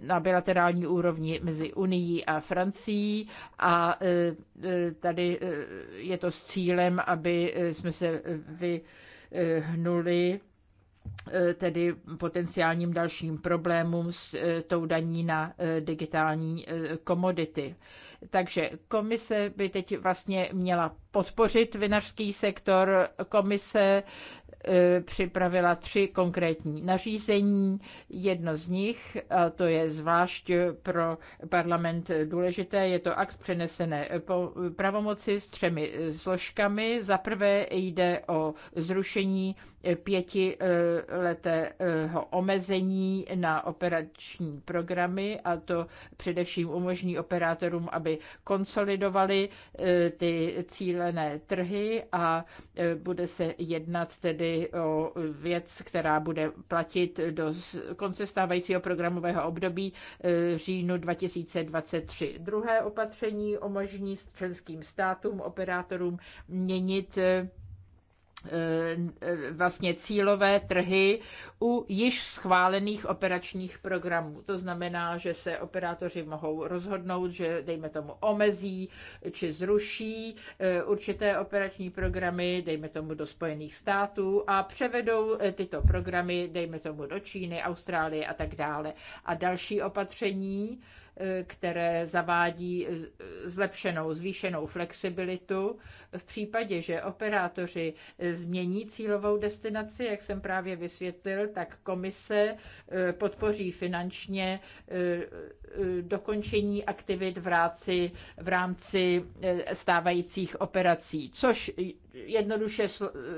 na bilaterální úrovni mezi Unií a Francií a e, e, tady e, je to s cílem, aby jsme se vyhnuli tedy potenciálním dalším problémům s tou daní na digitální komodity. Takže komise by teď vlastně měla podpořit vinařský sektor. Komise Eh, připravila tři konkrétní nařízení. Jedno z nich, a to je zvlášť pro parlament důležité, je to akt přenesené pravomoci s třemi eh, složkami. Za prvé jde o zrušení eh, pětiletého omezení na operační programy a to především umožní operátorům, aby konsolidovali ty cílené trhy a bude se jednat tedy o věc, která bude platit do konce stávajícího programového období e, říjnu 2023. Druhé opatření umožní členským státům, operátorům měnit e, Eh, vlastně cílové trhy u již schválených operačních programů. To znamená, že se operátoři mohou rozhodnout, že dejme tomu omezí či zruší eh, určité operační programy, dejme tomu do Spojených států a převedou eh, tyto programy, dejme tomu do Číny, Austrálie a tak dále. A další opatření, které zavádí zlepšenou, zvýšenou flexibilitu. V případě, že operátoři změní cílovou destinaci, jak jsem právě vysvětlil, tak komise eh, podpoří finančně eh, eh, dokončení aktivit v rámci, v rámci stávajících operací, což jednoduše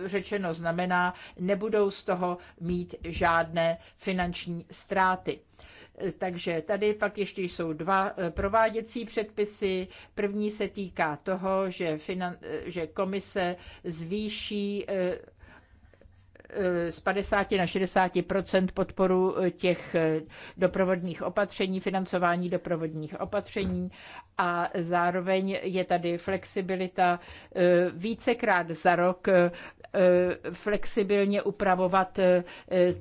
řečeno znamená, nebudou z toho mít žádné finanční ztráty. Takže tady pak ještě jsou dva eh, prováděcí předpisy. První se týká toho, že, finan- eh, že komise zvýší eh, z 50 na 60 podporu těch doprovodných opatření, financování doprovodních opatření a zároveň je tady flexibilita vícekrát za rok Eh, flexibilně upravovat eh,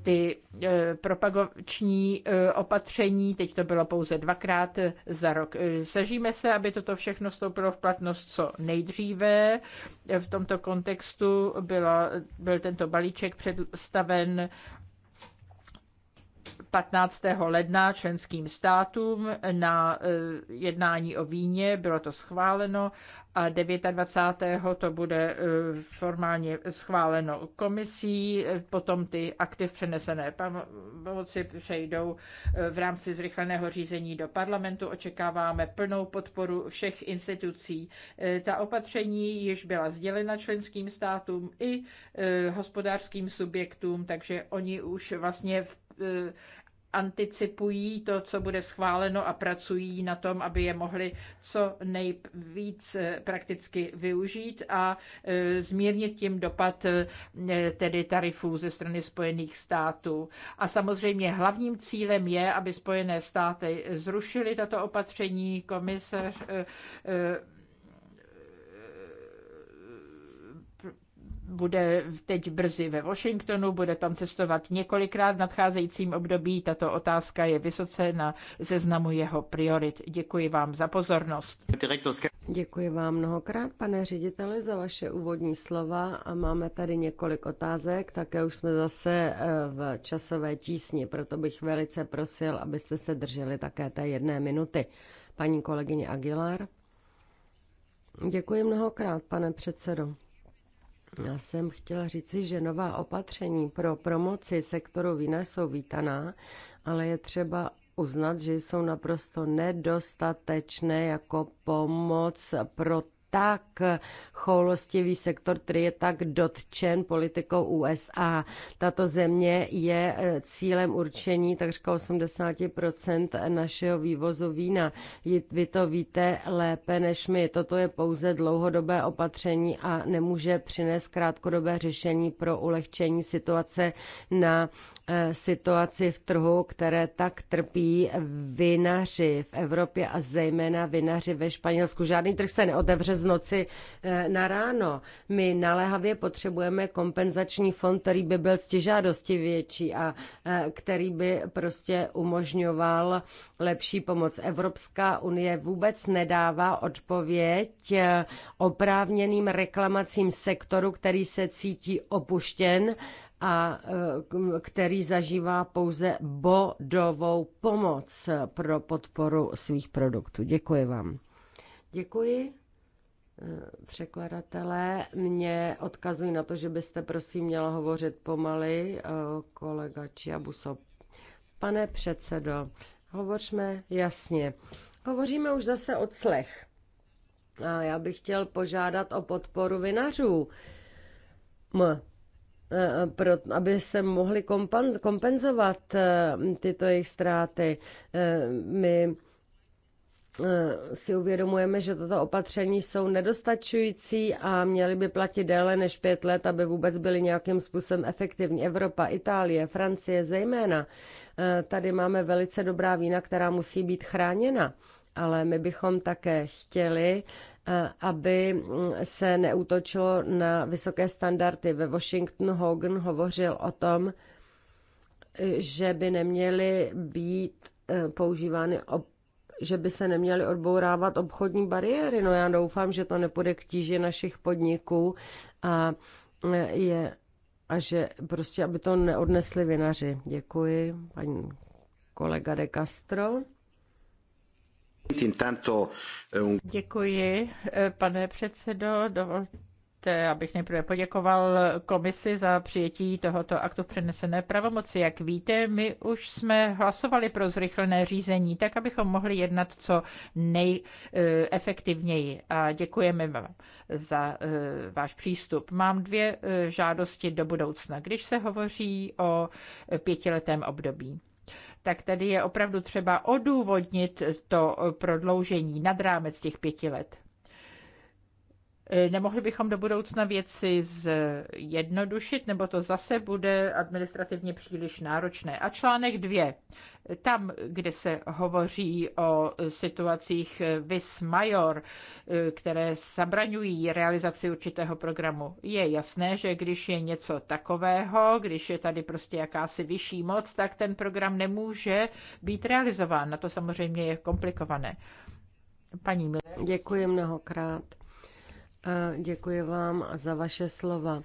ty eh, propagační opatření. Teď to bylo pouze dvakrát za rok. Snažíme se, aby toto všechno stoupilo v platnost co nejdříve. V tomto kontextu bylo, byl tento balíček představen 15. ledna členským státům na e, jednání o víně. Bylo to schváleno a 29. to bude e, formálně schváleno komisí. E, potom ty aktiv přenesené pomoci přejdou v rámci zrychleného řízení do parlamentu. Očekáváme plnou podporu všech institucí. Ta opatření již byla sdělena členským státům i hospodářským subjektům, takže oni už vlastně v Eh, anticipují to, co bude schváleno a pracují na tom, aby je mohli co nejvíc eh, prakticky využít a eh, zmírnit tím dopad tedy tarifů ze strany Spojených států. A samozřejmě hlavním cílem je, aby Spojené státy zrušily tato opatření. Komisař bude teď brzy ve Washingtonu, bude tam cestovat několikrát v nadcházejícím období. Tato otázka je vysoce na seznamu jeho priorit. Děkuji vám za pozornost. Děkuji vám mnohokrát, pane řediteli, za vaše úvodní slova a máme tady několik otázek, také už jsme zase eh, v časové tísni, proto bych velice prosil, abyste se drželi také té jedné minuty. Paní kolegyně Aguilar. Děkuji mnohokrát, pane předsedo. Já jsem chtěla říci, že nová opatření pro promoci sektoru vína jsou vítaná, ale je třeba uznat, že jsou naprosto nedostatečné jako pomoc pro tak choulostivý sektor, který je tak dotčen politikou USA. Tato země je eh, cílem určení takřka 80% našeho vývozu vína. Vy to víte lépe než my. Toto je pouze dlouhodobé opatření a nemůže přinést krátkodobé řešení pro ulehčení situace na eh, situaci v trhu, které tak trpí vinaři v Evropě a zejména vinaři ve Španělsku. Žádný trh se neotevře z noci eh, na ráno. My naléhavě potřebujeme kompenzační fond, který by byl stěžádosti větší a eh, který by prostě umožňoval lepší pomoc. Evropská unie vůbec nedává odpověď eh, oprávněným reklamacím sektoru, který se cítí opuštěn a který zažívá pouze bodovou pomoc pro podporu svých produktů. Děkuji vám. Děkuji. Překladatelé mě odkazují na to, že byste prosím měla hovořit pomaly, eh, kolega Čiabuso. Pane předsedo, hovořme jasně. Hovoříme už zase o clech. A já bych chtěl požádat o podporu vinařů, m, eh, pro, aby se mohli kompenzovat eh, tyto jejich ztráty. My Eh, si uvědomujeme, že toto opatření jsou nedostačující a měly by platit déle než pět let, aby vůbec byly nějakým způsobem efektivní. Evropa, Itálie, Francie zejména. Eh, tady máme velice dobrá vína, která musí být chráněna, ale my bychom také chtěli, eh, aby mm, se neutočilo na vysoké standardy. Ve Washingtonu Hogan hovořil o tom, že by neměly být používány že by se neměly odbourávat obchodní bariéry. No já doufám, že to nepůjde k tíži našich podniků a, je, a že prostě, aby to neodnesli vinaři. Děkuji, paní kolega de Castro. Eh, Děkuji, eh, pane předsedo. Dovolte dovolte, abych nejprve poděkoval komisi za přijetí tohoto aktu v přenesené pravomoci. Jak víte, my už jsme hlasovali pro zrychlené řízení, tak abychom mohli jednat co nejefektivněji. A děkujeme vám za eh, váš přístup. Mám dvě eh, žádosti do budoucna, když se hovoří o pětiletém období tak tady je opravdu třeba odůvodnit to prodloužení nad rámec těch pěti let. Eh, nemohli bychom do budoucna věci zjednodušit, nebo to zase bude administrativně příliš náročné. A článek dvě, Tam, kde se hovoří o situacích eh, vis major, eh, které zabraňují realizaci určitého programu, je jasné, že když je něco takového, když je tady prostě jakási vyšší moc, tak ten program nemůže být realizován. Na to samozřejmě je komplikované. Paní Děkuji mnohokrát. Eh, děkuji vám za vaše slova.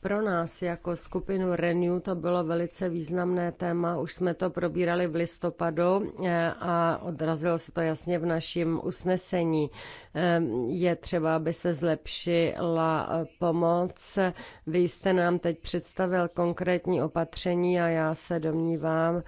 Pro nás jako skupinu Renew to bylo velice významné téma. Už jsme to probírali v listopadu eh, a odrazilo se to jasně v našem usnesení. Eh, je třeba, aby se zlepšila pomoc. Vy jste nám teď představil konkrétní opatření a já se domnívám,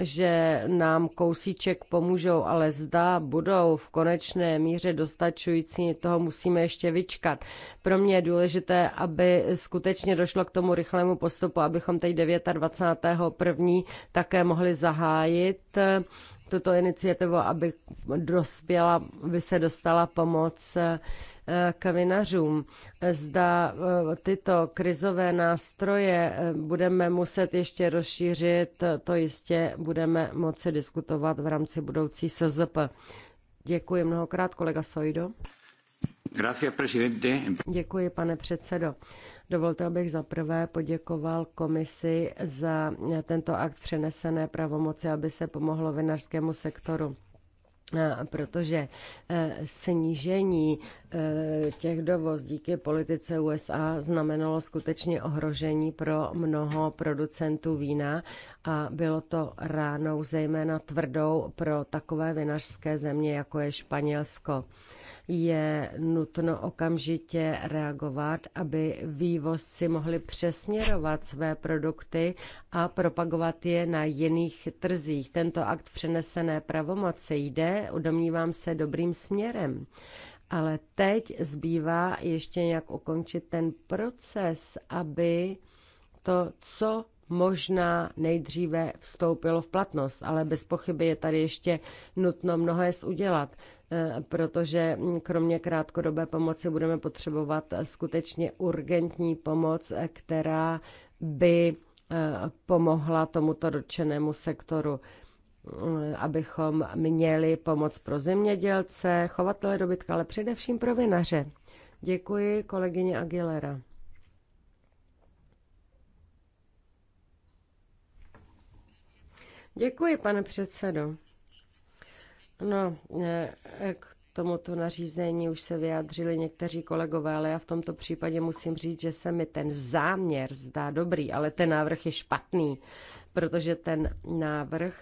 že nám kousíček pomůžou, ale zda budou v konečné míře dostačující, toho musíme ještě vyčkat. Pro mě je důležité, aby skutečně došlo k tomu rychlému postupu, abychom teď 29.1. také mohli zahájit tuto iniciativu, aby dospěla, by se dostala pomoc eh, k vinařům. Zda eh, tyto krizové nástroje eh, budeme muset ještě rozšířit, to jistě budeme moci diskutovat v rámci budoucí SZP. Děkuji mnohokrát, kolega Sojdo. Děkuji, pane předsedo. Dovolte, abych zaprvé poděkoval komisi za tento akt přenesené pravomoci, aby se pomohlo vinařskému sektoru protože e, snížení e, těch dovoz díky politice USA znamenalo skutečně ohrožení pro mnoho producentů vína a bylo to ránou zejména tvrdou pro takové vinařské země, jako je Španělsko je nutno okamžitě reagovat, aby vývozci mohli přesměrovat své produkty a propagovat je na jiných trzích. Tento akt přenesené pravomoci jde, domnívám se, dobrým směrem. Ale teď zbývá ještě nějak ukončit ten proces, aby to, co možná nejdříve vstoupilo v platnost, ale bez pochyby je tady ještě nutno mnohé udělat, eh, protože kromě krátkodobé pomoci budeme potřebovat skutečně urgentní pomoc, která by eh, pomohla tomuto dotčenému sektoru eh, abychom měli pomoc pro zemědělce, chovatele dobytka, ale především pro vinaře. Děkuji kolegyně Aguilera. Děkuji, pane předsedo. No, e, k tomuto nařízení už se vyjádřili někteří kolegové, ale já v tomto případě musím říct, že se mi ten záměr zdá dobrý, ale ten návrh je špatný, protože ten návrh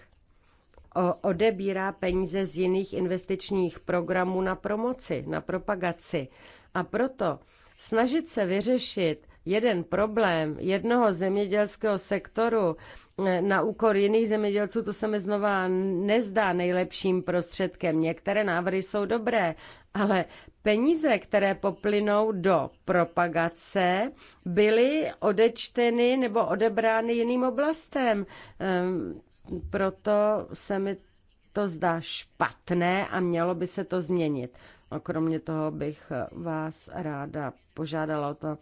odebírá peníze z jiných investičních programů na promoci, na propagaci. A proto snažit se vyřešit jeden problém jednoho zemědělského sektoru E, na úkor jiných zemědělců, to se mi znova nezdá nejlepším prostředkem. Některé návrhy jsou dobré, ale peníze, které poplynou do propagace, byly odečteny nebo odebrány jiným oblastem. E, proto se mi to zdá špatné a mělo by se to změnit. A kromě toho bych vás ráda požádala o to,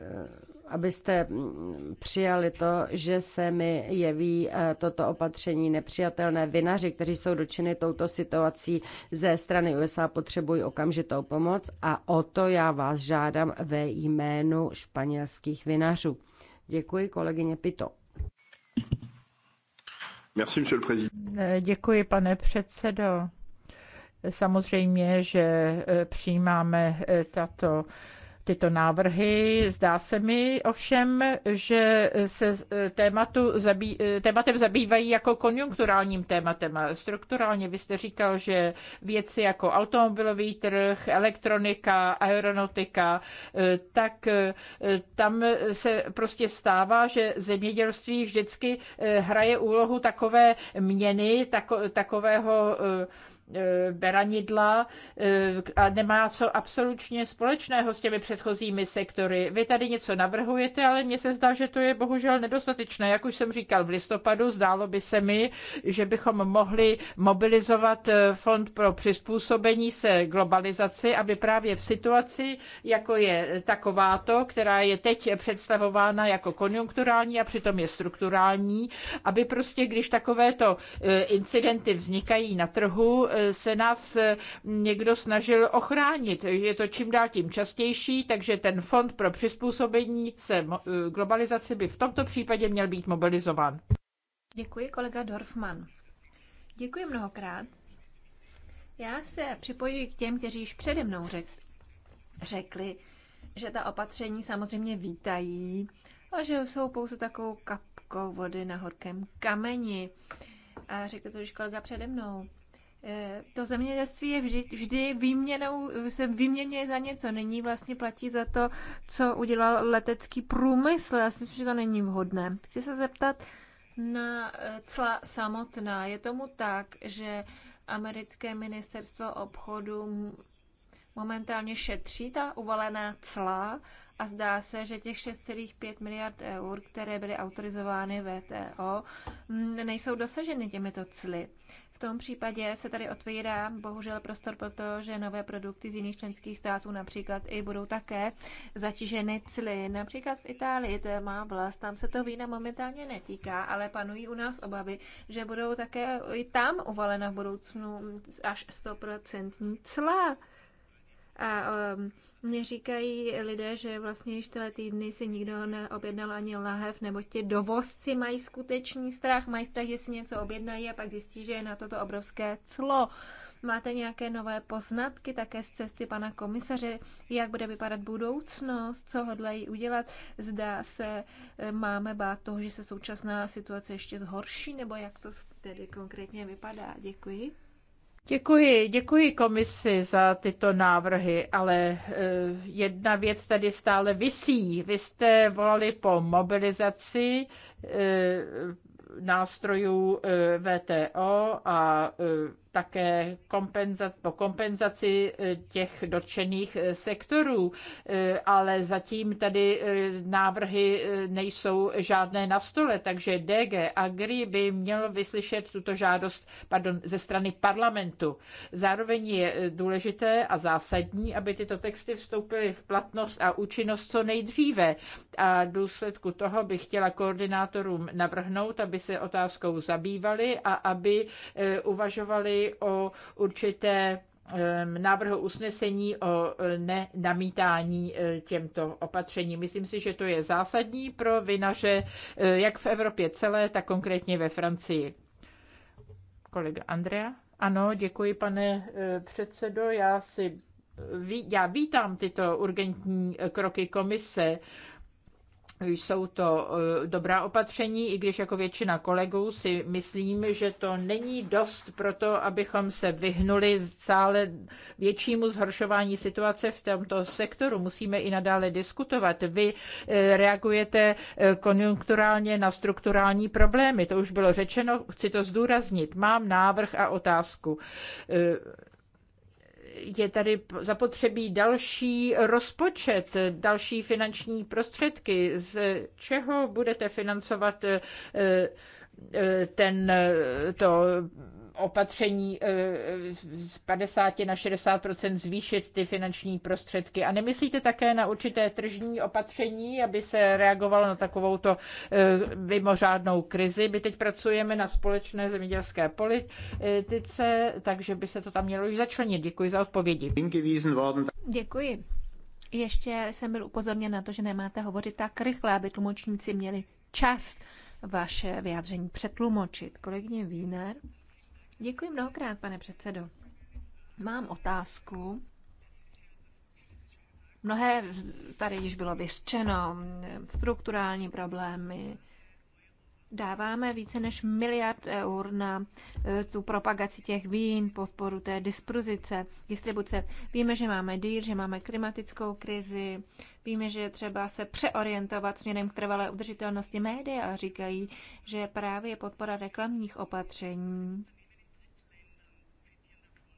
Eh, abyste mm, přijali to, že se mi jeví eh, toto opatření nepřijatelné. Vinaři, kteří jsou dočiny touto situací ze strany USA, potřebují okamžitou pomoc a o to já vás žádám ve jménu španělských vinařů. Děkuji, kolegyně Pito. Merci, monsieur le président. Eh, děkuji, pane předsedo. Samozřejmě, že přijímáme tato tyto návrhy. Zdá se mi ovšem, že se e, tématu zabí, e, tématem zabývají jako konjunkturálním tématem. Strukturálně vy jste říkal, že věci jako automobilový trh, elektronika, aeronautika, e, tak tam se prostě stává, že zemědělství vždycky hraje úlohu takové měny, tako, takového beranidla a nemá co absolutně společného s těmi před předchozími sektory. Vy tady něco navrhujete, ale mně se zdá, že to je bohužel nedostatečné. Jak už jsem říkal v listopadu, zdálo by se mi, že bychom mohli mobilizovat eh, Fond pro přizpůsobení se globalizaci, aby právě v situaci, jako je takováto, která je teď představována jako konjunkturální a přitom je strukturální, aby prostě, když takovéto eh, incidenty vznikají na trhu, eh, se nás někdo snažil ochránit. Je to čím dál tím častější, takže ten fond pro přizpůsobení se eh, globalizaci by v tomto případě měl být mobilizován. Děkuji, kolega Dorfman. Děkuji mnohokrát. Já se připojuji k těm, kteří již přede mnou řek, řekli, že ta opatření samozřejmě vítají, ale že jsou pouze takovou kapkou vody na horkém kameni. A řekl to už kolega přede mnou. Eh, to zemědělství je vždy, vždy výměnou, se vyměňuje za něco. Není vlastně platí za to, co udělal letecký průmysl. Já si myslím, že to není vhodné. Chci se zeptat na eh, cla samotná. Je tomu tak, že americké ministerstvo obchodu momentálně šetří ta uvalená cla a zdá se, že těch 6,5 miliard eur, které byly autorizovány VTO, nejsou dosaženy těmito cly. V tom případě se tady otvírá bohužel prostor pro to, že nové produkty z jiných členských států například i budou také zatíženy cly. Například v Itálii to má vlast, tam se to vína momentálně netýká, ale panují u nás obavy, že budou také i tam uvalena v budoucnu až 100% cla. A, um, mně říkají lidé, že vlastně již tyhle týdny si nikdo neobjednal ani lahev, nebo ti dovozci mají skutečný strach, mají strach, jestli něco objednají a pak zjistí, že je na toto obrovské clo. Máte nějaké nové poznatky také z cesty pana komisaře, jak bude vypadat budoucnost, co hodlají udělat? Zdá se, eh, máme bát toho, že se současná situace ještě zhorší, nebo jak to tedy konkrétně vypadá? Děkuji. Děkuji, děkuji komisi za tyto návrhy, ale e, jedna věc tady stále visí. Vy jste volali po mobilizaci e, nástrojů e, VTO a také po kompenzaci eh, těch dotčených eh, sektorů, eh, ale zatím tady návrhy nejsou žádné na stole, takže DG Agri by měl vyslyšet tuto žádost pardon, ze strany parlamentu. Zároveň je důležité a zásadní, aby tyto texty vstoupily v platnost a účinnost co nejdříve. A důsledku toho bych chtěla koordinátorům navrhnout, aby se otázkou zabývali a aby uvažovali o určité návrhu usnesení o eh, nenamítání eh, těmto opatřením. Myslím si, že to je zásadní pro vinaře eh, jak v Evropě celé, tak konkrétně ve Francii. Kolega Andrea? Ano, děkuji, pane předsedo. Já si já vítám tyto urgentní kroky komise jsou to eh, dobrá opatření, i když jako většina kolegů si myslím, že to není dost pro to, abychom se vyhnuli stále většímu zhoršování situace v tomto sektoru. Musíme i nadále diskutovat. Vy eh, reagujete eh, konjunkturálně na strukturální problémy. To už bylo řečeno, chci to zdůraznit. Mám návrh a otázku je tady zapotřebí další rozpočet, další finanční prostředky. Z čeho budete financovat eh, E, ten, e, to opatření e, z 50 na 60 zvýšit ty finanční prostředky. A nemyslíte také na určité tržní opatření, aby se reagovalo na takovou to mimořádnou krizi? My teď pracujeme na společné zemědělské politice, takže by se to tam mělo už začlenit. Děkuji za odpovědi. Děkuji. Ještě jsem byl upozorněn na to, že nemáte hovořit tak rychle, aby tlumočníci měli čas vaše vyjádření přetlumočit. Kolegyně Wiener. Děkuji mnohokrát, pane předsedo. Mám otázku. Mnohé tady již bylo vyřčeno, strukturální problémy. Dáváme více než miliard eur na eh, tu propagaci těch vín, podporu té dispozice, distribuce. Víme, že máme dýr, že máme klimatickou krizi, Víme, že je třeba se přeorientovat směrem k trvalé udržitelnosti média a říkají, že právě podpora reklamních opatření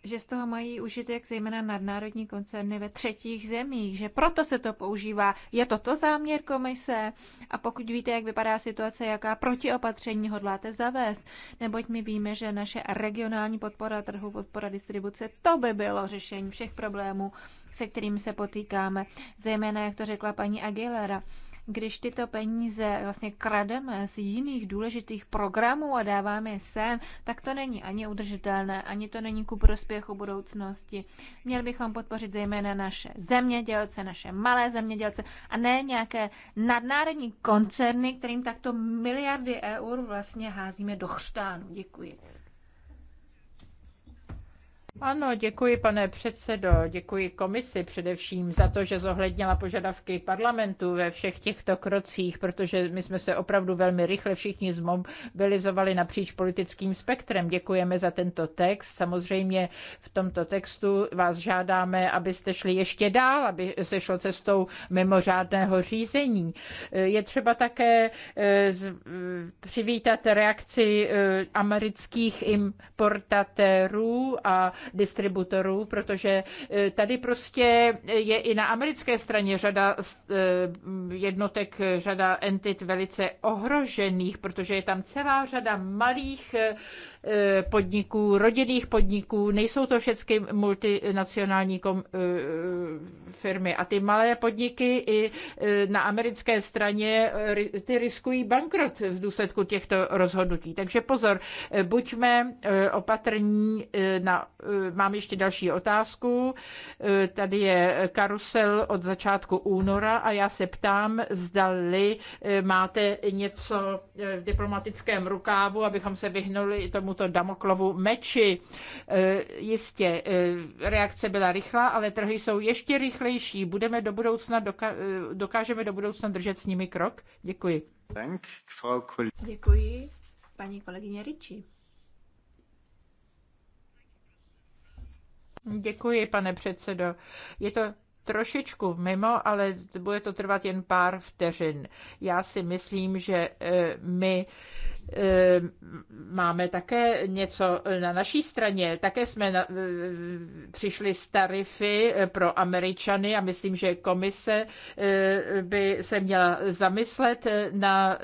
že z toho mají užitek zejména nadnárodní koncerny ve třetích zemích, že proto se to používá. Je to to záměr komise? A pokud víte, jak vypadá situace, jaká protiopatření hodláte zavést, neboť my víme, že naše regionální podpora trhu, podpora distribuce, to by bylo řešení všech problémů, se kterými se potýkáme, zejména, jak to řekla paní Aguilera když tyto peníze vlastně krademe z jiných důležitých programů a dáváme je sem, tak to není ani udržitelné, ani to není ku prospěchu budoucnosti. Měli bychom podpořit zejména naše zemědělce, naše malé zemědělce a ne nějaké nadnárodní koncerny, kterým takto miliardy eur vlastně házíme do chřtánu. Děkuji. Ano, děkuji, pane předsedo, děkuji komisi především za to, že zohlednila požadavky parlamentu ve všech těchto krocích, protože my jsme se opravdu velmi rychle všichni zmobilizovali napříč politickým spektrem. Děkujeme za tento text. Samozřejmě v tomto textu vás žádáme, abyste šli ještě dál, aby se šlo cestou mimořádného řízení. Je třeba také eh, přivítat reakci eh, amerických importatérů a distributorů, protože eh, tady prostě je i na americké straně řada eh, jednotek, řada entit velice ohrožených, protože je tam celá řada malých eh, Eh, podniků, rodinných podniků, nejsou to všechny multinacionální kom, eh, firmy. A ty malé podniky i eh, na americké straně, ty riskují bankrot v důsledku těchto rozhodnutí. Takže pozor, buďme opatrní. Na, mám ještě další otázku. Tady je karusel od začátku února a já se ptám, zdali máte něco v diplomatickém rukávu, abychom se vyhnuli tomu tomuto Damoklovu meči. E, jistě, e, reakce byla rychlá, ale trhy jsou ještě rychlejší. Budeme do budoucna, e, dokážeme do budoucna držet s nimi krok? Děkuji. Děkuji, paní kolegyně Riči. Děkuji, pane předsedo. Je to trošičku mimo, ale bude to trvat jen pár vteřin. Já si myslím, že my Eh, máme také něco na naší straně. Také jsme na, eh, přišli s tarify eh, pro Američany a myslím, že komise by se měla zamyslet na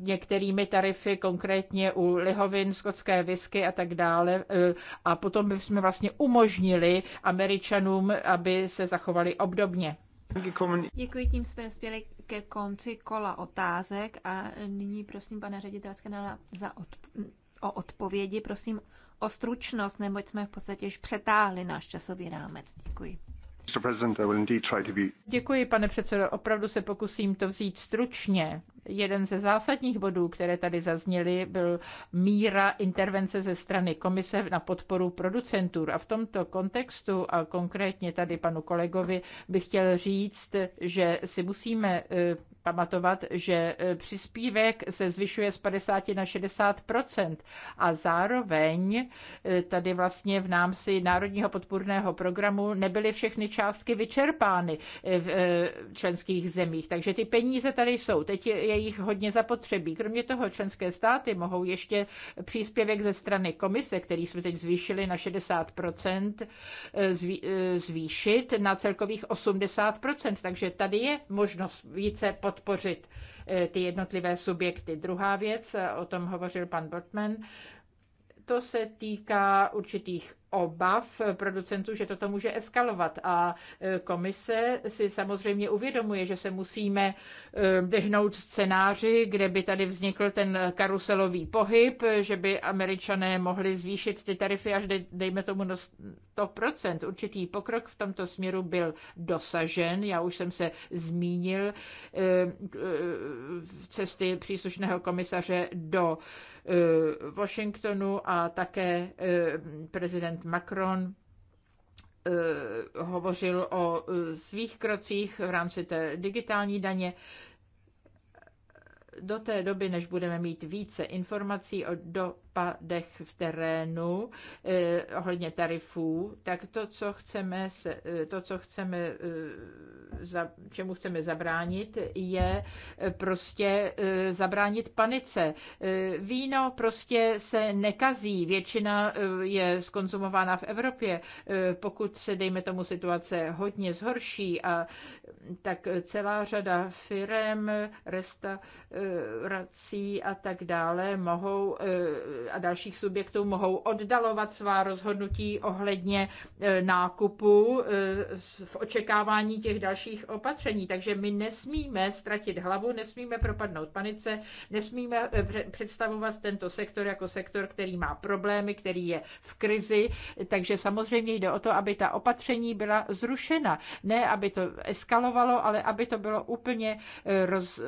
některými tarify, konkrétně u lihovin, skotské visky a tak dále. A potom bychom vlastně umožnili Američanům, aby se zachovali obdobně. Děkuji, tím jsme dospěli ke konci kola otázek a nyní prosím pana ředitele Skanala za odp- o odpovědi. Prosím o stručnost, neboť jsme v podstatě už přetáhli náš časový rámec. Děkuji. Děkuji, pane předsedo. Opravdu se pokusím to vzít stručně. Jeden ze zásadních bodů, které tady zazněly, byl míra intervence ze strany komise na podporu producentů. A v tomto kontextu, a konkrétně tady panu kolegovi, bych chtěl říct, že si musíme eh, pamatovat, že e, příspěvek se zvyšuje z 50 na 60 a zároveň e, tady vlastně v si Národního podpůrného programu nebyly všechny částky vyčerpány e, v členských zemích. Takže ty peníze tady jsou. Teď je jich hodně zapotřebí. Kromě toho členské státy mohou ještě příspěvek ze strany komise, který jsme teď zvýšili na 60 zvýšit na celkových 80 Takže tady je možnost více pot podpořit eh, ty jednotlivé subjekty. Druhá věc, eh, o tom hovořil pan Bortman, to se týká určitých obav producentů, že toto může eskalovat. A e, komise si samozřejmě uvědomuje, že se musíme e, vyhnout scénáři, kde by tady vznikl ten karuselový pohyb, že by američané mohli zvýšit ty tarify až dejme tomu na 100%. Určitý pokrok v tomto směru byl dosažen. Já už jsem se zmínil v e, cesty příslušného komisaře do Washingtonu a také prezident prezident Macron eh, hovořil o eh, svých krocích v rámci té digitální daně. Do té doby, než budeme mít více informací o do dopadech v terénu eh, ohledně tarifů, tak to, co chceme, eh, to, co chceme, eh, za, čemu chceme zabránit, je eh, prostě eh, zabránit panice. Eh, víno prostě se nekazí, většina eh, je skonzumována v Evropě. Eh, pokud se, dejme tomu, situace hodně zhorší, a tak celá řada firem, restaurací a tak dále mohou eh, a dalších subjektů mohou oddalovat svá rozhodnutí ohledně e, nákupu e, v očekávání těch dalších opatření. Takže my nesmíme ztratit hlavu, nesmíme propadnout panice, nesmíme e, představovat tento sektor jako sektor, který má problémy, který je v krizi. Takže samozřejmě jde o to, aby ta opatření byla zrušena. Ne, aby to eskalovalo, ale aby to bylo úplně roz,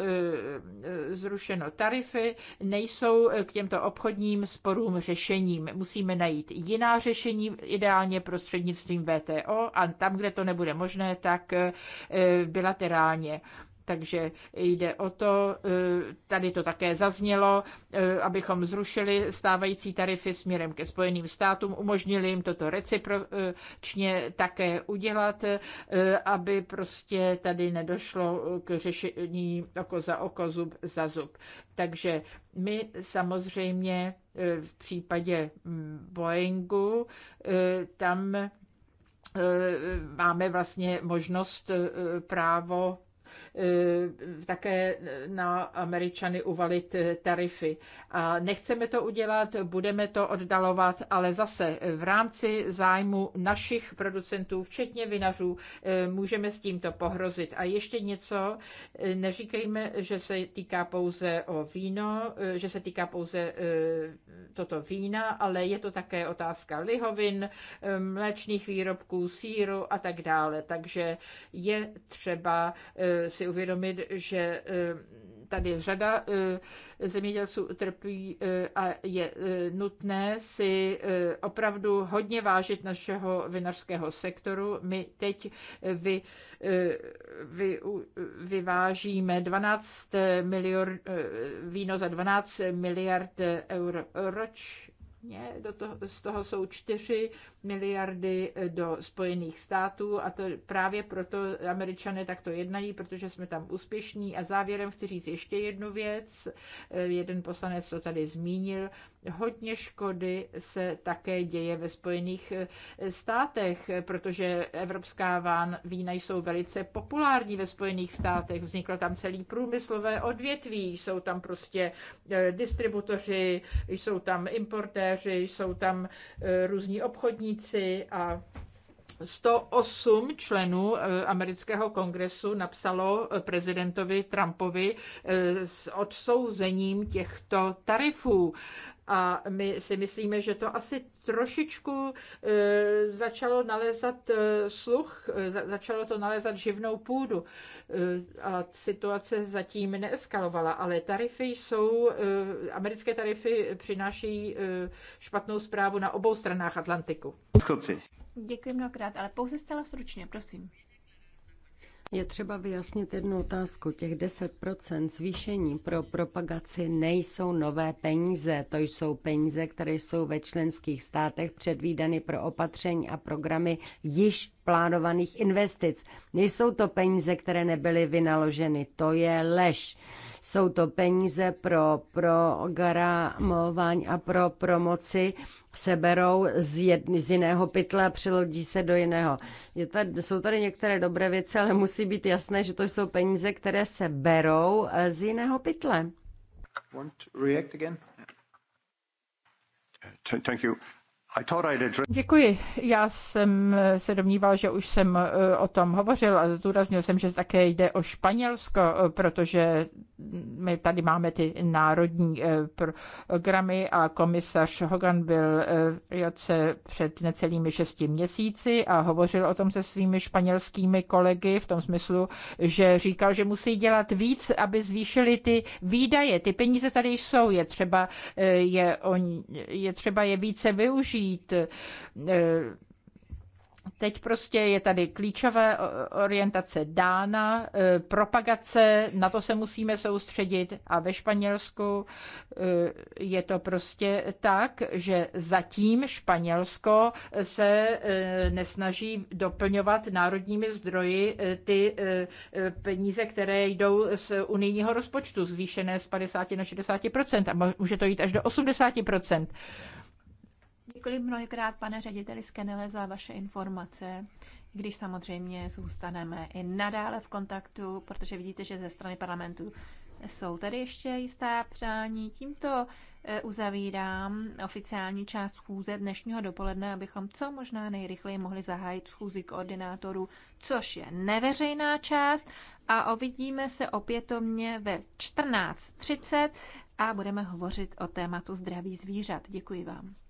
zrušeno. Tarify nejsou k těmto obchodním sporům řešením. Musíme najít jiná řešení, ideálně prostřednictvím VTO a tam, kde to nebude možné, tak eh, bilaterálně. Takže jde o to, eh, tady to také zaznělo, eh, abychom zrušili stávající tarify směrem ke Spojeným státům, umožnili jim toto recipročně také udělat, aby prostě tady nedošlo k řešení oko za oko, zub za zub. Takže my samozřejmě E, v případě mm, Boeingu e, tam e, máme vlastně možnost právo Eh, také na Američany uvalit tarify. A nechceme to udělat, budeme to oddalovat, ale zase v rámci zájmu našich producentů, včetně vinařů, eh, můžeme s tímto pohrozit. A ještě něco, eh, neříkejme, že se týká pouze o víno, že se týká pouze toto vína, ale je to také otázka lihovin, mléčných výrobků, síru a tak dále. Takže je třeba si uvědomit, že eh, tady řada eh, zemědělců trpí eh, a je nutné si opravdu hodně vážit našeho vinařského sektoru. My teď vy, vy, vyvážíme 12 miliard, víno za 12 miliard eur ročně Ně, do toho, z toho jsou 4 miliardy eh, do Spojených států a to právě proto američané takto jednají, protože jsme tam úspěšní. A závěrem chci říct ještě jednu věc. Eh, jeden poslanec to tady zmínil. Hodně škody se také děje ve Spojených eh, státech, protože evropská ván vína jsou velice populární ve Spojených státech. Vzniklo tam celý průmyslové odvětví, jsou tam prostě eh, distributoři, jsou tam importéři, jsou tam eh, různí obchodníci a 108 členů amerického kongresu napsalo prezidentovi Trumpovi s odsouzením těchto tarifů. A my si myslíme, že to asi trošičku e, začalo nalezat e, sluch, e, začalo to nalezat živnou půdu a situace zatím neeskalovala, ale tarify jsou, americké tarify přinášejí špatnou zprávu na obou stranách Atlantiku. Děkuji mnohokrát, ale pouze stále stručně, prosím. Je třeba vyjasnit jednu otázku. Těch 10% zvýšení pro propagaci nejsou nové peníze. To jsou peníze, které jsou ve členských státech předvídany pro opatření a programy již plánovaných investic. Nejsou to peníze, které nebyly vynaloženy, to je lež. Jsou to peníze pro programování a pro promoci seberou z, jedny, z jiného pytle a přilodí se do jiného. Je tady, jsou tady některé dobré věci, ale musí být jasné, že to jsou peníze, které se berou eh, z jiného pytle. Want to react again? Thank you. Děkuji. Já jsem eh, se domníval, že už jsem eh, o tom hovořil a zdůraznil jsem, že také jde o Španělsko, eh, protože my tady máme ty národní programy a komisař Hogan byl v před necelými šesti měsíci a hovořil o tom se svými španělskými kolegy v tom smyslu, že říkal, že musí dělat víc, aby zvýšili ty výdaje. Ty peníze tady jsou, je třeba je, on, je, třeba je více využít přijít. Eh, teď prostě je tady klíčové orientace dána, eh, propagace, na to se musíme soustředit a ve Španělsku eh, je to prostě tak, že zatím Španělsko se nesnaží doplňovat národními zdroji ty peníze, které jdou z unijního rozpočtu, zvýšené z 50 na 60 a může to jít až do 80 Děkuji mnohokrát, pane řediteli Skenele, za vaše informace když samozřejmě zůstaneme i nadále v kontaktu, protože vidíte, že ze strany parlamentu jsou tady ještě jistá přání. Tímto eh, uzavírám oficiální část schůze dnešního dopoledne, abychom co možná nejrychleji mohli zahájit schůzi koordinátorů, což je neveřejná část a uvidíme se opětovně ve 14.30 a budeme hovořit o tématu zdraví zvířat. Děkuji vám.